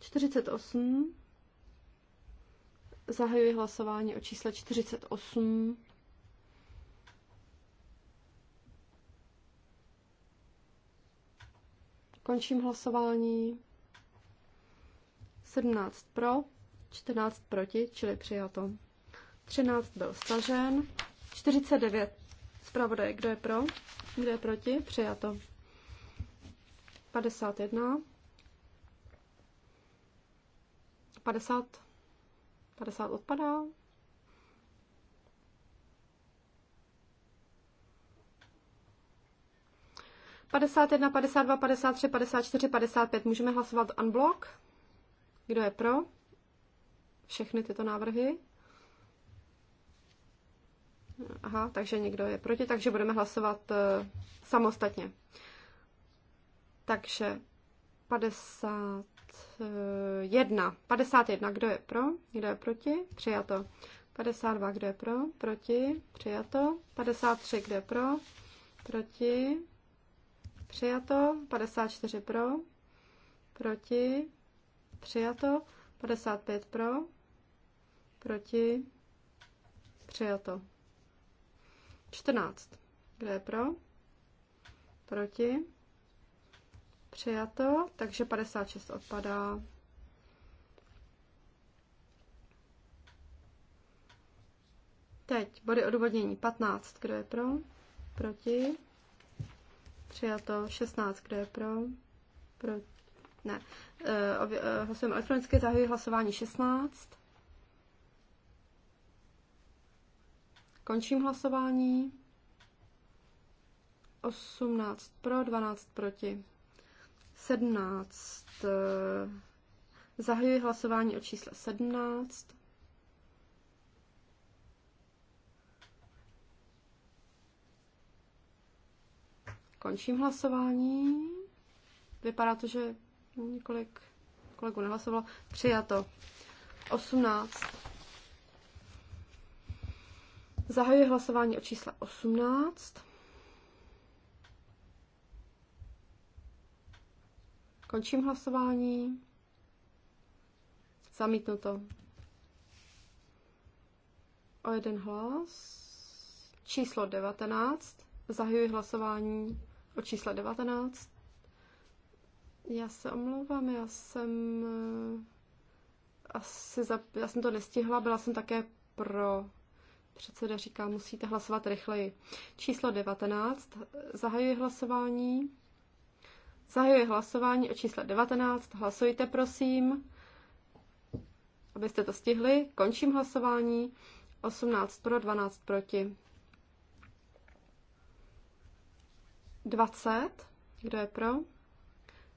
S2: 48. Zahajuji hlasování o čísle 48. Končím hlasování. 17 pro, 14 proti, čili přijato. 13 byl stažen. 49 zpravodaj, kdo je pro, kdo je proti, přijato. 51, 50, 50 odpadá. Padesát jedna, padesát dva, padesát tři, padesát čtyři, padesát pět. Můžeme hlasovat unblock. Kdo je pro? Všechny tyto návrhy. Aha, takže někdo je proti, takže budeme hlasovat eh, samostatně. Takže 51. 51, kdo je pro, kdo je proti, přijato. 52, kdo je pro, proti, přijato. 53, kdo je pro, proti, přijato. 54 pro, proti, přijato. 55 pro, proti, přijato. 14, kdo je pro, proti, Přijato, takže 56 odpadá. Teď body odvodnění 15, kdo je pro? Proti? Přijato 16, kdo je pro? Proti? Ne. Eh, eh, hlasujeme E, elektronicky, zahajuji hlasování 16. Končím hlasování. 18 pro, 12 proti. 17. Zahajuji hlasování o čísle 17. Končím hlasování. Vypadá to, že několik kolegů nehlasovalo. Přijato. 18. Zahajuji hlasování o čísle 18. Končím hlasování. Zamítnuto. O jeden hlas. Číslo 19. Zahajuji hlasování o čísle 19. Já se omlouvám, já jsem eh, asi za, já jsem to nestihla, byla jsem také pro. Předseda říká, musíte hlasovat rychleji. Číslo 19. Zahajuji hlasování. Zahajuji hlasování o čísle 19. Hlasujte, prosím, abyste to stihli. Končím hlasování. 18 pro, 12 proti. 20. Kdo je pro?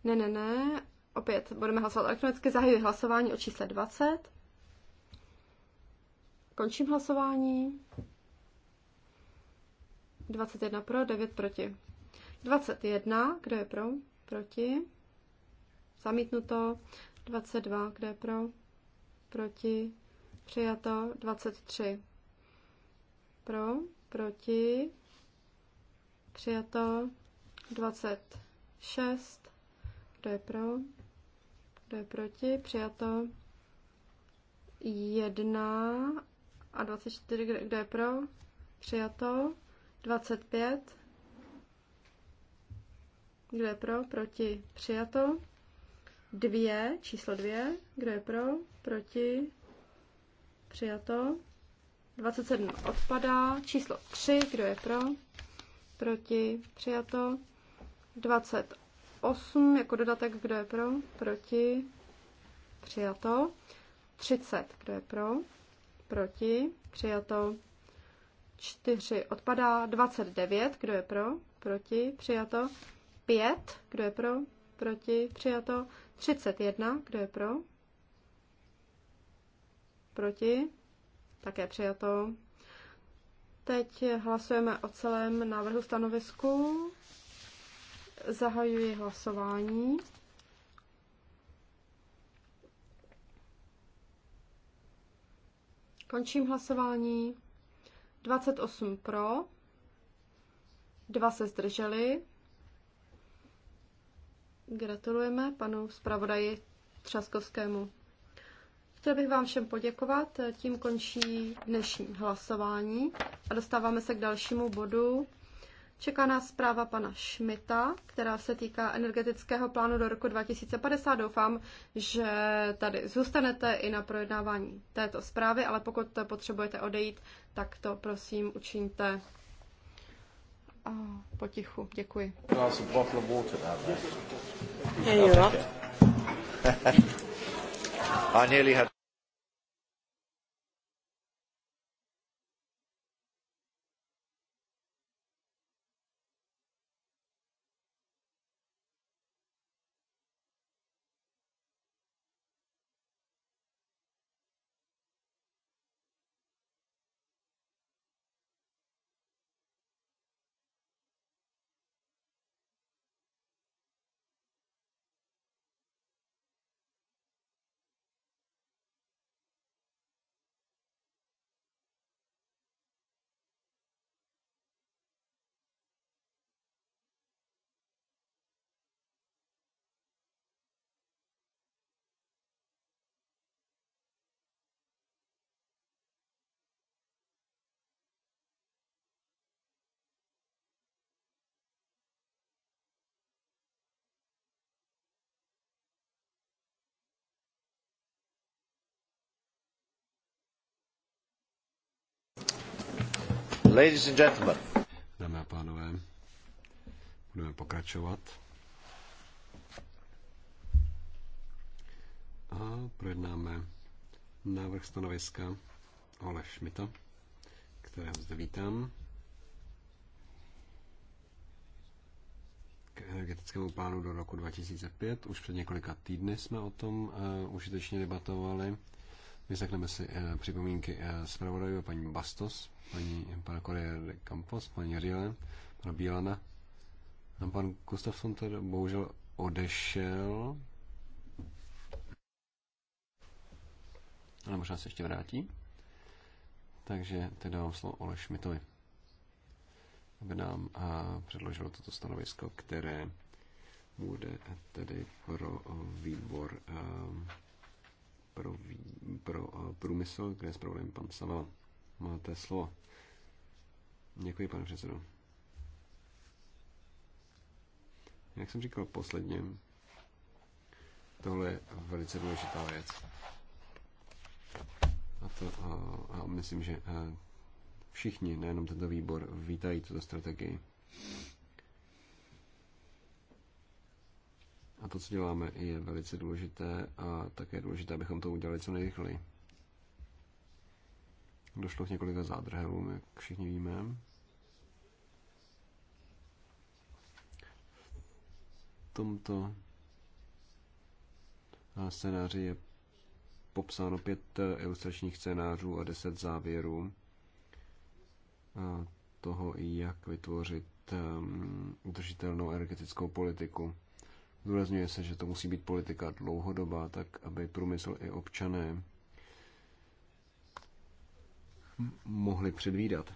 S2: Ne, ne, ne. Opět budeme hlasovat elektronicky. Zahajuji hlasování o čísle 20. Končím hlasování. 21 pro, 9 proti. 21. Kdo je pro? proti, zamítnuto, 22, kde je pro, proti, přijato, 23, pro, proti, přijato, 26, kde je pro, kde je proti, přijato, 1 a 24, kde je pro, přijato, 25, kdo je pro? Proti? Přijato. Dvě, číslo dvě. Kdo je pro? Proti? Přijato. 27 odpadá. Číslo 3. Kdo je pro? Proti? Přijato. 28 jako dodatek. Kdo je pro? Proti? Přijato. 30. Kdo je pro? Proti? Přijato. 4 odpadá. 29. Kdo je pro? Proti? Přijato. 5, kdo je pro, proti, přijato. 31, kdo je pro, proti, také přijato. Teď hlasujeme o celém návrhu stanovisku. Zahajuji hlasování. Končím hlasování. 28 pro, 2 se zdrželi. Gratulujeme panu zpravodaji Třaskovskému. Chtěl bych vám všem poděkovat, tím končí dnešní hlasování a dostáváme se k dalšímu bodu. Čeká nás zpráva pana Šmita, která se týká energetického plánu do roku 2050. Doufám, že tady zůstanete i na projednávání této zprávy, ale pokud potřebujete odejít, tak to prosím učiňte a potichu. Děkuji.
S4: I nearly had Ladies and gentlemen. Dámy a pánové, budeme pokračovat. A projednáme návrh stanoviska Ole Šmita, kterého zde vítám. K energetickému plánu do roku 2005. Už před několika týdny jsme o tom uh, užitečně debatovali Vyslechneme si eh, připomínky eh, zpravodajů paní Bastos, paní pana Correa de Campos, paní Rielen, pana Bílana. A no, pan Gustafson tedy bohužel odešel. Ale možná se ještě vrátí. Takže teď dávám slovo Ole Šmitovi, aby nám a eh, předložilo toto stanovisko, které bude tedy pro výbor um, pro, pro eh, průmysl, kde je zpravodajem pan Savala. Máte slovo. Děkuji, pane předsedo. Jak jsem říkal posledně, tohle je velice důležitá věc. A, to, uh, a myslím, že eh, všichni, nejenom tento výbor, vítají tuto strategii. A to, co děláme, je velice důležité a také důležité, abychom to udělali co nejrychleji. Došlo k několika zádrhelům, jak všichni víme. V tomto eh, scénáři je popsáno pět eh, ilustračních scénářů a deset závěrů eh, toho, jak vytvořit udržitelnou energetickou politiku Zdůrazňuje se, že to musí být politika dlouhodobá, tak aby průmysl i občané mohli předvídat.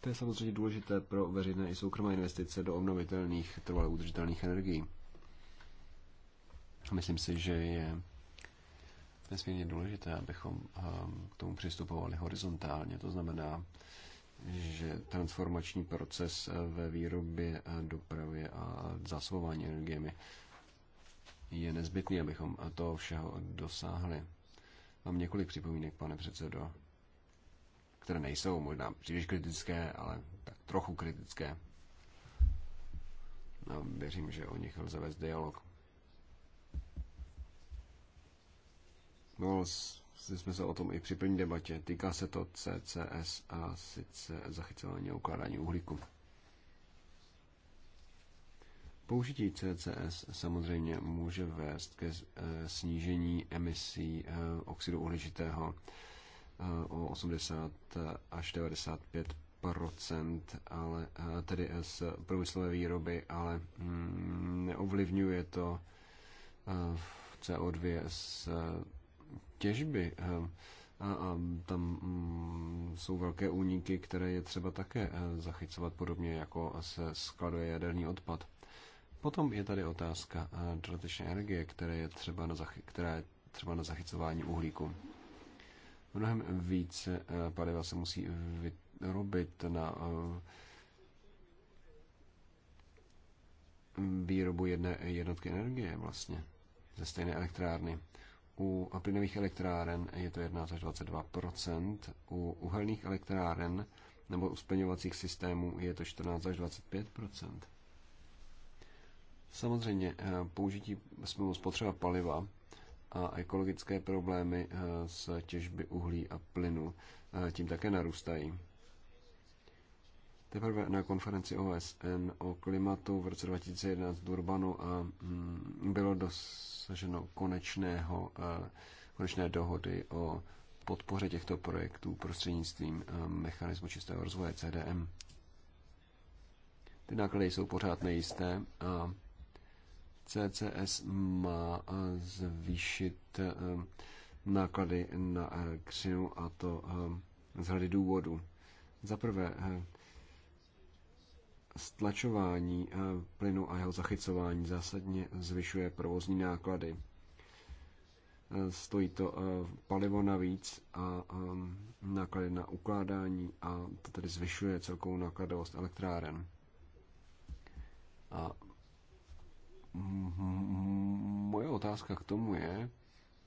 S4: To je samozřejmě důležité pro veřejné i soukromé investice do obnovitelných trvale udržitelných energií. Myslím si, že je nesmírně důležité, abychom ehm, k tomu přistupovali horizontálně, to znamená že transformační proces ve výrobě, dopravě a zásobování energiemi je nezbytný, abychom to všeho dosáhli. Mám několik připomínek, pane předsedo, které nejsou možná příliš kritické, ale tak trochu kritické. No, věřím, že o nich lze vést dialog. Mluvil jsme se o tom i při první debatě. Týká se to CCS a sice zachycování a ukládání uhlíku. Použití CCS samozřejmě může vést ke eh, snížení emisí eh, oxidu uhličitého eh, o 80 až 95 ale tedy z průmyslové výroby, ale mm, neovlivňuje to CO2 z těžby. Eh, a, a tam mm, jsou velké úniky, které je třeba také eh, zachycovat podobně, jako se skladuje jaderný odpad. Potom je tady otázka eh, dodatečné energie, které je třeba na zachy- která je třeba na zachycování uhlíku. Mnohem více paliva se musí vyrobit na výrobu jedné jednotky energie vlastně ze stejné elektrárny u plynových elektráren je to 11 až 22 u uhelných elektráren nebo u splňovacích systémů je to 14 až 25 Samozřejmě eh, použití spotřeba paliva a ekologické problémy eh, z těžby uhlí a plynu eh, tím také narůstají. Teprve na konferenci OSN o klimatu v roce 2011 v Durbanu a mm, bylo dosaženo konečného, e, konečné dohody o podpoře těchto projektů prostřednictvím e, mechanismu čistého rozvoje CDM. Ty náklady jsou pořád nejisté a CCS má e, zvýšit náklady na elektřinu a to z hledy důvodu. Za prvé, stlačování eh, plynu a jeho zachycování zásadně zvyšuje provozní náklady. Eh, stojí to eh, palivo navíc a ehm, náklady na ukládání a to tedy zvyšuje celkovou nákladovost elektráren. A moje otázka k tomu je,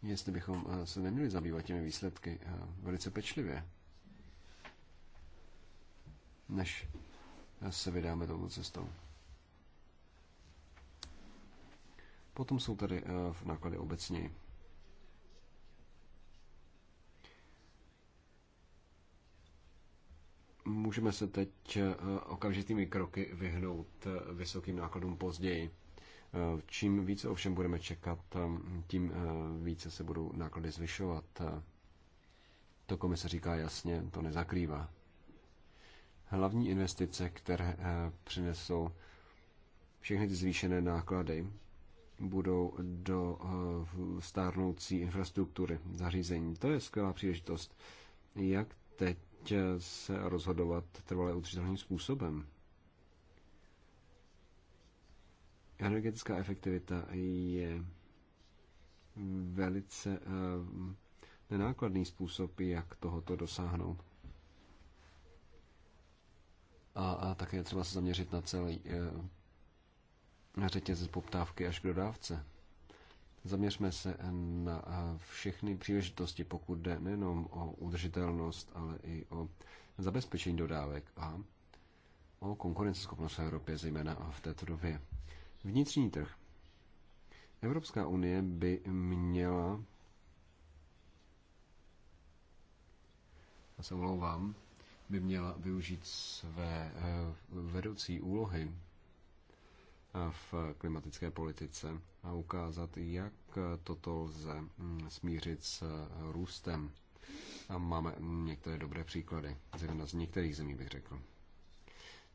S4: jestli bychom se neměli zabývat těmi výsledky velice pečlivě, než se vydáme touto cestou. Potom jsou tady eh, v náklady obecněji. Můžeme se teď eh, okamžitými kroky vyhnout eh, vysokým nákladům později. Čím více ovšem budeme čekat, tím více se budou náklady zvyšovat. To komise říká jasně, to nezakrývá hlavní investice, které eh, přinesou všechny ty zvýšené náklady, budou do eh, stárnoucí infrastruktury zařízení. To je skvělá příležitost, jak teď eh, se rozhodovat trvalé udržitelným způsobem. Energetická efektivita je velice nenákladný způsob, jak tohoto dosáhnout a, a také je třeba se zaměřit na celý eh, na řetěz z poptávky až k dodávce. Zaměřme se na eh, všechny příležitosti, pokud jde nejenom o udržitelnost, ale i o zabezpečení dodávek a o konkurenceschopnost v Evropě, zejména v této době. Vnitřní trh. Evropská unie by měla, já se omlouvám, by měla využít své eh, vedoucí úlohy eh, v klimatické politice a ukázat, jak eh, toto lze hm, smířit s růstem. A máme některé dobré příklady, zejména z některých zemí bych řekl.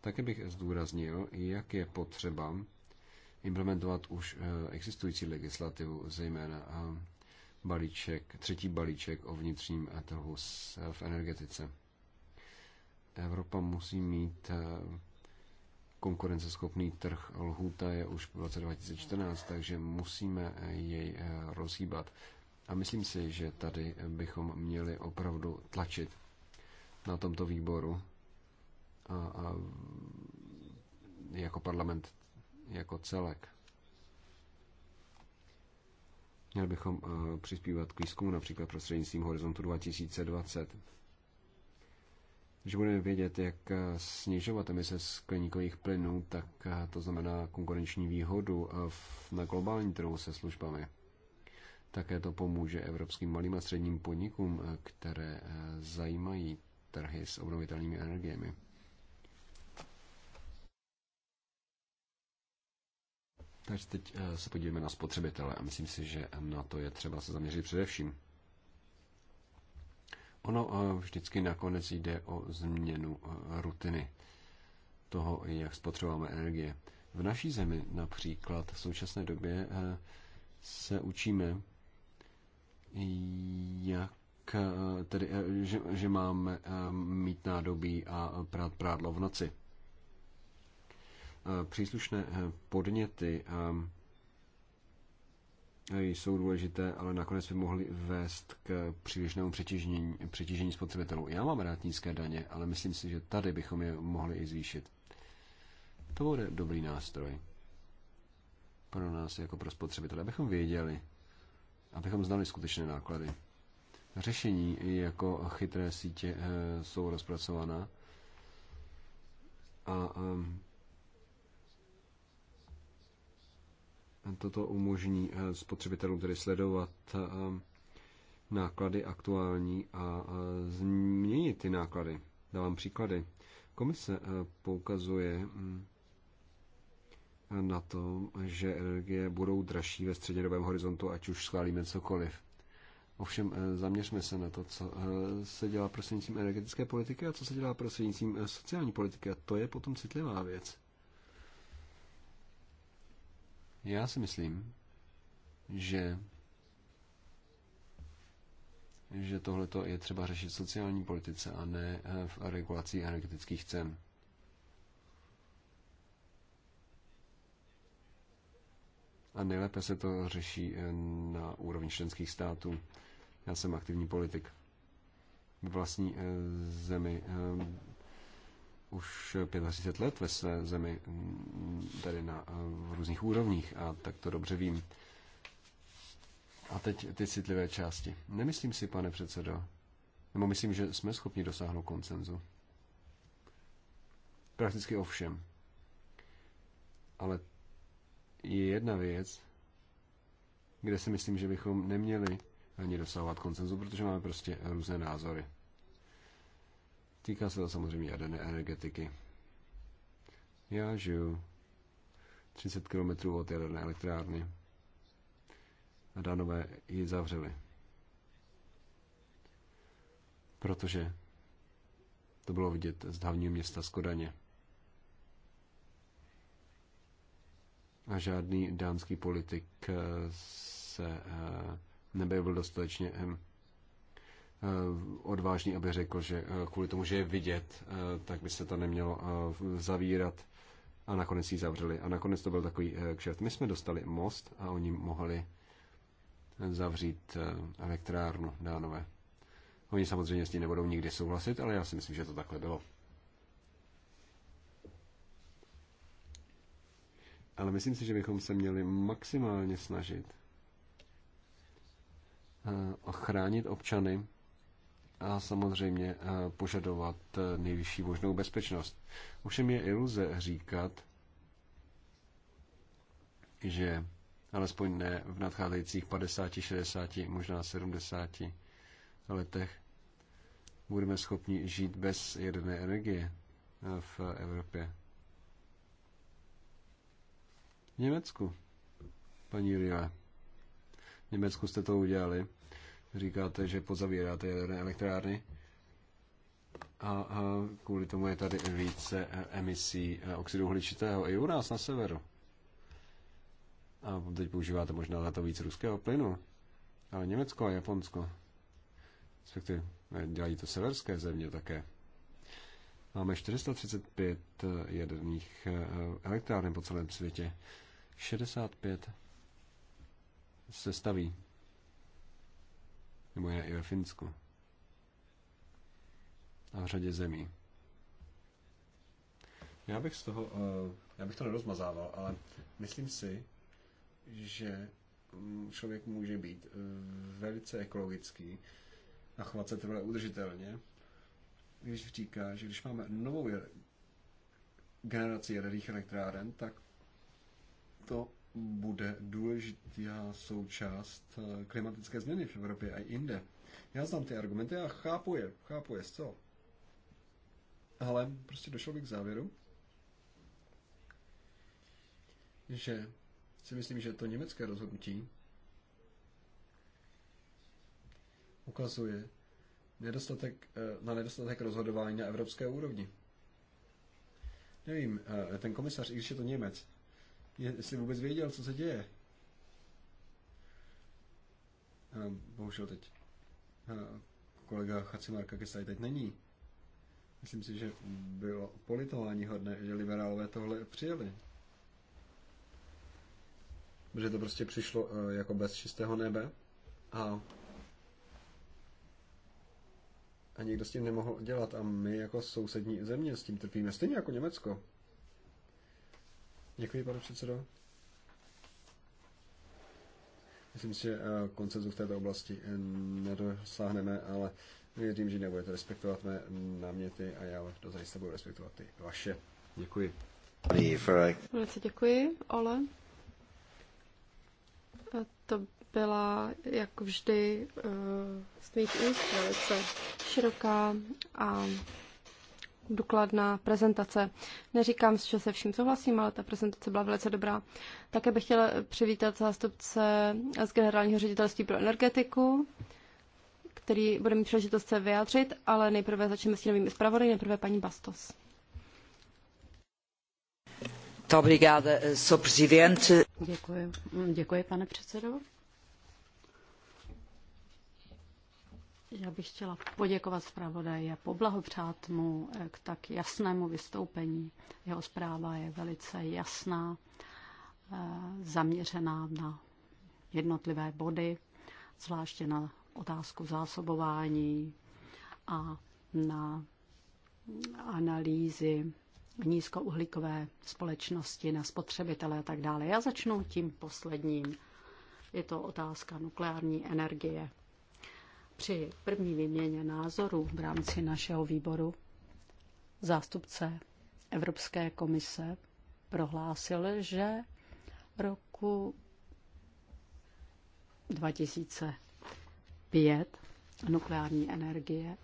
S4: Také bych zdůraznil, jak je potřeba implementovat už existující legislativu, zejména balíček, třetí balíček o vnitřním trhu v energetice. Evropa musí mít eh, konkurenceschopný trh. Lhůta je už v roce 2014, takže musíme eh, jej eh, rozhýbat. A myslím si, že tady bychom měli opravdu tlačit na tomto výboru a, a jako parlament jako celek. Měli bychom přispívat k výzkumu například prostřednictvím Horizontu 2020 když budeme vědět, jak eh, snižovat emise skleníkových plynů, tak eh, to znamená konkurenční výhodu eh, na globální trhu se službami. Také to pomůže evropským malým a středním podnikům, které zajímají trhy s obnovitelnými energiemi. Takže teď se podívejme na spotřebitele a myslím si, že na to je třeba se zaměřit především. Ono eh, vždycky nakonec jde o změnu eh, rutiny toho, jak spotřebováme energie. V naší zemi například v současné době eh, se učíme, jak tedy, že, že máme mít nádobí a prát prádlo v noci. Příslušné podněty jsou důležité, ale nakonec by mohly vést k přílišnému přetížení, přetížení spotřebitelů. Já mám rád nízké daně, ale myslím si, že tady bychom je mohli i zvýšit. To bude dobrý nástroj pro nás jako pro spotřebitele, abychom věděli, abychom znali skutečné náklady. Řešení jako chytré sítě eh, jsou rozpracována a ehm, Toto umožní eh, spotřebitelům tedy sledovat eh, náklady aktuální a eh, změnit ty náklady. Dávám příklady. Komise poukazuje mm, na to, že energie budou dražší ve střednědobém horizontu, ať už schválíme cokoliv. Ovšem zaměřme se na to, co se dělá prostřednictvím energetické politiky a co se dělá prostřednictvím sociální politiky. A to je potom citlivá věc. Já si myslím, že že tohle je třeba řešit v sociální politice a ne eh, v regulací energetických cen. A nejlépe se to řeší eh, na úrovni členských států. Já jsem aktivní politik. V vlastní eh, zemi už 35 let ve své zemi, tady na v různých úrovních a tak to dobře vím. A teď ty citlivé části. Nemyslím si, pane předsedo, nebo myslím, že jsme schopni dosáhnout koncenzu. Prakticky ovšem. Ale je jedna věc, kde si myslím, že bychom neměli ani dosahovat koncenzu, protože máme prostě různé názory. Týká se to samozřejmě jaderné energetiky. Já žiju 30 km od jaderné elektrárny a Danové ji zavřeli. Protože to bylo vidět z hlavního města Skodaně. A žádný dánský politik eh, se eh, nebyl dostatečně Eh, odvážný, aby řekl, že eh, kvůli tomu, že je vidět, eh, tak by se to nemělo zavírat. A nakonec ji zavřeli. A nakonec to byl takový kšeft. My jsme dostali most a oni mohli zavřít elektrárnu dánové. Oni samozřejmě s tím nebudou nikdy souhlasit, ale já si myslím, že to takhle bylo. Ale myslím si, že bychom se měli maximálně snažit ochránit občany a samozřejmě eh, požadovat eh, nejvyšší možnou bezpečnost. Ovšem je iluze říkat, že alespoň ne v nadcházejících 50, 60, možná 70 letech budeme schopni žít bez jedné energie eh, v Evropě. V Německu, paní Riva. V Německu jste to udělali Říkáte, že pozavíráte jaderné elektrárny a, a kvůli tomu je tady více e, emisí e, oxidu uhličitého i u nás na severu. A teď používáte možná na to víc ruského plynu, ale Německo a Japonsko, respektive e, dělají to severské země také. Máme 435 jaderných elektráren po celém světě. 65 se staví nebo je i ve Finsku. A v řadě zemí. Já bych z toho, eh, já bych to nerozmazával, ale myslím si, že mm, člověk může být eh, velice ekologický a chovat se trvale udržitelně, když říká, že když máme novou generaci jaderných elektráren, tak to bude důležitá součást eh, klimatické změny v Evropě a jinde. Já znám ty argumenty a chápu je, chápu je zcela. Ale prostě došel bych k závěru, že si myslím, že to německé rozhodnutí ukazuje nedostatek, eh, na nedostatek rozhodování na evropské úrovni. Nevím, eh, ten komisař, i když je to Němec, jestli vůbec věděl, co se děje. Bohužel teď kolega Chacimarka Kesaj teď není. Myslím si, že bylo politování hodné, že liberálové tohle přijeli. že to prostě přišlo e, jako bez čistého nebe a a nikdo s tím nemohl dělat a my jako sousední země s tím trpíme, stejně jako Německo. Děkuji, pane předsedo. Myslím si, že eh, koncenzu v této oblasti eh, nedosáhneme, ale věřím, že nebudete respektovat mé náměty a já to zajistě budu respektovat ty vaše. Děkuji.
S2: Velice děkuji, Ole. A to byla, jak vždy, eh, z mých úst velice široká a důkladná prezentace. Neříkám, že se vším souhlasím, ale ta prezentace byla velice dobrá. Také bych chtěla přivítat zástupce z Generálního ředitelství pro energetiku, který bude mít příležitost se vyjádřit, ale nejprve začneme s novými zpravodajem, nejprve paní Bastos.
S1: Eh, Děkuji. Děkuji, pane
S3: předsedo. Já bych chtěla poděkovat zpravodaji a poblahopřát mu eh, k tak jasnému vystoupení. Jeho zpráva je velice jasná, eh, zaměřená na jednotlivé body, zvláště na otázku zásobování a na analýzy nízkouhlíkové společnosti na spotřebitele a tak dále. Já začnu tím posledním. Je to otázka nukleární energie. Při první výměně názorů v rámci našeho výboru zástupce Evropské komise prohlásil, že roku 2005 nukleární energie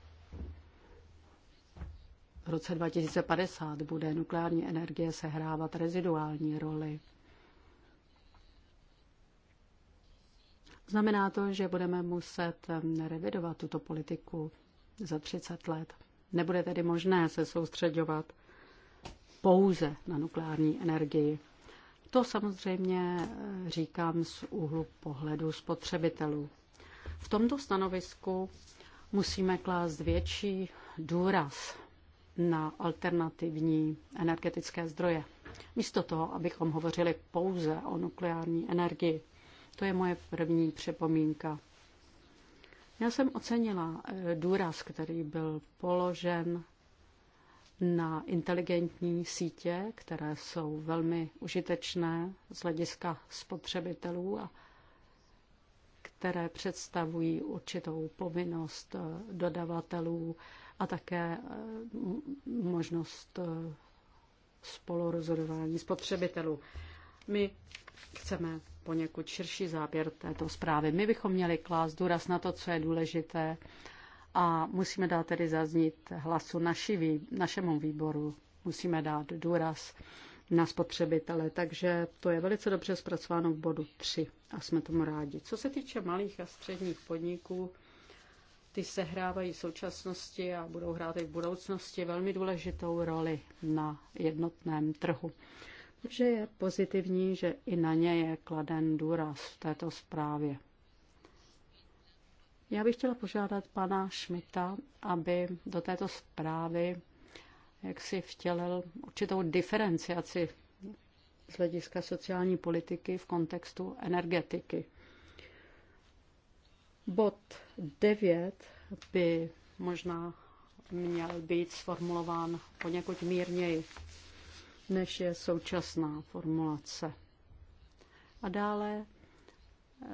S3: v roce 2050 bude nukleární energie sehrávat reziduální roli Znamená to, že budeme muset revidovat tuto politiku za 30 let. Nebude tedy možné se soustředovat pouze na nukleární energii. To samozřejmě eh, říkám z úhlu pohledu spotřebitelů. V tomto stanovisku musíme klást větší důraz na alternativní energetické zdroje. Místo toho, abychom hovořili pouze o nukleární energii. To je moje první připomínka. Já jsem ocenila eh, důraz, který byl položen na inteligentní sítě, které jsou velmi užitečné z hlediska spotřebitelů a které představují určitou povinnost eh, dodavatelů a také eh, možnost spolurozhodování spotřebitelů. My chceme poněkud širší záběr této zprávy. My bychom měli klást důraz na to, co je důležité a musíme dát tedy zaznít hlasu naši, našemu výboru. Musíme dát důraz na spotřebitele, takže to je velice dobře zpracováno v bodu 3 a jsme tomu rádi. Co se týče malých a středních podniků, ty hrávají v současnosti a budou hrát i v budoucnosti velmi důležitou roli na jednotném trhu že je pozitivní, že i na ně je kladen důraz v této zprávě. Já bych chtěla požádat pana Šmita, aby do této zprávy jak si vtělil určitou diferenciaci z hlediska sociální politiky v kontextu energetiky. Bod 9 by možná měl být sformulován poněkud mírněji než je současná formulace. A dále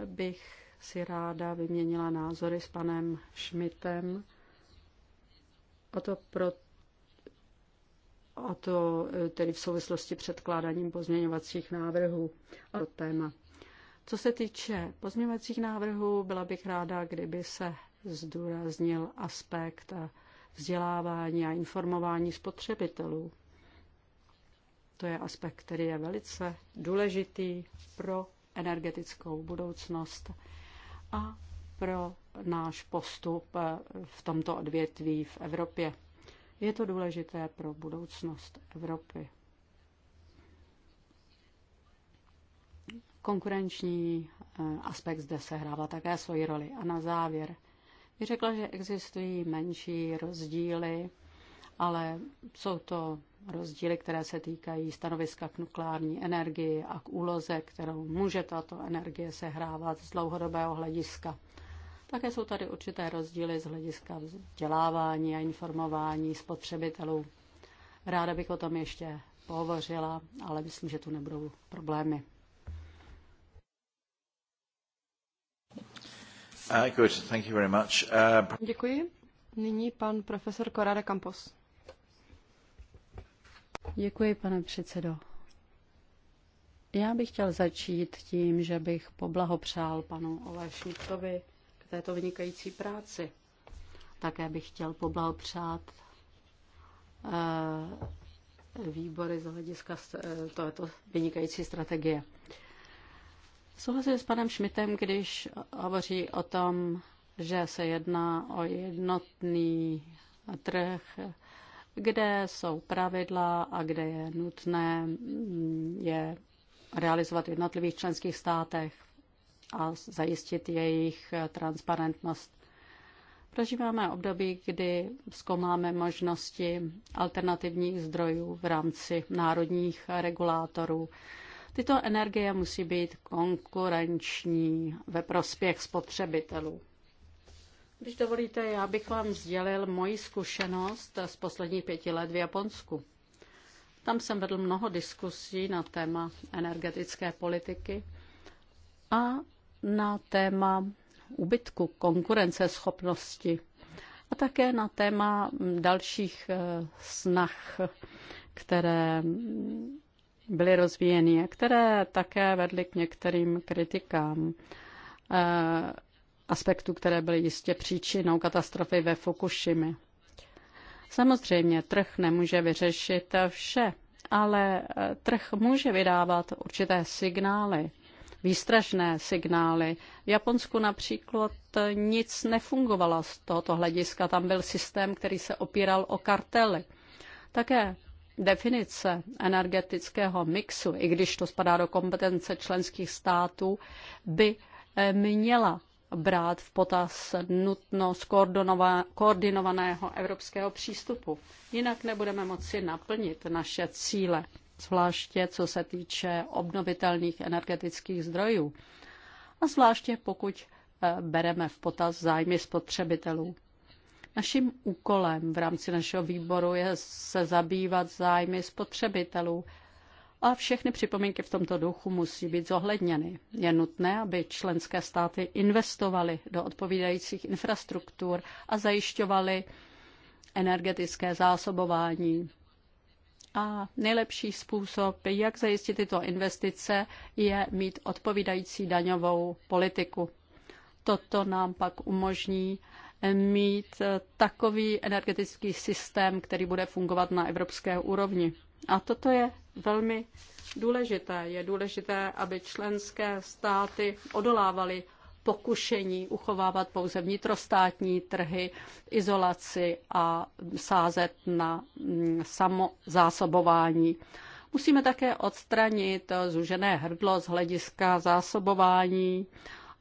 S3: bych si ráda vyměnila názory s panem Schmidtem. A to, pro, a to e, tedy v souvislosti předkládáním pozměňovacích návrhů a to téma. Co se týče pozměňovacích návrhů, byla bych ráda, kdyby se zdůraznil aspekt vzdělávání a informování spotřebitelů. To je aspekt, který je velice důležitý pro energetickou budoucnost a pro náš postup eh, v tomto odvětví v Evropě. Je to důležité pro budoucnost Evropy. Konkurenční eh, aspekt zde sehrává také svoji roli. A na závěr, vy řekla, že existují menší rozdíly ale jsou to rozdíly, které se týkají stanoviska k nukleární energii a k úloze, kterou může tato energie sehrávat z dlouhodobého hlediska. Také jsou tady určité rozdíly z hlediska vzdělávání a informování spotřebitelů. Ráda bych o tom ještě pohovořila, ale myslím, že tu nebudou problémy.
S4: Uh, good, thank you very much.
S3: Uh... Děkuji.
S2: Nyní pan profesor Corrada Campos.
S3: Děkuji, pane předsedo. Já bych chtěl začít tím, že bych poblahopřál panu Olešníkovi k této vynikající práci. Také bych chtěl poblahopřát eh, výbory z hlediska eh, tohoto vynikající strategie. Souhlasím s panem Šmitem, když hovoří o tom, že se jedná o jednotný trh kde jsou pravidla a kde je nutné mm, je realizovat v jednotlivých členských státech a zajistit jejich eh, transparentnost. Prožíváme období, kdy zkoumáme možnosti alternativních zdrojů v rámci národních regulátorů. Tyto energie musí být konkurenční ve prospěch spotřebitelů. Když dovolíte, já bych vám sdělil moji zkušenost z posledních pěti let v Japonsku. Tam jsem vedl mnoho diskusí na téma energetické politiky a na téma ubytku konkurenceschopnosti a také na téma dalších eh, snah, které byly rozvíjeny a které také vedly k některým kritikám. Eh, aspektů, které byly jistě příčinou katastrofy ve Fukushimi. Samozřejmě trh nemůže vyřešit vše, ale eh, trh může vydávat určité signály, výstražné signály. V Japonsku například eh, nic nefungovalo z tohoto hlediska. Tam byl systém, který se opíral o kartely. Také definice energetického mixu, i když to spadá do kompetence členských států, by eh, měla brát v potaz nutnost koordinovaného evropského přístupu. Jinak nebudeme moci naplnit naše cíle, zvláště co se týče obnovitelných energetických zdrojů a zvláště pokud eh, bereme v potaz zájmy spotřebitelů. Naším úkolem v rámci našeho výboru je se zabývat zájmy spotřebitelů a všechny připomínky v tomto duchu musí být zohledněny. Je nutné, aby členské státy investovaly do odpovídajících infrastruktur a zajišťovaly energetické zásobování. A nejlepší způsob, jak zajistit tyto investice, je mít odpovídající daňovou politiku. Toto nám pak umožní mít takový energetický systém, který bude fungovat na evropské úrovni. A toto je velmi důležité. Je důležité, aby členské státy odolávaly pokušení uchovávat pouze vnitrostátní trhy, izolaci a sázet na mm, samozásobování. Musíme také odstranit zužené hrdlo z hlediska zásobování,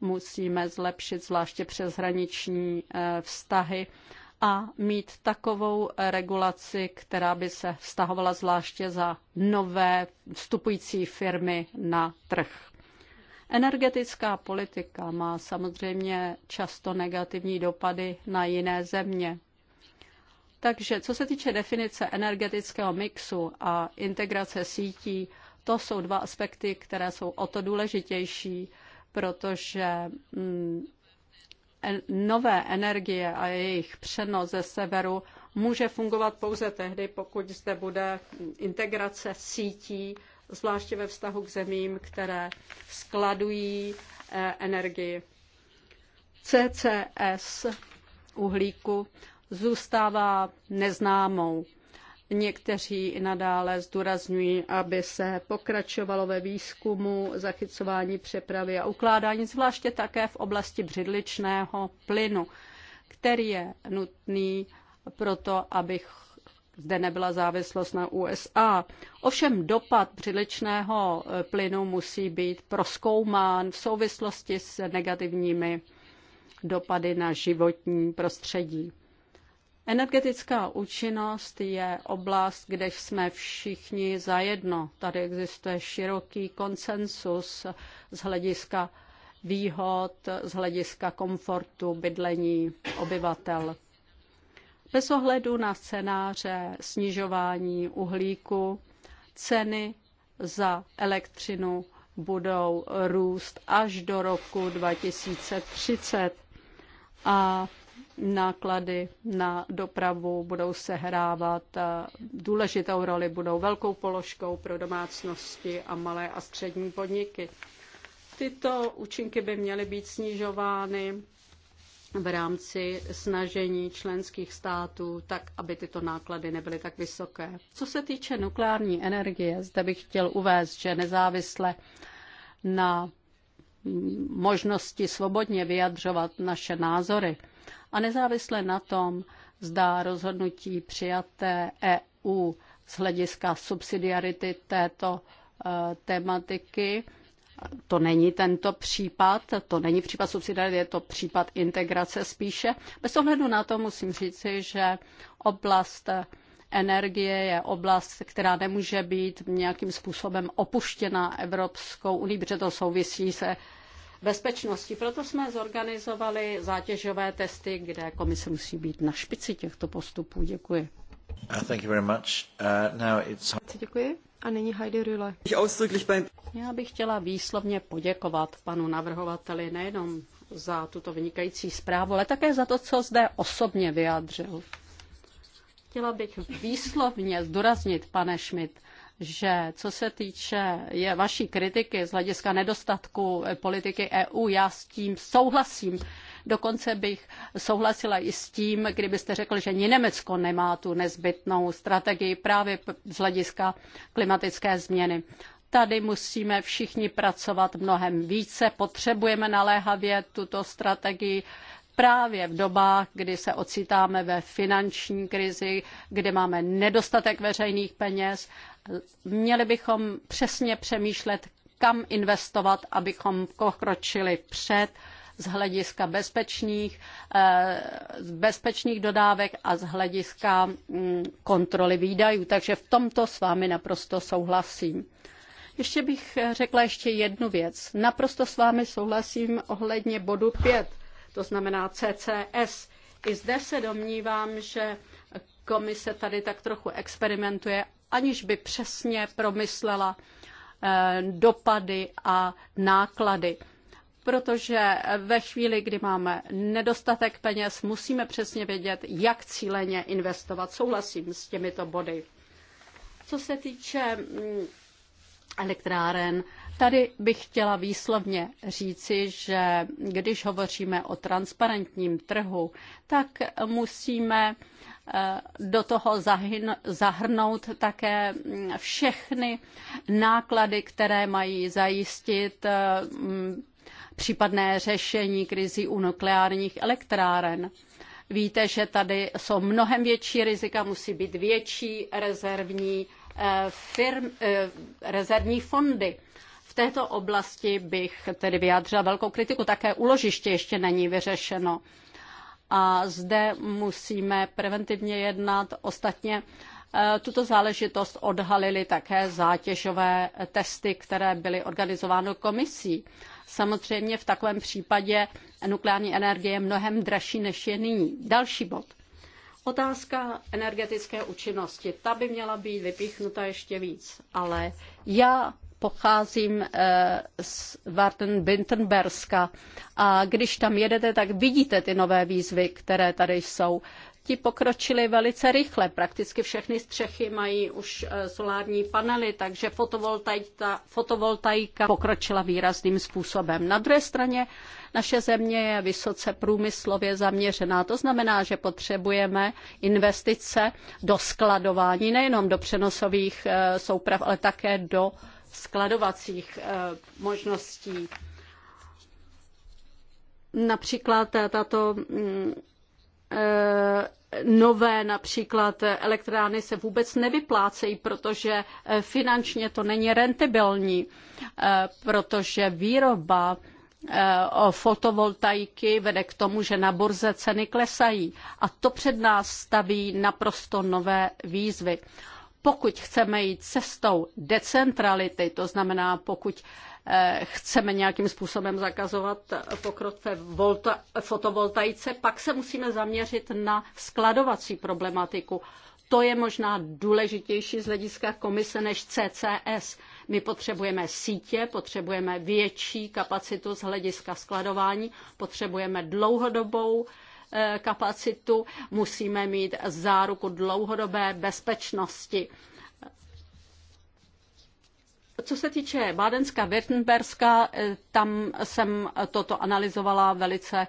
S3: musíme zlepšit zvláště přeshraniční eh, vztahy a mít takovou regulaci, která by se vztahovala zvláště za nové vstupující firmy na trh. Energetická politika má samozřejmě často negativní dopady na jiné země. Takže co se týče definice energetického mixu a integrace sítí, to jsou dva aspekty, které jsou o to důležitější, protože mm, nové energie a jejich přenos ze severu může fungovat pouze tehdy, pokud zde bude integrace sítí, zvláště ve vztahu k zemím, které skladují eh, energii. CCS uhlíku zůstává neznámou. Někteří i nadále zdůrazňují, aby se pokračovalo ve výzkumu zachycování přepravy a ukládání, zvláště také v oblasti břidličného plynu, který je nutný proto, abych zde nebyla závislost na USA. Ovšem dopad břidličného eh, plynu musí být proskoumán v souvislosti s negativními dopady na životní prostředí. Energetická účinnost je oblast, kde jsme všichni zajedno. Tady existuje široký konsensus z hlediska výhod, z hlediska komfortu bydlení obyvatel. Bez ohledu na scénáře snižování uhlíku, ceny za elektřinu budou růst až do roku 2030. A náklady na dopravu budou sehrávat důležitou roli, budou velkou položkou pro domácnosti a malé a střední podniky. Tyto účinky by měly být snižovány v rámci snažení členských států, tak aby tyto náklady nebyly tak vysoké. Co se týče nukleární energie, zde bych chtěl uvést, že nezávisle na možnosti svobodně vyjadřovat naše názory, a nezávisle na tom, zda rozhodnutí přijaté EU z hlediska subsidiarity této eh, tematiky. To není tento případ, to není případ subsidiarity, je to případ integrace spíše. Bez ohledu na to musím říci, že oblast energie je oblast, která nemůže být nějakým způsobem opuštěna Evropskou unii, protože to souvisí se bezpečnosti. Proto jsme zorganizovali zátěžové testy, kde komise musí být na špici těchto postupů. Děkuji.
S1: Uh, thank you very much. Uh, now it's...
S3: Děkuji. A nyní Heidi Rühle. Já bych chtěla výslovně poděkovat panu navrhovateli nejenom za tuto vynikající zprávu, ale také za to, co zde osobně vyjádřil. Chtěla bych výslovně zdůraznit, pane Schmidt, že co se týče je vaší kritiky z hlediska nedostatku politiky EU, já s tím souhlasím. Dokonce bych souhlasila i s tím, kdybyste řekl, že Německo nemá tu nezbytnou strategii právě z hlediska klimatické změny tady musíme všichni pracovat mnohem více, potřebujeme naléhavě tuto strategii právě v dobách, kdy se ocitáme ve finanční krizi, kde máme nedostatek veřejných peněz měli bychom přesně přemýšlet, kam investovat, abychom pokročili před z hlediska bezpečných, eh, bezpečných dodávek a z hlediska mm, kontroly výdajů. Takže v tomto s vámi naprosto souhlasím. Ještě bych řekla ještě jednu věc. Naprosto s vámi souhlasím ohledně bodu 5, to znamená CCS. I zde se domnívám, že komise tady tak trochu experimentuje aniž by přesně promyslela eh, dopady a náklady. Protože ve chvíli, kdy máme nedostatek peněz, musíme přesně vědět, jak cíleně investovat. Souhlasím s těmito body. Co se týče mm, elektráren, Tady bych chtěla výslovně říci, že když hovoříme o transparentním trhu, tak musíme eh, do toho zahrnout také mm, všechny náklady, které mají zajistit eh, mm, případné řešení krizí u nukleárních elektráren. Víte, že tady jsou mnohem větší rizika, musí být větší rezervní, eh, firm, rezervní fondy této oblasti bych tedy vyjádřila velkou kritiku. Také uložiště ještě není vyřešeno. A zde musíme preventivně jednat. Ostatně e, tuto záležitost odhalily také zátěžové testy, které byly organizovány komisí. Samozřejmě v takovém případě nukleární energie je mnohem dražší, než je nyní. Další bod. Otázka energetické účinnosti, ta by měla být vypíchnuta ještě víc, ale já pocházím eh, z Warten-Bintenberska a když tam jedete, tak vidíte ty nové výzvy, které tady jsou. Ti pokročili velice rychle, prakticky všechny střechy mají už eh, solární panely, takže fotovoltaika, fotovoltaika pokročila výrazným způsobem. Na druhé straně naše země je vysoce průmyslově zaměřená. To znamená, že potřebujeme investice do skladování, nejenom do přenosových eh, souprav, ale také do skladovacích eh, možností. Například eh, tato mm, eh, nové například elektrárny se vůbec nevyplácejí, protože finančně to není rentabilní, protože výroba fotovoltaiky vede k tomu, že na burze ceny klesají. A to před nás staví naprosto nové výzvy pokud chceme jít cestou decentrality, to znamená, pokud eh, chceme nějakým způsobem zakazovat pokrok ve fotovoltaice, pak se musíme zaměřit na skladovací problematiku. To je možná důležitější z hlediska komise než CCS. My potřebujeme sítě, potřebujeme větší kapacitu z hlediska skladování, potřebujeme dlouhodobou Eh, kapacitu, musíme mít záruku dlouhodobé bezpečnosti. Co se týče Bádenska, Württemberska, eh, tam jsem toto analyzovala velice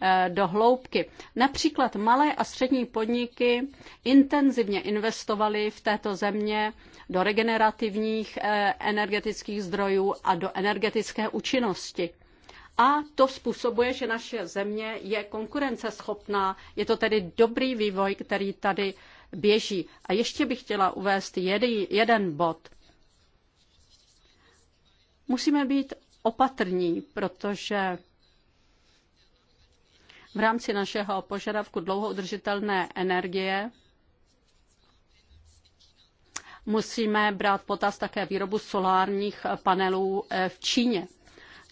S3: eh, do hloubky. Například malé a střední podniky intenzivně investovaly v této země do regenerativních energetických zdrojů a do energetické účinnosti a to způsobuje, že naše země je konkurenceschopná. Je to tedy dobrý vývoj, který tady běží. A ještě bych chtěla uvést jedy, jeden bod. Musíme být opatrní, protože v rámci našeho požadavku dlouho udržitelné energie musíme brát potaz také výrobu solárních panelů eh, v Číně.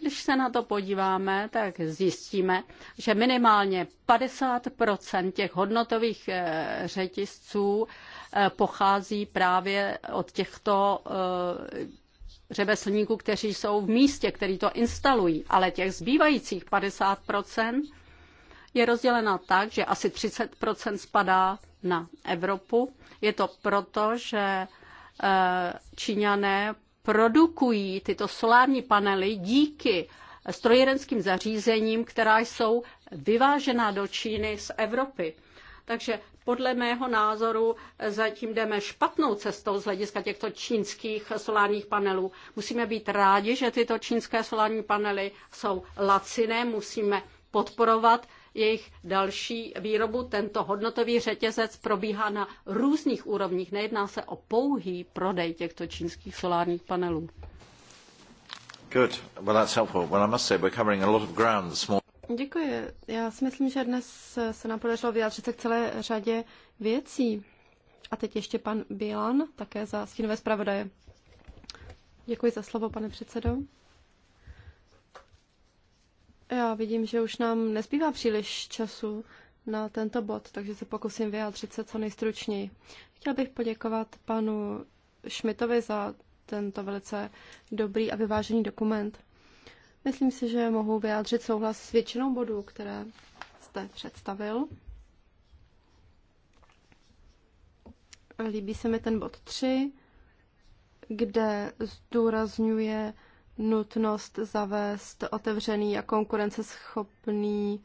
S3: Když se na to podíváme, tak zjistíme, že minimálně 50 těch hodnotových eh, řetězců eh, pochází právě od těchto eh, řemeslníků, kteří jsou v místě, který to instalují, ale těch zbývajících 50 je rozdělena tak, že asi 30 spadá na Evropu. Je to proto, že Číňané produkují tyto solární panely díky strojírenským zařízením, která jsou vyvážená do Číny z Evropy. Takže podle mého názoru zatím jdeme špatnou cestou z hlediska těchto čínských solárních panelů. Musíme být rádi, že tyto čínské solární panely jsou laciné, musíme podporovat jejich další výrobu. Tento hodnotový řetězec probíhá na různých úrovních. Nejedná se o pouhý prodej těchto čínských solárních panelů.
S2: Děkuji. Já si myslím, že dnes se nám podařilo vyjádřit se k celé řadě věcí. A teď ještě pan Bílan, také za stínové zpravodaje. Děkuji za slovo, pane předsedo. Já vidím, že už nám nespívá příliš času na tento bod, takže se pokusím vyjádřit se co nejstručněji. Chtěl bych poděkovat panu Šmitovi za tento velice dobrý a vyvážený dokument. Myslím si, že mohu vyjádřit souhlas s většinou bodů, které jste představil. Líbí se mi ten bod 3, kde zdůrazňuje nutnost zavést otevřený a konkurenceschopný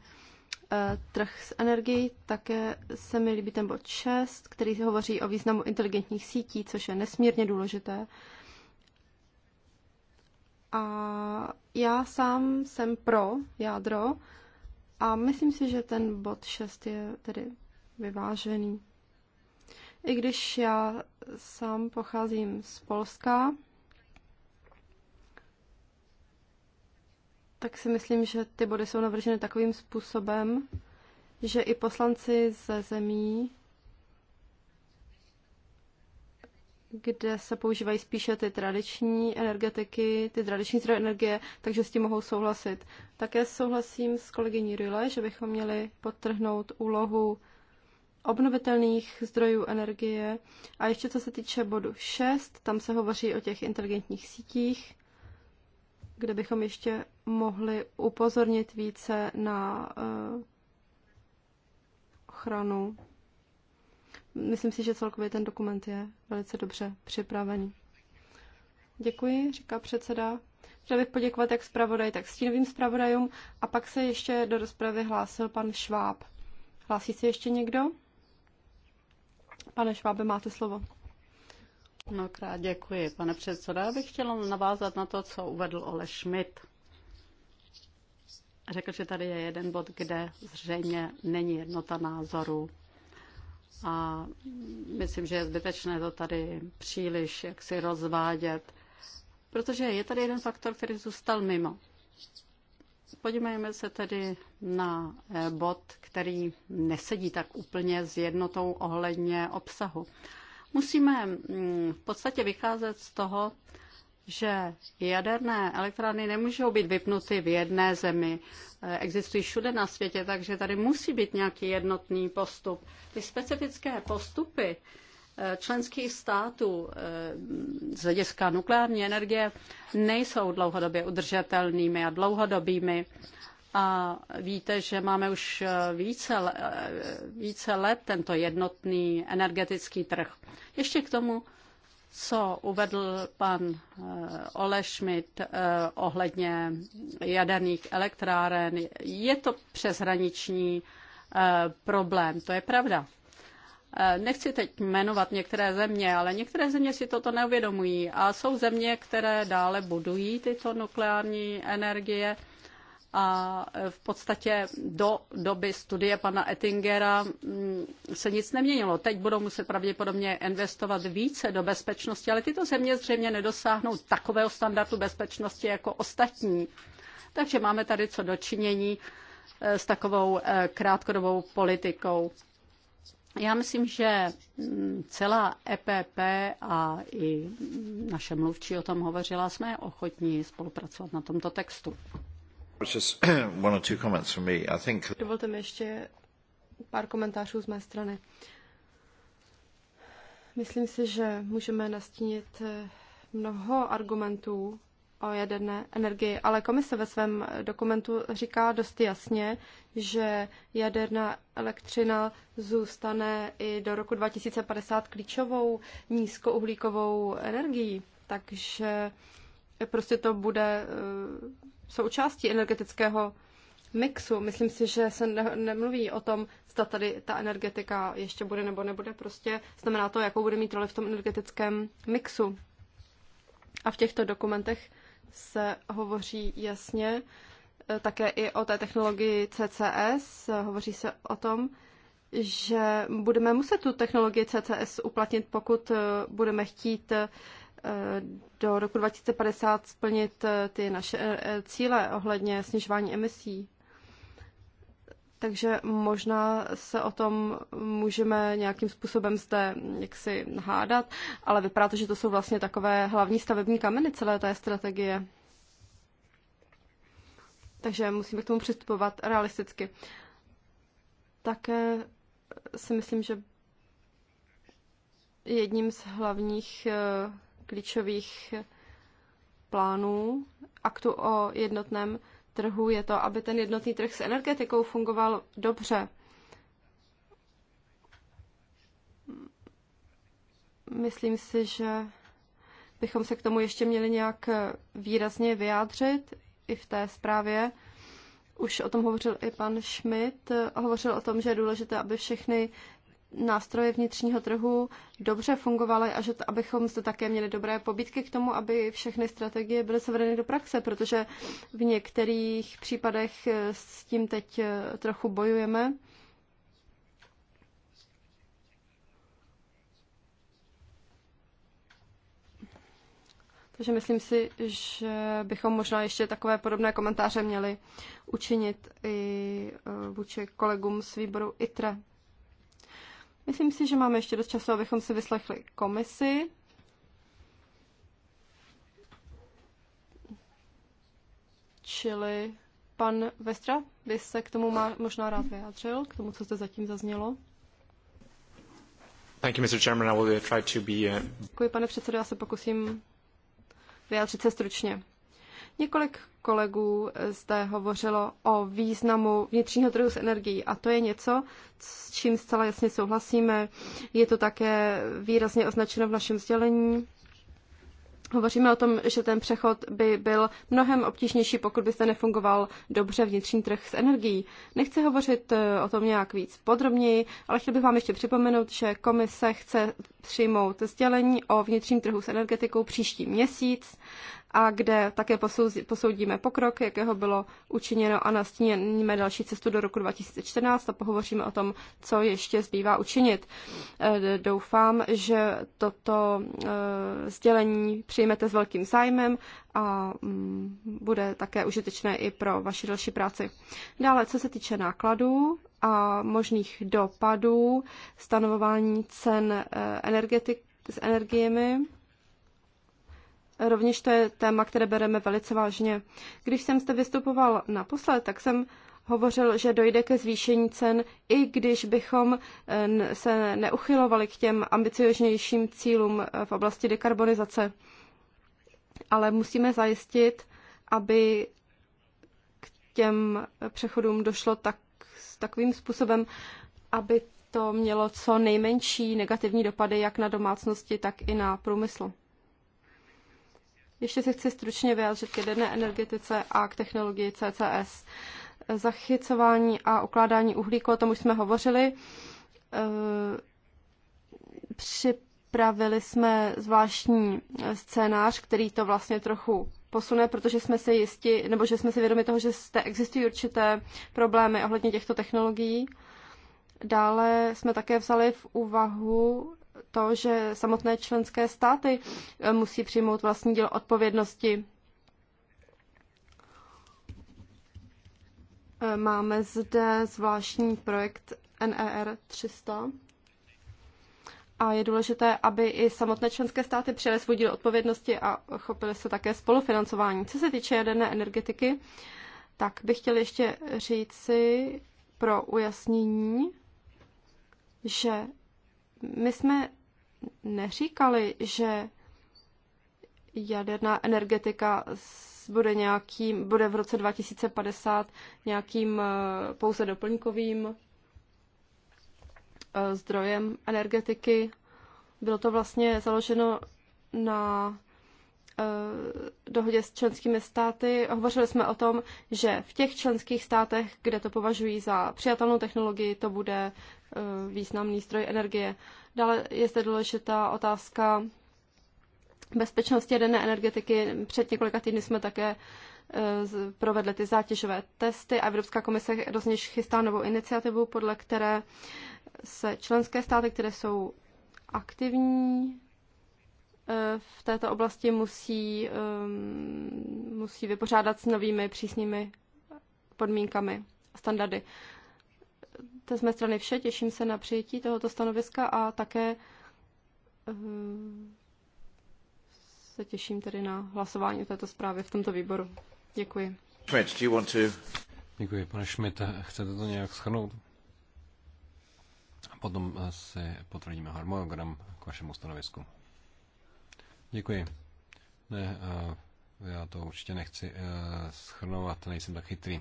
S2: eh, trh s energií. Také se mi líbí ten bod 6, který hovoří o významu inteligentních sítí, což je nesmírně důležité. A já sám jsem pro jádro a myslím si, že ten bod 6 je tedy vyvážený. I když já sám pocházím z Polska, tak si myslím, že ty body jsou navrženy takovým způsobem, že i poslanci ze zemí, kde se používají spíše ty tradiční energetiky, ty tradiční zdroje energie, takže s tím mohou souhlasit. Také souhlasím s kolegyní Ryle, že bychom měli podtrhnout úlohu obnovitelných zdrojů energie. A ještě co se týče bodu 6, tam se hovoří o těch inteligentních sítích kde bychom ještě mohli upozornit více na eh, ochranu. Myslím si, že celkově ten dokument je velice dobře připravený. Děkuji, říká předseda. Chtěl bych poděkovat jak zpravodaj, tak stínovým zpravodajům. A pak se ještě do rozpravy hlásil pan Šváb. Hlásí se ještě někdo?
S3: Pane Švábe, máte slovo. Mnohokrát děkuji, pane předsedo. Já bych chtěla navázat na to, co uvedl Ole Schmidt. Řekl, že tady je jeden bod, kde zřejmě není jednota názorů. A myslím, že je zbytečné to tady příliš jaksi rozvádět, protože je tady jeden faktor, který zůstal mimo. Podívejme se tedy na eh, bod, který nesedí tak úplně s jednotou ohledně obsahu. Musíme mm, v podstatě vycházet z toho, že jaderné elektrárny nemůžou být vypnuty v jedné zemi. Eh, existují všude na světě, takže tady musí být nějaký jednotný postup. Ty specifické postupy eh, členských států eh, z hlediska nukleární energie nejsou dlouhodobě udržitelnými a dlouhodobými a víte, že máme už eh, více, eh, více let tento jednotný energetický trh. Ještě k tomu, co uvedl pan eh, Ole Schmidt ohledně jaderných elektráren. Je to přeshraniční problém, to je pravda. Nechci teď jmenovat některé země, ale některé země si toto neuvědomují a jsou země, které dále budují tyto nukleární energie a e, v podstatě do doby studie pana Ettingera se nic neměnilo. Teď budou muset pravděpodobně investovat více do bezpečnosti, ale tyto země zřejmě nedosáhnou takového standardu bezpečnosti jako ostatní. Takže máme tady co dočinění e, s takovou e, krátkodobou politikou. Já myslím, že celá EPP a i naše mluvčí o tom hovořila, jsme ochotní spolupracovat na tomto textu. Dovolte mi ještě pár komentářů z mé strany.
S2: Myslím si, že můžeme nastínit eh, mnoho argumentů o jaderné energii, ale komise ve svém dokumentu říká dost jasně, že jaderná elektřina zůstane i do roku 2050 klíčovou nízkouhlíkovou energií, takže prostě to bude eh, součástí energetického mixu. Myslím si, že se ne, nemluví o tom, zda tady ta energetika ještě bude nebo nebude. Prostě znamená to, jakou bude mít roli v tom energetickém mixu. A v těchto dokumentech se hovoří jasně eh, také i o té technologii CCS. Hovoří se o tom, že budeme muset tu technologii CCS uplatnit, pokud eh, budeme chtít eh, do roku 2050 splnit eh, ty naše eh, eh, cíle ohledně snižování emisí. Takže možná se o tom můžeme nějakým způsobem zde jaksi hádat, ale vypadá to, že to jsou vlastně takové hlavní stavební kameny celé té strategie. Takže musíme k tomu přistupovat realisticky. Také si myslím, že jedním z hlavních klíčových plánů aktu o jednotném trhu je to, aby ten jednotný trh s energetikou fungoval dobře. Myslím si, že bychom se k tomu ještě měli nějak výrazně vyjádřit i v té zprávě. Už o tom hovořil i pan Schmidt. Hovořil o tom, že je důležité, aby všechny nástroje vnitřního trhu dobře fungovaly a že to, abychom zde také měli dobré pobídky k tomu, aby všechny strategie byly zavedeny do praxe, protože v některých případech eh, s tím teď eh, trochu bojujeme. Takže myslím si, že bychom možná ještě takové podobné komentáře měli učinit i eh, vůči kolegům z výboru ITRE. Myslím si, že máme ještě dost času, abychom si vyslechli komisi. Čili pan Vestra by se k tomu má, možná rád vyjádřil, k tomu, co zde zatím zaznělo.
S3: Thank you, Mr. Chairman. I will try to be, uh,
S2: Děkuji, pane předsedo, já se pokusím vyjádřit se stručně. Několik kolegů zde hovořilo o významu vnitřního trhu s energií a to je něco, s čím zcela jasně souhlasíme. Je to také výrazně označeno v našem sdělení. Hovoříme o tom, že ten přechod by byl mnohem obtížnější, pokud byste nefungoval dobře vnitřní trh s energií. Nechci hovořit eh, o tom nějak víc podrobněji, ale chtěl bych vám ještě připomenout, že komise chce přijmout sdělení o vnitřním trhu s energetikou příští měsíc a kde také posoudíme pokrok, jakého bylo učiněno a nastíníme další cestu do roku 2014 a pohovoříme o tom, co ještě zbývá učinit. E, doufám, že toto e, sdělení přijmete s velkým zájmem a mm, bude také užitečné i pro vaši další práci. Dále, co se týče nákladů a možných dopadů stanovování cen e, energetik, s energiemi, Rovněž to je téma, které bereme velice vážně. Když jsem zde vystupoval naposled, tak jsem hovořil, že dojde ke zvýšení cen, i když bychom eh, se neuchylovali k těm ambicioznějším cílům eh, v oblasti dekarbonizace. Ale musíme zajistit, aby k těm přechodům došlo tak, takovým způsobem, aby to mělo co nejmenší negativní dopady jak na domácnosti, tak i na průmysl. Ještě se chci stručně vyjádřit k jedné energetice a k technologii CCS. Zachycování a ukládání uhlíku, o tom už jsme hovořili. Eh, připravili jsme zvláštní scénář, který to vlastně trochu posune, protože jsme si jisti, nebo že jsme si vědomi toho, že zde existují určité problémy ohledně těchto technologií. Dále jsme také vzali v úvahu to, že samotné členské státy eh, musí přijmout vlastní díl odpovědnosti. Eh, máme zde zvláštní projekt NER 300 a je důležité, aby i samotné členské státy přijali svůj díl odpovědnosti a chopili se také spolufinancování. Co se týče jaderné energetiky, tak bych chtěl ještě říci pro ujasnění, že my jsme neříkali, že jaderná energetika bude, nějakým, bude v roce 2050 nějakým eh, pouze doplňkovým eh, zdrojem energetiky. Bylo to vlastně založeno na eh, dohodě s členskými státy. Hovořili jsme o tom, že v těch členských státech, kde to považují za přijatelnou technologii, to bude Eh, významný stroj energie. Dále je zde důležitá otázka bezpečnosti jedné energetiky. Před několika týdny jsme také eh, provedli ty zátěžové testy a Evropská komise rovněž chystá novou iniciativu, podle které se členské státy, které jsou aktivní eh, v této oblasti, musí, musí vypořádat s novými přísnými podmínkami a standardy. To z mé strany vše, těším se na přijetí tohoto stanoviska a také eh, se těším tedy na hlasování o této zprávě v tomto výboru. Děkuji.
S4: do you want to... Děkuji, pane Schmidt. Chcete to nějak schrnout? A potom eh, si potvrdíme harmonogram k vašemu stanovisku. Děkuji. Ne, eh, já to určitě nechci schrnovat, nejsem tak chytrý.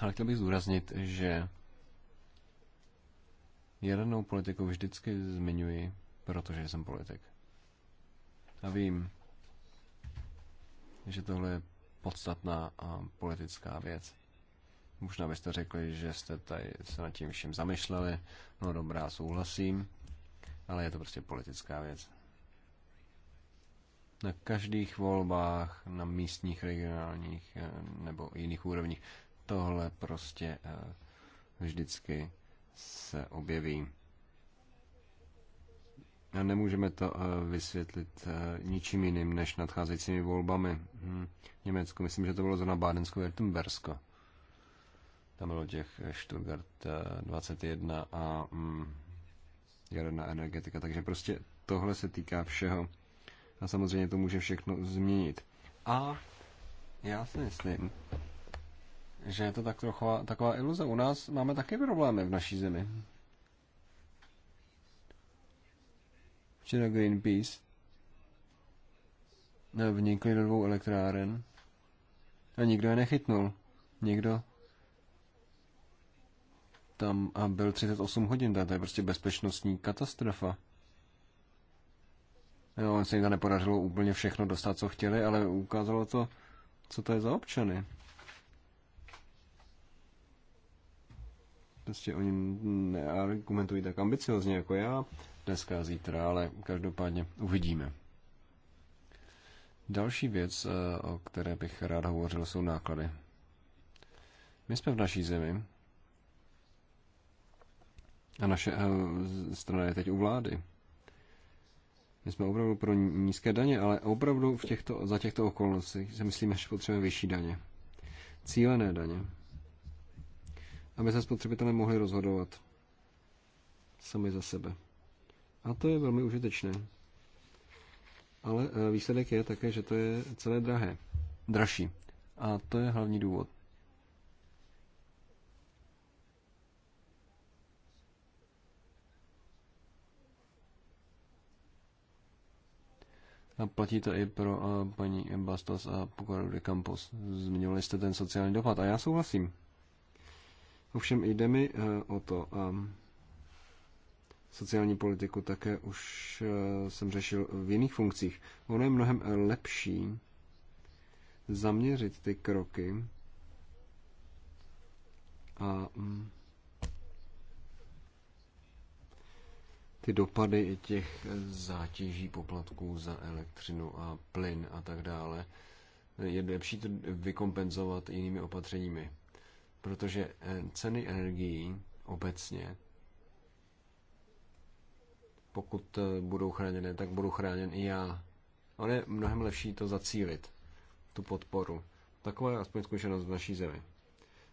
S4: Ale chtěl bych zdůraznit, že jadernou politiku vždycky zmiňuji, protože jsem politik. A vím, že tohle je podstatná a politická věc. Možná byste řekli, že jste tady se nad tím vším zamišleli. No dobrá, souhlasím, ale je to prostě politická věc. Na každých volbách, na místních, regionálních eh, nebo jiných úrovních tohle prostě eh, vždycky se objeví. A nemůžeme to eh, vysvětlit eh, ničím jiným než nadcházejícími volbami. v hm, Německo, myslím, že to bylo zrovna Bádensko-Württembersko. Tam bylo těch Stuttgart 21 a hm, jaderná energetika. Takže prostě tohle se týká všeho. A samozřejmě to může všechno změnit. A já si myslím, že je to tak trochu, taková iluze. U nás máme taky problémy v naší zemi. Včera Greenpeace eh, vnikli do dvou elektráren a nikdo je nechytnul. Někdo tam a byl 38 hodin, to je prostě bezpečnostní katastrofa. Jo, on se jim to nepodařilo úplně všechno dostat, co chtěli, ale ukázalo to, co to je za občany. prostě oni neargumentují tak ambiciozně jako já dneska a zítra, ale každopádně uvidíme. Další věc, eh, o které bych rád hovořil, jsou náklady. My jsme v naší zemi a naše eh, strana je teď u vlády. My jsme opravdu pro nízké daně, ale opravdu v těchto, za těchto okolnostech si myslíme, že potřebujeme vyšší daně. Cílené daně aby se spotřebitelé mohli rozhodovat sami za sebe. A to je velmi užitečné. Ale e, výsledek je také, že to je celé drahé. Dražší. A to je hlavní důvod. A platí to i pro uh, paní Bastos a Pokoru de Campos. Zmiňovali jste ten sociální dopad a já souhlasím. Ovšem jde mi eh, o to, eh, sociální politiku také už eh, jsem řešil v jiných funkcích. Ono je mnohem lepší zaměřit ty kroky a mm, ty dopady těch zátěží poplatků za elektřinu a plyn a tak dále, je lepší to vykompenzovat jinými opatřeními protože eh, ceny energií obecně, pokud eh, budou chráněné, tak budu chráněn i já. Ale je mnohem lepší to zacílit, tu podporu. Taková je aspoň zkušenost v naší zemi.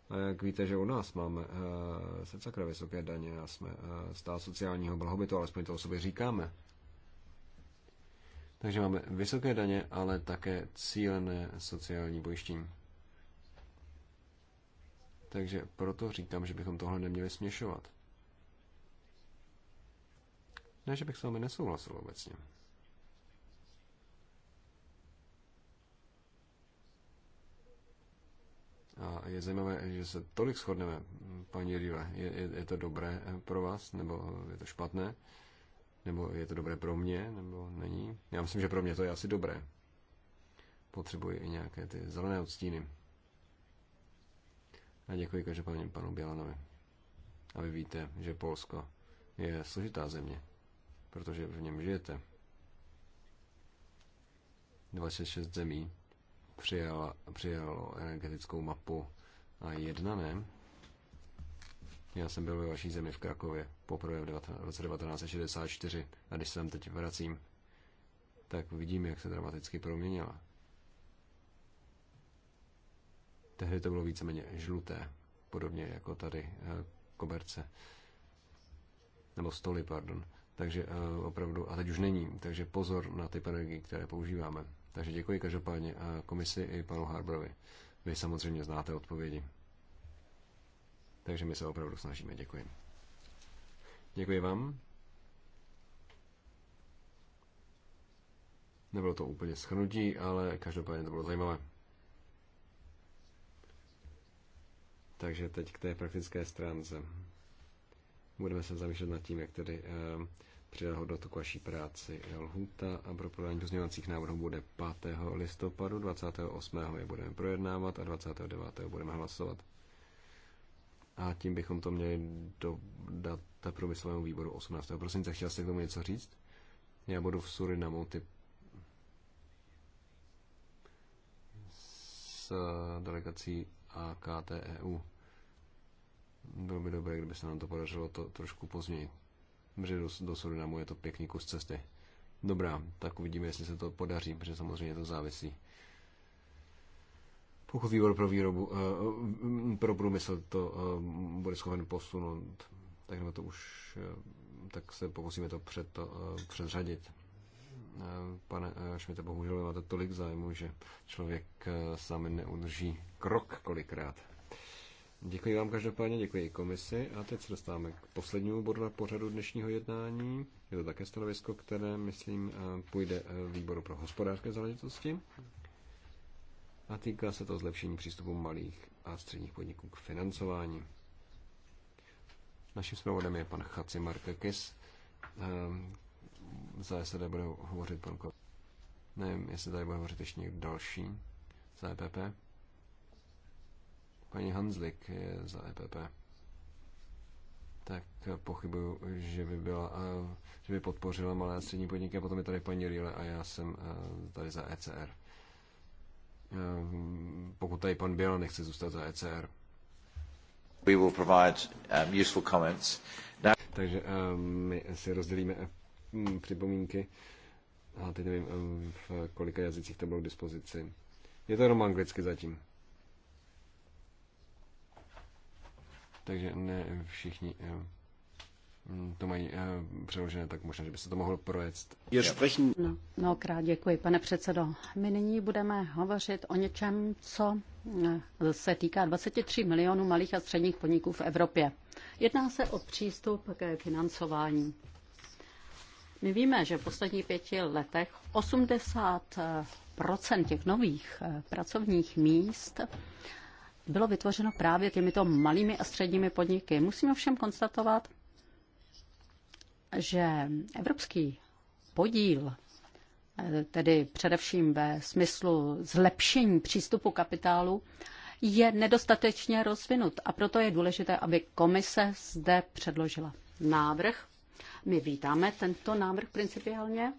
S4: A jak víte, že u nás máme uh, eh, se sakra vysoké daně a jsme uh, stát sociálního blahobytu, alespoň to o sobě říkáme. Takže máme vysoké daně, ale také cílené sociální pojištění. Takže proto říkám, že bychom tohle neměli směšovat. Ne, že bych s vámi nesouhlasil obecně. A je zajímavé, že se tolik shodneme, paní Rive. Je, je, je to dobré pro vás, nebo je to špatné? Nebo je to dobré pro mě, nebo není? Já myslím, že pro mě to je asi dobré. Potřebuji i nějaké ty zelené odstíny. A děkuji každopádně panu Bělanovi. A vy víte, že Polsko je složitá země, protože v něm žijete. 26 zemí přijalo, přijalo energetickou mapu a jedna ne. Já jsem byl ve vaší zemi v Krakově poprvé v roce 1964 a když se tam teď vracím, tak vidím, jak se dramaticky proměnila. Tehdy to bylo víceméně žluté, podobně jako tady eh, koberce. Nebo stoly, pardon. Takže eh, opravdu, a teď už není, takže pozor na ty energii, které používáme. Takže děkuji každopádně eh, komisi i panu Harbrovi. Vy samozřejmě znáte odpovědi. Takže my se opravdu snažíme. Děkuji. Děkuji vám. Nebylo to úplně schrnutí, ale každopádně to bylo zajímavé. Takže teď k té praktické stránce. Budeme se zamýšlet nad tím, jak tedy eh, přidat hodnotu k vaší práci. Lhůta a pro podání pozměňovacích návrhů bude 5. listopadu, 28. je budeme projednávat a 29. budeme hlasovat. A tím bychom to měli dodat průmyslovému výboru 18. prosince. Chtěl jste k tomu něco říct? Já budu v Surinamu ty s delegací a KTEU. Bylo by dobré, kdyby se nám to podařilo to trošku později. pozměnit. do, do Surinamu je to pěkný kus cesty. Dobrá, tak uvidíme, jestli se to podaří, protože samozřejmě to závisí. Pokud výbor pro výrobu, eh, pro průmysl to eh, bude schopen posunout, tak, to už, eh, tak se pokusíme to před, to, předřadit. Eh, pane eh, Šmita, bohužel máte tolik zájmu, že člověk eh, sami neudrží krok kolikrát. Děkuji vám každopádně, děkuji i komisi a teď se dostáváme k poslednímu bodu na pořadu dnešního jednání. Je to také stanovisko, které, myslím, půjde výboru pro hospodářské záležitosti a týká se to zlepšení přístupu malých a středních podniků k financování. Naším zpravodem je pan Chaci Markakis, za SD bude hovořit pan Kov. Nevím, jestli tady bude hovořit ještě někdo další za EPP. Paní Hanzlik je za EPP. Tak pochybuju, že by, byla, eh, že by podpořila malé a střední podniky. A potom je tady paní Riele a já jsem eh, tady za ECR. Eh, pokud tady pan Běla nechce zůstat za ECR. We will provide
S3: um, useful comments.
S4: Now... Takže um, my si rozdělíme Mm, připomínky. A teď nevím, v kolika jazycích to bylo k dispozici. Je to jenom anglicky zatím. Takže ne všichni mm, to mají přeložené, tak možná, že by se to mohlo projet. No,
S3: mnohokrát děkuji, pane předsedo. My nyní budeme hovořit o něčem, co eh, se týká 23 milionů malých a středních podniků v Evropě. Jedná se o přístup k financování. My víme, že v posledních pěti letech 80 těch nových eh, pracovních míst bylo vytvořeno právě těmito malými a středními podniky. Musíme všem konstatovat, že evropský podíl, eh, tedy především ve smyslu zlepšení přístupu kapitálu, je nedostatečně rozvinut a proto je důležité, aby komise zde předložila návrh my vítáme tento návrh principiálně.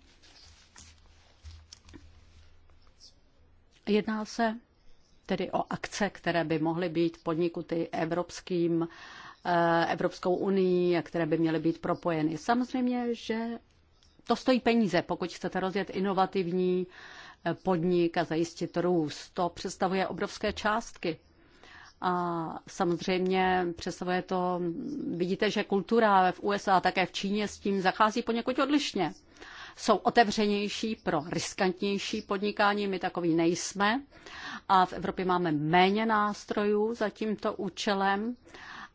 S3: Jedná se tedy o akce, které by mohly být podnikuty evropským, eh, Evropskou unii a které by měly být propojeny. Samozřejmě, že to stojí peníze, pokud chcete rozjet inovativní eh, podnik a zajistit růst. To představuje obrovské částky. A samozřejmě představuje to, vidíte, že kultura v USA a také v Číně s tím zachází poněkud odlišně. Jsou otevřenější pro riskantnější podnikání, my takový nejsme. A v Evropě máme méně nástrojů za tímto účelem.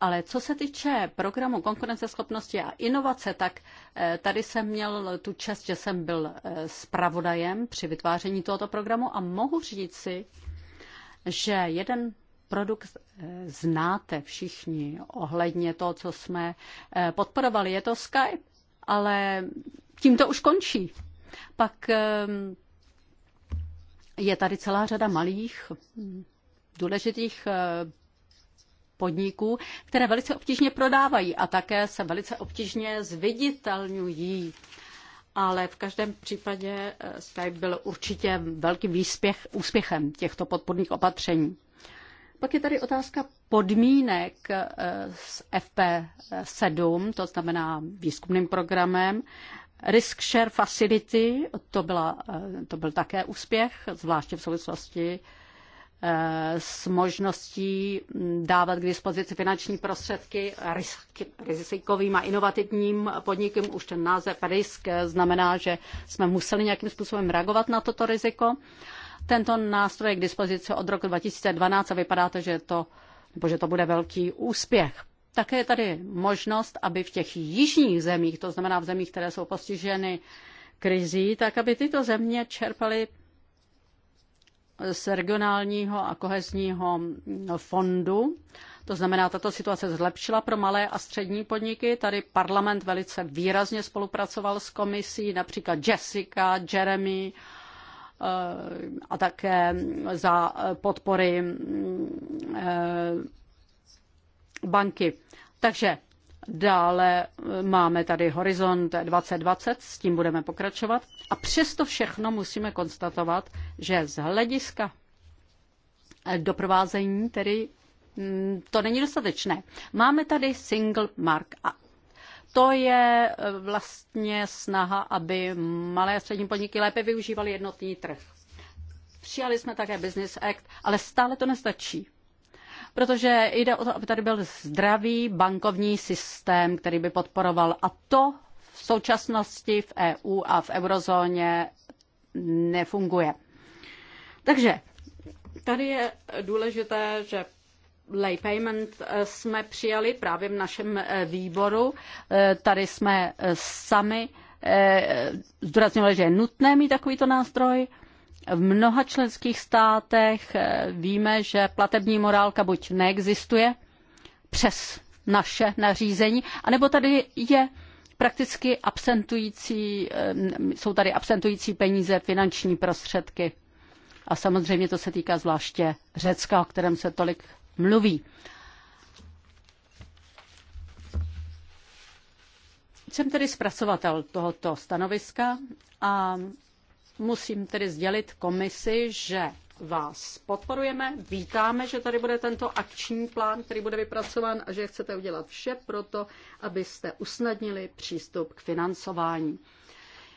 S3: Ale co se týče programu konkurenceschopnosti a inovace, tak eh, tady jsem měl tu čest, že jsem byl spravodajem eh, při vytváření tohoto programu a mohu říct si, že jeden produkt eh, znáte všichni ohledně toho, co jsme eh, podporovali. Je to Skype, ale tím to už končí. Pak eh, je tady celá řada malých důležitých podniků, které velice obtížně prodávají a také se velice obtížně zviditelňují. Ale v každém případě Skype byl určitě velkým výspěch, úspěchem těchto podporných opatření. Pak je tady otázka podmínek eh, s FP7, to znamená výzkumným programem. Risk Share Facility, to, byla, eh, to byl také úspěch, zvláště v souvislosti eh, s možností mm, dávat k dispozici finanční prostředky rizikovým a inovativním podnikům. Už ten název risk znamená, že jsme museli nějakým způsobem reagovat na toto riziko. Tento nástroj je k dispozici od roku 2012 a vypadá to, že to, nebo že to bude velký úspěch. Také je tady možnost, aby v těch jižních zemích, to znamená v zemích, které jsou postiženy krizí, tak aby tyto země čerpaly z regionálního a kohezního fondu. To znamená, tato situace zlepšila pro malé a střední podniky. Tady parlament velice výrazně spolupracoval s komisí, například Jessica, Jeremy a také za podpory eh, banky. Takže dále máme tady horizont 2020, s tím budeme pokračovat. A přesto všechno musíme konstatovat, že z hlediska eh, doprovázení tedy mm, to není dostatečné. Máme tady Single Mark to je eh, vlastně snaha, aby malé a střední podniky lépe využívaly jednotný trh. Přijali jsme také Business Act, ale stále to nestačí. Protože jde o to, aby tady byl zdravý bankovní systém, který by podporoval. A to v současnosti v EU a v eurozóně nefunguje. Takže tady je důležité, že lay payment eh, jsme přijali právě v našem eh, výboru. Eh, tady jsme sami zdůraznili, že je nutné mít takovýto nástroj. V mnoha členských státech víme, že platební morálka buď neexistuje přes naše nařízení, anebo tady je prakticky absentující, jsou tady absentující peníze, finanční prostředky. A samozřejmě to se týká zvláště Řecka, o kterém se tolik mluví. Jsem tedy zpracovatel tohoto stanoviska a musím tedy sdělit komisi, že vás podporujeme, vítáme, že tady bude tento akční plán, který bude vypracován a že chcete udělat vše pro to, abyste usnadnili přístup k financování.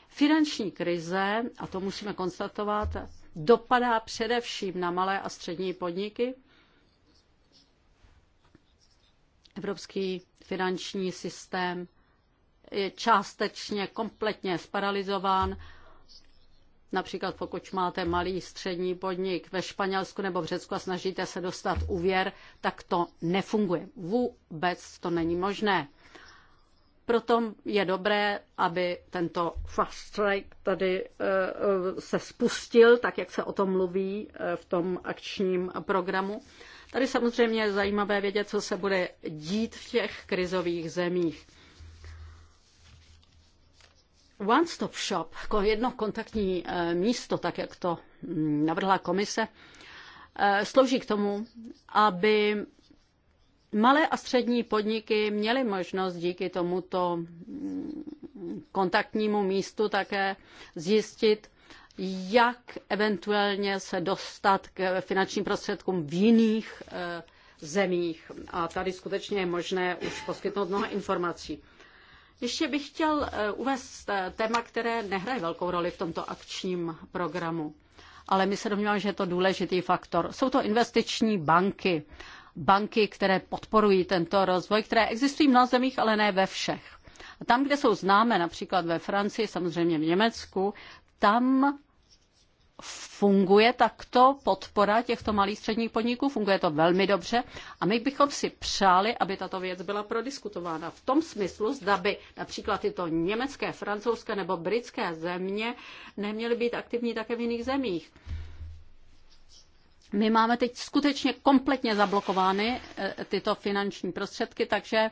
S3: Finanční krize, a to musíme konstatovat, dopadá především na malé a střední podniky, Evropský finanční systém je částečně kompletně sparalizován. Například pokud máte malý střední podnik ve Španělsku nebo v Řecku a snažíte se dostat úvěr, tak to nefunguje. Vůbec to není možné. Proto je dobré, aby tento fast track tady eh, eh, se spustil, tak jak se o tom mluví eh, v tom akčním programu. Tady samozřejmě je zajímavé vědět, co se bude dít v těch krizových zemích. One Stop Shop, jedno kontaktní eh, místo, tak jak to mm, navrhla komise, eh, slouží k tomu, aby malé a střední podniky měly možnost díky tomuto mm, kontaktnímu místu také zjistit, jak eventuálně se dostat k finančním prostředkům v jiných eh, zemích. A tady skutečně je možné už poskytnout mnoho informací. Ještě bych chtěl eh, uvést eh, téma, které nehraje velkou roli v tomto akčním programu, ale my se domníváme, že je to důležitý faktor. Jsou to investiční banky. Banky, které podporují tento rozvoj, které existují v mnoha zemích, ale ne ve všech. A tam, kde jsou známe, například ve Francii, samozřejmě v Německu, tam funguje takto podpora těchto malých středních podniků, funguje to velmi dobře a my bychom si přáli, aby tato věc byla prodiskutována v tom smyslu, zda by například tyto německé, francouzské nebo britské země neměly být aktivní také v jiných zemích. My máme teď skutečně kompletně zablokovány eh, tyto finanční prostředky, takže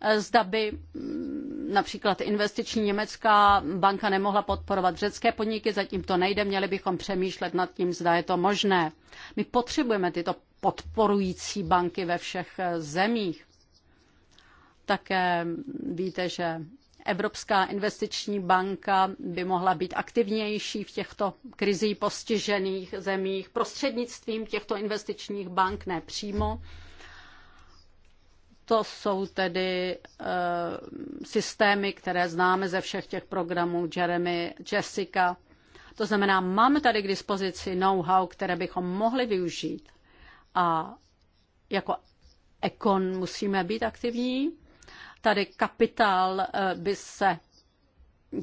S3: eh, zda by mm, například investiční německá banka nemohla podporovat řecké podniky, zatím to nejde, měli bychom přemýšlet nad tím, zda je to možné. My potřebujeme tyto podporující banky ve všech eh, zemích. Také mm, víte, že Evropská investiční banka by mohla být aktivnější v těchto krizí postižených zemích prostřednictvím těchto investičních bank, ne přímo. To jsou tedy e, systémy, které známe ze všech těch programů Jeremy, Jessica. To znamená, máme tady k dispozici know-how, které bychom mohli využít. A jako ekon musíme být aktivní Tady kapitál eh, by se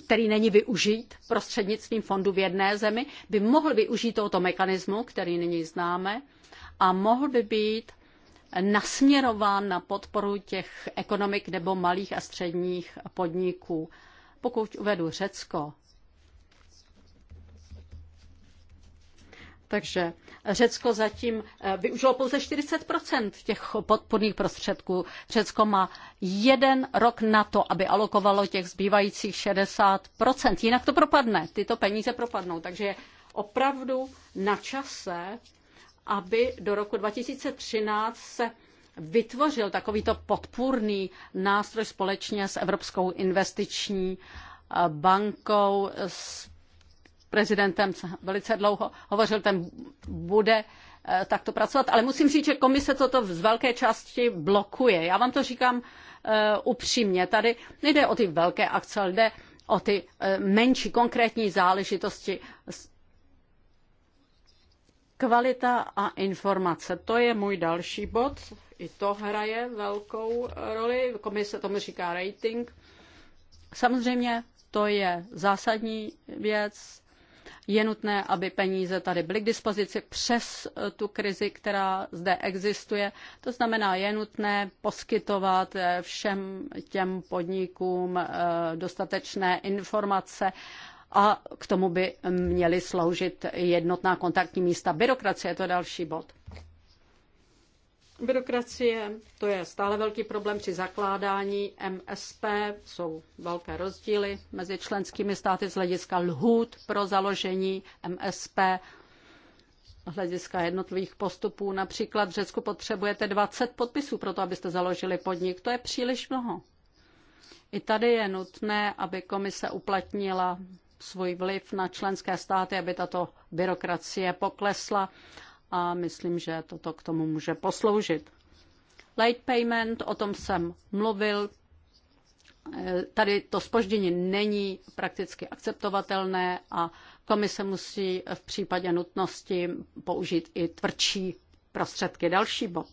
S3: který není využít prostřednictvím fondu v jedné zemi, by mohl využít tohoto mechanismu, který nyní známe, a mohl by být nasměrován na podporu těch ekonomik nebo malých a středních podniků. Pokud uvedu Řecko, Takže Řecko zatím eh, využilo pouze 40 těch podporných prostředků. Řecko má jeden rok na to, aby alokovalo těch zbývajících 60 Jinak to propadne, tyto peníze propadnou. Takže je opravdu na čase, aby do roku 2013 se vytvořil takovýto podpůrný nástroj společně s Evropskou investiční eh, bankou, s prezidentem velice dlouho hovořil, ten bude eh, takto pracovat. Ale musím říct, že komise toto z velké části blokuje. Já vám to říkám eh, upřímně. Tady nejde o ty velké akce, ale jde o ty eh, menší konkrétní záležitosti. Kvalita a informace, to je můj další bod. I to hraje velkou roli. Komise tomu říká rating. Samozřejmě to je zásadní věc. Je nutné, aby peníze tady byly k dispozici přes eh, tu krizi, která zde existuje. To znamená, je nutné poskytovat eh, všem těm podnikům eh, dostatečné informace a k tomu by měly sloužit jednotná kontaktní místa. Byrokracie je to další bod. Byrokracie, to je stále velký problém při zakládání MSP, jsou velké rozdíly mezi členskými státy z hlediska lhůt pro založení MSP, z hlediska jednotlivých postupů. Například v Řecku potřebujete 20 podpisů pro to, abyste založili podnik. To je příliš mnoho. I tady je nutné, aby komise uplatnila svůj vliv na členské státy, aby tato byrokracie poklesla a myslím, že toto k tomu může posloužit. Late payment, o tom jsem mluvil. Eh, tady to spoždění není prakticky akceptovatelné a komise musí v případě nutnosti použít i tvrdší prostředky. Další bod.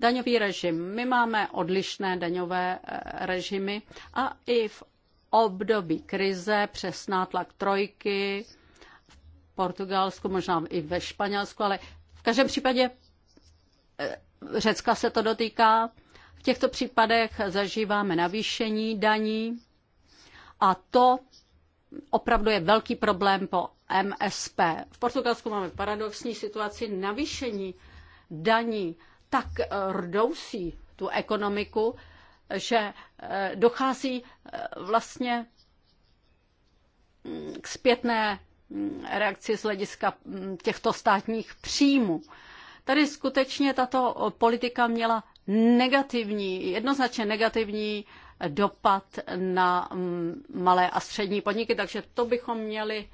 S3: Daňový režim. My máme odlišné daňové eh, režimy a i v období krize přes nátlak trojky Portugalsku, možná i ve Španělsku, ale v každém případě eh, Řecka se to dotýká. V těchto případech zažíváme navýšení daní a to opravdu je velký problém po MSP. V Portugalsku máme paradoxní situaci navýšení daní tak eh, rdousí tu ekonomiku, že eh, dochází vlastně mm, k zpětné reakci z hlediska mm, těchto státních příjmů. Tady skutečně tato politika měla negativní, jednoznačně negativní dopad na mm, malé a střední podniky, takže to bychom měli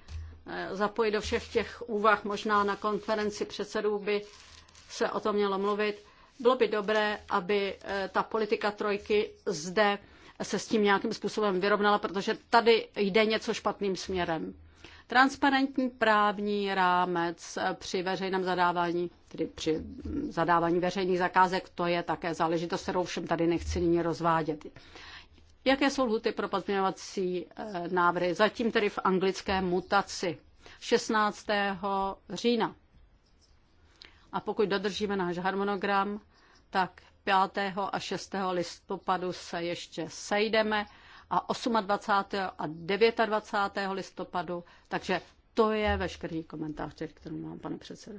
S3: eh, zapojit do všech těch úvah. Možná na konferenci předsedů by se o tom mělo mluvit. Bylo by dobré, aby eh, ta politika trojky zde se s tím nějakým způsobem vyrovnala, protože tady jde něco špatným směrem transparentní právní rámec při veřejném zadávání, tedy při zadávání veřejných zakázek, to je také záležitost, kterou všem tady nechci nyní rozvádět. Jaké jsou lhuty pro pozměňovací eh, návrhy? Zatím tedy v anglické mutaci 16. října. A pokud dodržíme náš harmonogram, tak 5. a 6. listopadu se ještě sejdeme a 28. a 29. listopadu. Takže to je veškerý komentář, který mám, pane předsedo.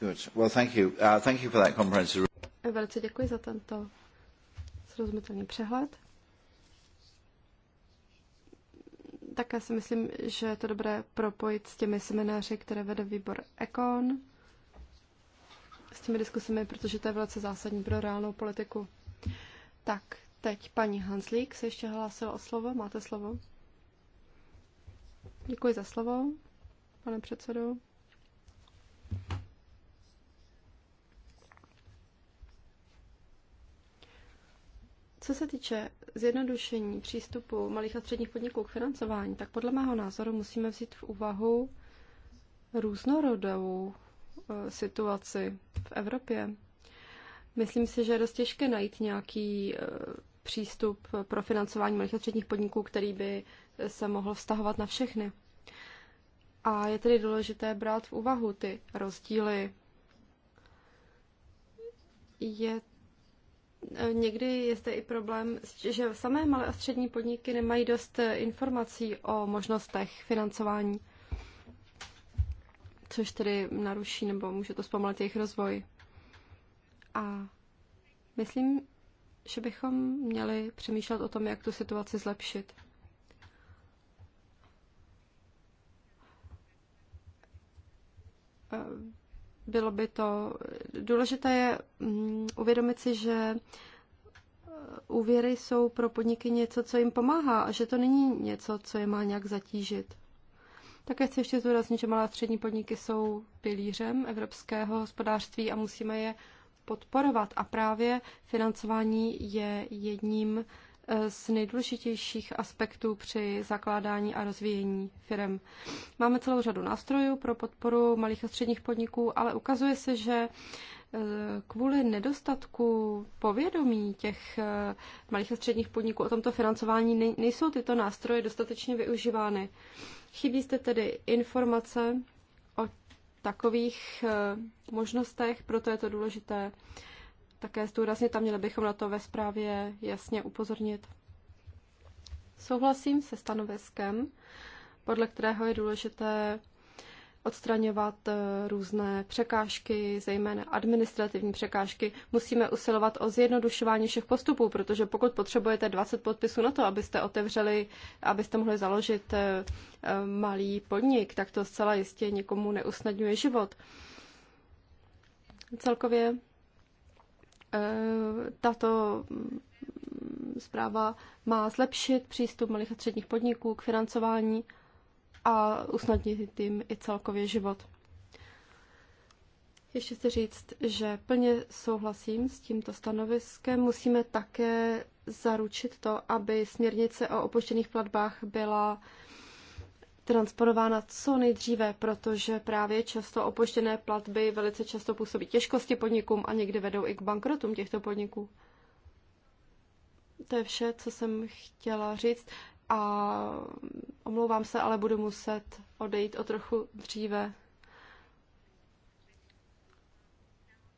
S4: Good. Well, thank you. Uh, thank you for that comprehensive...
S3: Velice děkuji za tento
S2: srozumitelný přehled. Také si myslím, že je to dobré propojit s těmi semináři, které vede výbor Econ, s těmi diskusemi, protože to je velice zásadní pro reálnou politiku. Tak, Teď paní Hanslík se ještě hlásila o slovo. Máte slovo? Děkuji za slovo, pane předsedo. Co se týče zjednodušení přístupu malých a středních podniků k financování, tak podle mého názoru musíme vzít v úvahu různorodou e, situaci v Evropě. Myslím si, že je dost těžké najít nějaký e, přístup pro financování malých a středních podniků, který by se mohl vztahovat na všechny. A je tedy důležité brát v úvahu ty rozdíly. Je eh, Někdy je zde i problém, že samé malé a střední podniky nemají dost eh, informací o možnostech financování, což tedy naruší nebo může to zpomalit jejich rozvoj. A myslím že bychom měli přemýšlet o tom, jak tu situaci zlepšit. Eh, bylo by to... Důležité je mm, uvědomit si, že eh, úvěry jsou pro podniky něco, co jim pomáhá a že to není něco, co je má nějak zatížit. Také chci ještě zdůraznit, že malé a střední podniky jsou pilířem evropského hospodářství a musíme je podporovat. A právě financování je jedním eh, z nejdůležitějších aspektů při zakládání a rozvíjení firm. Máme celou řadu nástrojů pro podporu malých a středních podniků, ale ukazuje se, že eh, kvůli nedostatku povědomí těch eh, malých a středních podniků o tomto financování nejsou tyto nástroje dostatečně využívány. Chybí zde tedy informace takových eh, možnostech, proto je to důležité také zdůraznit a měli bychom na to ve zprávě jasně upozornit. Souhlasím se stanoviskem, podle kterého je důležité odstraňovat eh, různé překážky, zejména administrativní překážky. Musíme usilovat o zjednodušování všech postupů, protože pokud potřebujete 20 podpisů na to, abyste otevřeli, abyste mohli založit eh, eh, malý podnik, tak to zcela jistě nikomu neusnadňuje život. Celkově tato mm, zpráva má zlepšit přístup malých a středních podniků k financování a usnadnit jim i celkově život. Ještě chci říct, že plně souhlasím s tímto stanoviskem. Musíme také zaručit to, aby směrnice o opuštěných platbách byla transponována co nejdříve, protože právě často opuštěné platby velice často působí těžkosti podnikům a někdy vedou i k bankrotům těchto podniků. To je vše, co jsem chtěla říct a omlouvám se, ale budu muset odejít o trochu dříve.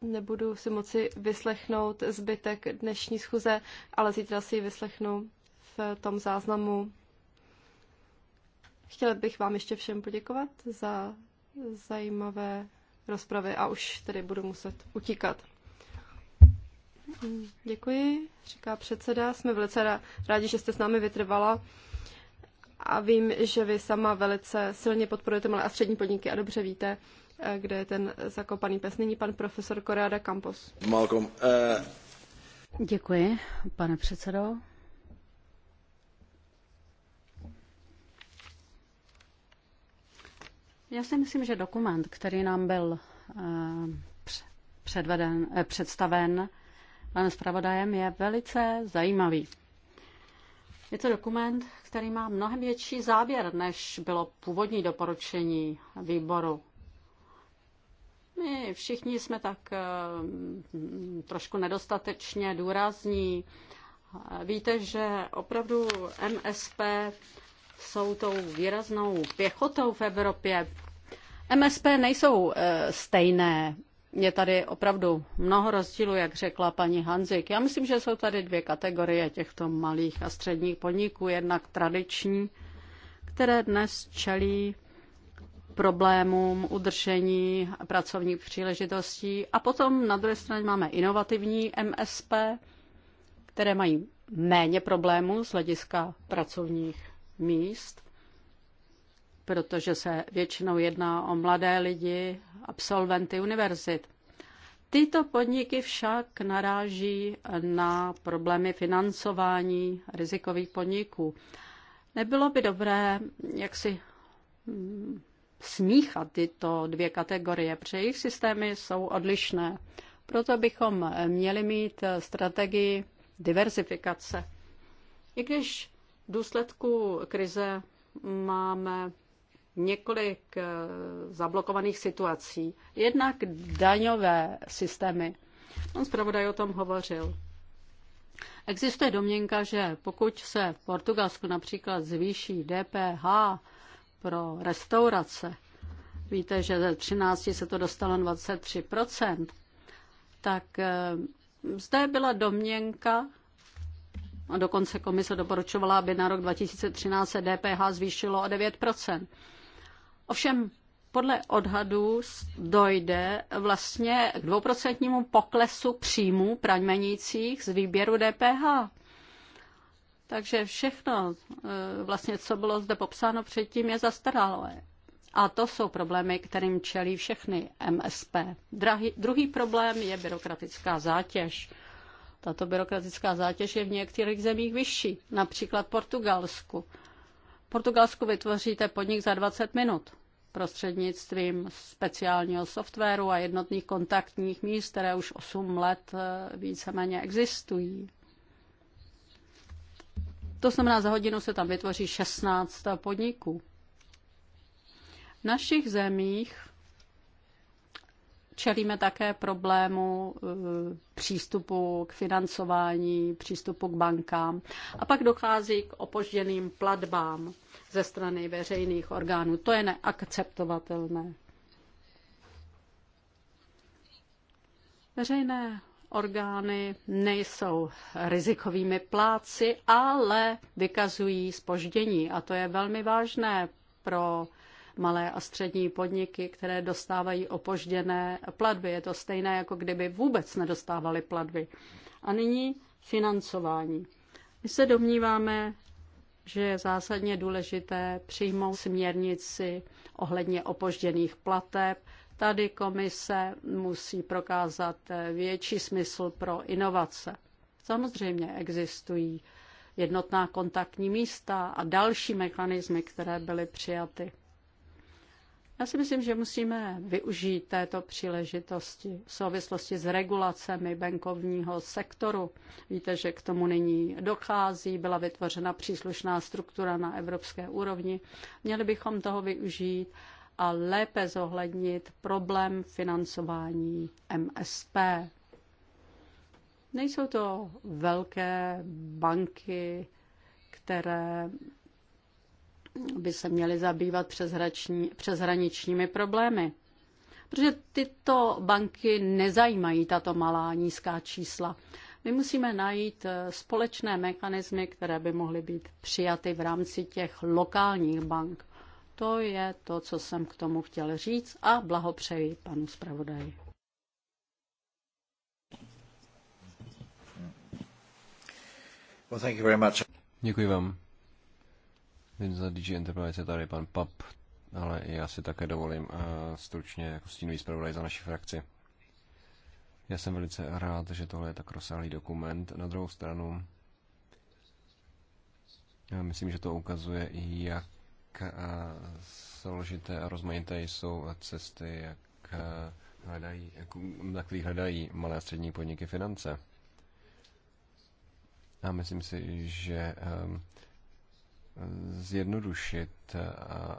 S2: Nebudu si moci vyslechnout zbytek dnešní schůze, ale zítra si ji vyslechnu v tom záznamu. Chtěla bych vám ještě všem poděkovat za zajímavé rozpravy a už tedy budu muset utíkat. Děkuji, říká předseda. Jsme velice rádi, že jste s námi vytrvala. A vím, že vy sama velice silně podporujete malé a střední podniky a dobře víte, eh, kde je ten zakopaný pes. Nyní pan profesor Koreada Campos.
S3: Malcolm. Uh... Děkuji, pane předsedo. Já si myslím, že dokument, který nám byl eh, předveden, představen, panem zpravodajem, je velice zajímavý. Je to dokument, který má mnohem větší záběr, než bylo původní doporučení výboru. My všichni jsme tak eh, trošku nedostatečně důrazní. Víte, že opravdu MSP jsou tou výraznou pěchotou v Evropě. MSP nejsou eh, stejné je tady opravdu mnoho rozdílů, jak řekla paní Hanzik. Já myslím, že jsou tady dvě kategorie těchto malých a středních podniků. Jednak tradiční, které dnes čelí problémům udržení pracovních příležitostí. A potom na druhé straně máme inovativní MSP, které mají méně problémů z hlediska pracovních míst protože se většinou jedná o mladé lidi, absolventy univerzit. Tyto podniky však naráží na problémy financování rizikových podniků. Nebylo by dobré, jak si mm, smíchat tyto dvě kategorie, protože jejich systémy jsou odlišné. Proto bychom měli mít strategii diversifikace. I když v důsledku krize máme několik eh, zablokovaných situací. Jednak daňové systémy. On zpravodaj o tom hovořil. Existuje domněnka, že pokud se v Portugalsku například zvýší DPH pro restaurace, víte, že ze 13 se to dostalo 23 tak eh, zde byla domněnka, a dokonce komise doporučovala, aby na rok 2013 se DPH zvýšilo o 9 Ovšem podle odhadů dojde vlastně k dvouprocentnímu poklesu příjmů praňmenících z výběru DPH. Takže všechno, e, vlastně, co bylo zde popsáno předtím, je zastaralé. A to jsou problémy, kterým čelí všechny MSP. Drahý, druhý problém je byrokratická zátěž. Tato byrokratická zátěž je v některých zemích vyšší, například Portugalsku. Portugalsku vytvoříte podnik za 20 minut prostřednictvím speciálního softwaru a jednotných kontaktních míst, které už 8 let eh, víceméně existují. To znamená, za hodinu se tam vytvoří 16 podniků. V našich zemích čelíme také problému e, přístupu k financování, přístupu k bankám a pak dochází k opožděným platbám ze strany veřejných orgánů. To je neakceptovatelné. Veřejné orgány nejsou rizikovými pláci, ale vykazují spoždění a to je velmi vážné pro malé a střední podniky, které dostávají opožděné platby. Je to stejné, jako kdyby vůbec nedostávali platby. A nyní financování. My se domníváme, že je zásadně důležité přijmout směrnici ohledně opožděných plateb. Tady komise musí prokázat větší smysl pro inovace. Samozřejmě existují jednotná kontaktní místa a další mechanismy, které byly přijaty. Já si myslím, že musíme využít této příležitosti v souvislosti s regulacemi bankovního sektoru. Víte, že k tomu nyní dochází, byla vytvořena příslušná struktura na evropské úrovni. Měli bychom toho využít a lépe zohlednit problém financování MSP. Nejsou to velké banky, které by se měly zabývat přeshraniční, přeshraničními problémy. Protože tyto banky nezajímají tato malá nízká čísla. My musíme najít eh, společné mechanismy, které by mohly být přijaty v rámci těch lokálních bank. To je to, co jsem k tomu chtěl říct a blahopřeji panu zpravodaji.
S4: Well, thank you very much. Děkuji vám. Vím, Za DJ Enterprise je tady pan Pap, ale já si také dovolím eh, stručně jako stínový zpravodaj za naši frakci. Já jsem velice rád, že tohle je tak rozsáhlý dokument. Na druhou stranu, myslím, že to ukazuje, jak eh, složité a rozmanité jsou cesty, jak eh, hledají, na kterých hledají malé a střední podniky finance. A myslím si, že zjednodušit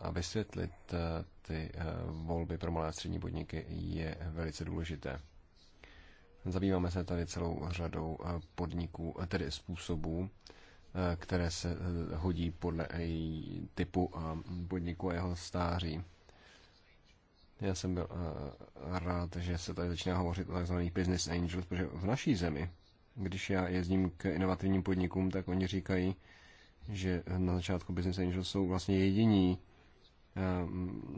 S4: a vysvětlit e, ty e, volby pro malé a střední podniky je velice důležité. Zabýváme se tady celou řadou e, podniků, tedy způsobů, které se hodí podle typu podniku a jeho stáří. Já jsem byl rád, že se tady začíná hovořit o tzv. business angels, protože v naší zemi, když já jezdím k inovativním podnikům, tak oni říkají, že na začátku Business Angels jsou vlastně jediní,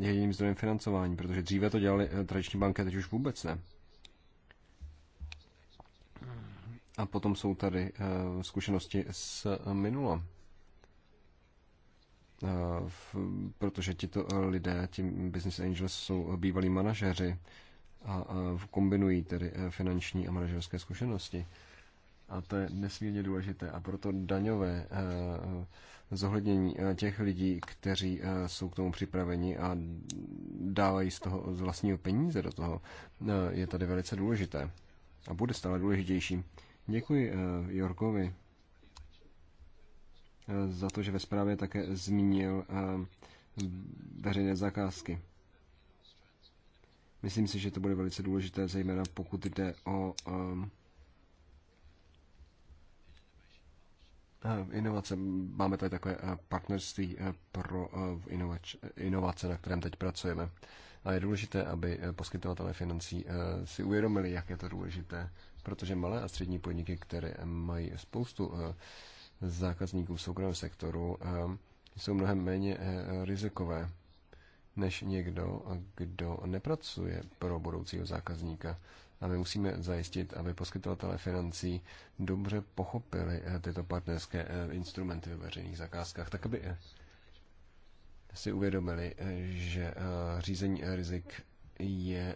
S4: eh, jediným zdrojem financování, protože dříve to dělali eh, tradiční banky, teď už vůbec ne. A potom jsou tady eh, zkušenosti z minula. Protože tito lidé, ti business angels, jsou bývalí manažeři a kombinují tedy finanční a manažerské zkušenosti. A to je nesmírně důležité. A proto daňové eh, zohlednění eh, těch lidí, kteří eh, jsou k tomu připraveni a dávají z toho z vlastního peníze do toho, je tady velice důležité. A bude stále důležitější. Děkuji Jorkovi za to, že ve zprávě také zmínil veřejné zakázky. Myslím si, že to bude velice důležité, zejména pokud jde o um, Inovace. Máme tady takové eh, partnerství eh, pro eh, inovace, na kterém teď pracujeme. A je důležité, aby poskytovatelé financí si uvědomili, jak je to důležité, protože malé a střední podniky, které mají spoustu zákazníků v soukromém sektoru, jsou mnohem méně rizikové než někdo, kdo nepracuje pro budoucího zákazníka. A my musíme zajistit, aby poskytovatelé financí dobře pochopili eh, tyto partnerské eh, instrumenty ve veřejných zakázkách, tak aby eh, si uvědomili, že řízení rizik je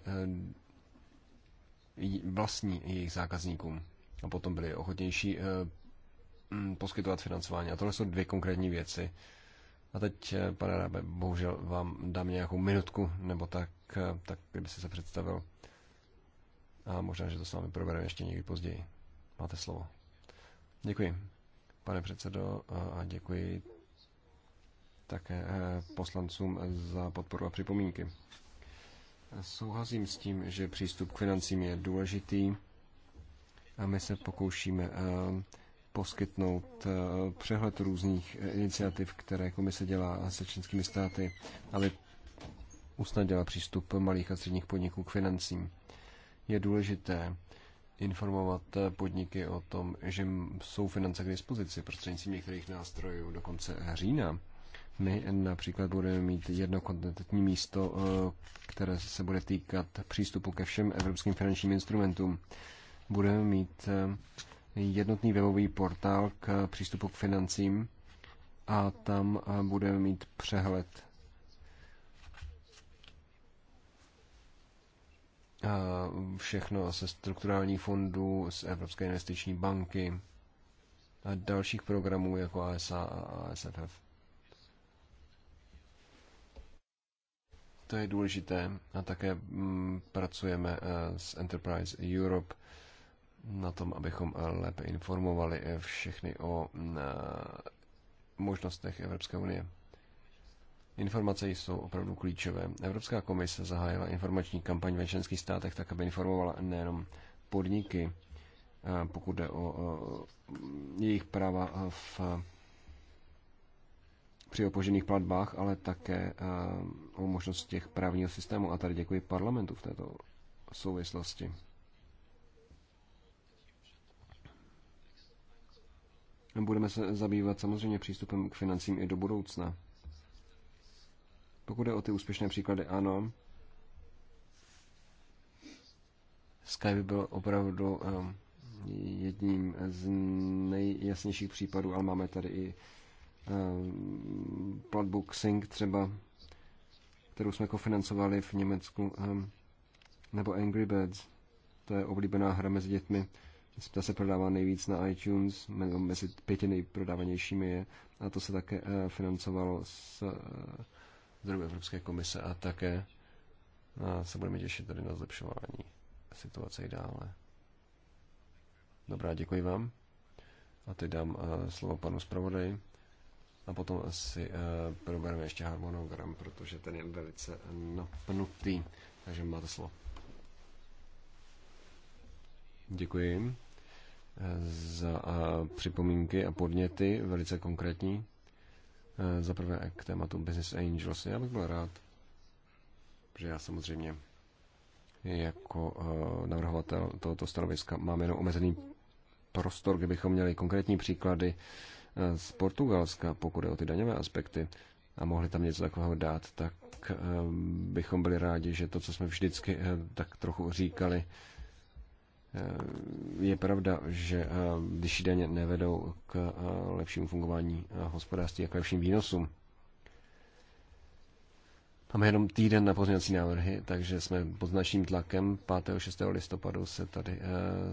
S4: vlastní jejich zákazníkům a potom byli ochotnější mm, poskytovat financování. A tohle jsou dvě konkrétní věci. A teď, pane Rábe, bohužel vám dám nějakou minutku nebo tak, tak kdyby se představil. A možná, že to s vámi probereme ještě někdy později. Máte slovo. Děkuji, pane předsedo, a děkuji také eh, poslancům za podporu a připomínky. Souhlasím s tím, že přístup k financím je důležitý a my se pokoušíme eh, poskytnout eh, přehled různých iniciativ, které komise dělá se členskými státy, aby usnadila přístup malých a středních podniků k financím je důležité informovat podniky o tom, že jsou finance k dispozici prostřednictvím některých nástrojů do konce října. My například budeme mít jedno kontentní místo, eh, které se bude týkat přístupu ke všem evropským finančním instrumentům. Budeme mít eh, jednotný webový portál k přístupu k financím a tam eh, budeme mít přehled všechno se strukturální fondů, z Evropské investiční banky a dalších programů jako ASA a ASFF. To je důležité a také mm, pracujeme eh, s Enterprise Europe na tom, abychom eh, lépe informovali eh, všechny o mm, možnostech Evropské unie. Informace jsou opravdu klíčové. Evropská komise zahájila informační kampaň ve členských státech tak, aby informovala nejenom podniky, eh, pokud jde o eh, jejich práva v, při opožených platbách, ale také eh, o možnost těch právního systému. A tady děkuji parlamentu v této souvislosti. Budeme se zabývat samozřejmě přístupem k financím i do budoucna. Pokud je o ty úspěšné příklady, ano. Skype byl opravdu um, jedním z nejjasnějších případů, ale máme tady i um, platbu Xing třeba, kterou jsme kofinancovali v Německu, um, nebo Angry Birds, to je oblíbená hra mezi dětmi, ta se prodává nejvíc na iTunes, mezi pěti nejprodávanějšími je, a to se také uh, financovalo uh, zdrojů Evropské komise a také se budeme těšit tady na zlepšování situace i dále. Dobrá, děkuji vám. A teď dám slovo panu zpravodaji. A potom asi probereme ještě harmonogram, protože ten je velice napnutý. Takže máte slovo. Děkuji e, za připomínky a podněty, velice konkrétní. Eh, za prvé k tématu Business Angels. Já bych byl rád, že já samozřejmě jako eh, navrhovatel tohoto stanoviska mám jenom omezený prostor, kde bychom měli konkrétní příklady eh, z Portugalska, pokud je o ty daňové aspekty a mohli tam něco takového dát, tak bychom byli rádi, že to, co jsme vždycky tak trochu říkali, Eh, je pravda, že vyšší eh, daně nevedou k eh, lepšímu fungování hospodářství a k lepším výnosům. Máme jenom týden na pozměňovací návrhy, takže jsme pod značným tlakem. 5. 6. listopadu se tady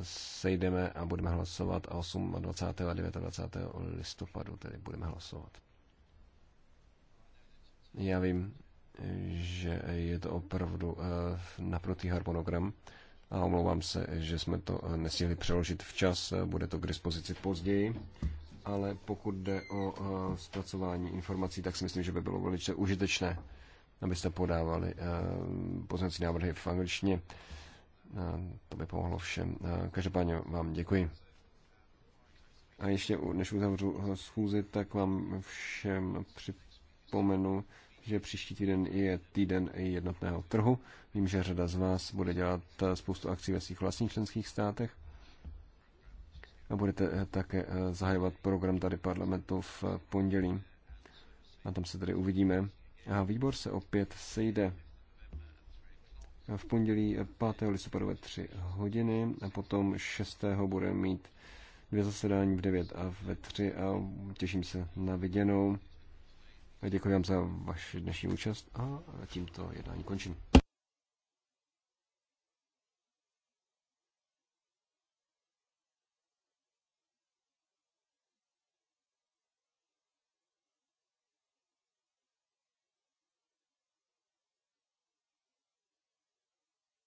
S4: sejdeme a budeme hlasovat a 8. 20. a 29. listopadu tedy budeme hlasovat. Já vím, že je to opravdu naprotý harmonogram a omlouvám se, že jsme to eh, nestihli přeložit včas, eh, bude to k dispozici později. Ale pokud jde o eh, zpracování informací, tak si myslím, že by bylo velice užitečné, abyste podávali poznací návrhy v angličtině. To by pomohlo všem. Každopádně vám děkuji. A ještě než uzavřu schůzi, tak vám všem připomenu, že příští týden je týden jednotného trhu. Vím, že řada z vás bude dělat eh, spoustu akcí ve svých vlastních členských státech a budete eh, také eh, zahajovat program tady parlamentu v pondělí. A tam se tedy uvidíme. A výbor se opět sejde v pondělí 5. listopadu ve 3 hodiny a potom 6. bude mít dvě zasedání v 9 a ve 3 a těším se na viděnou. Děkuji vám za vaši dnešní účast a tímto jednání končím.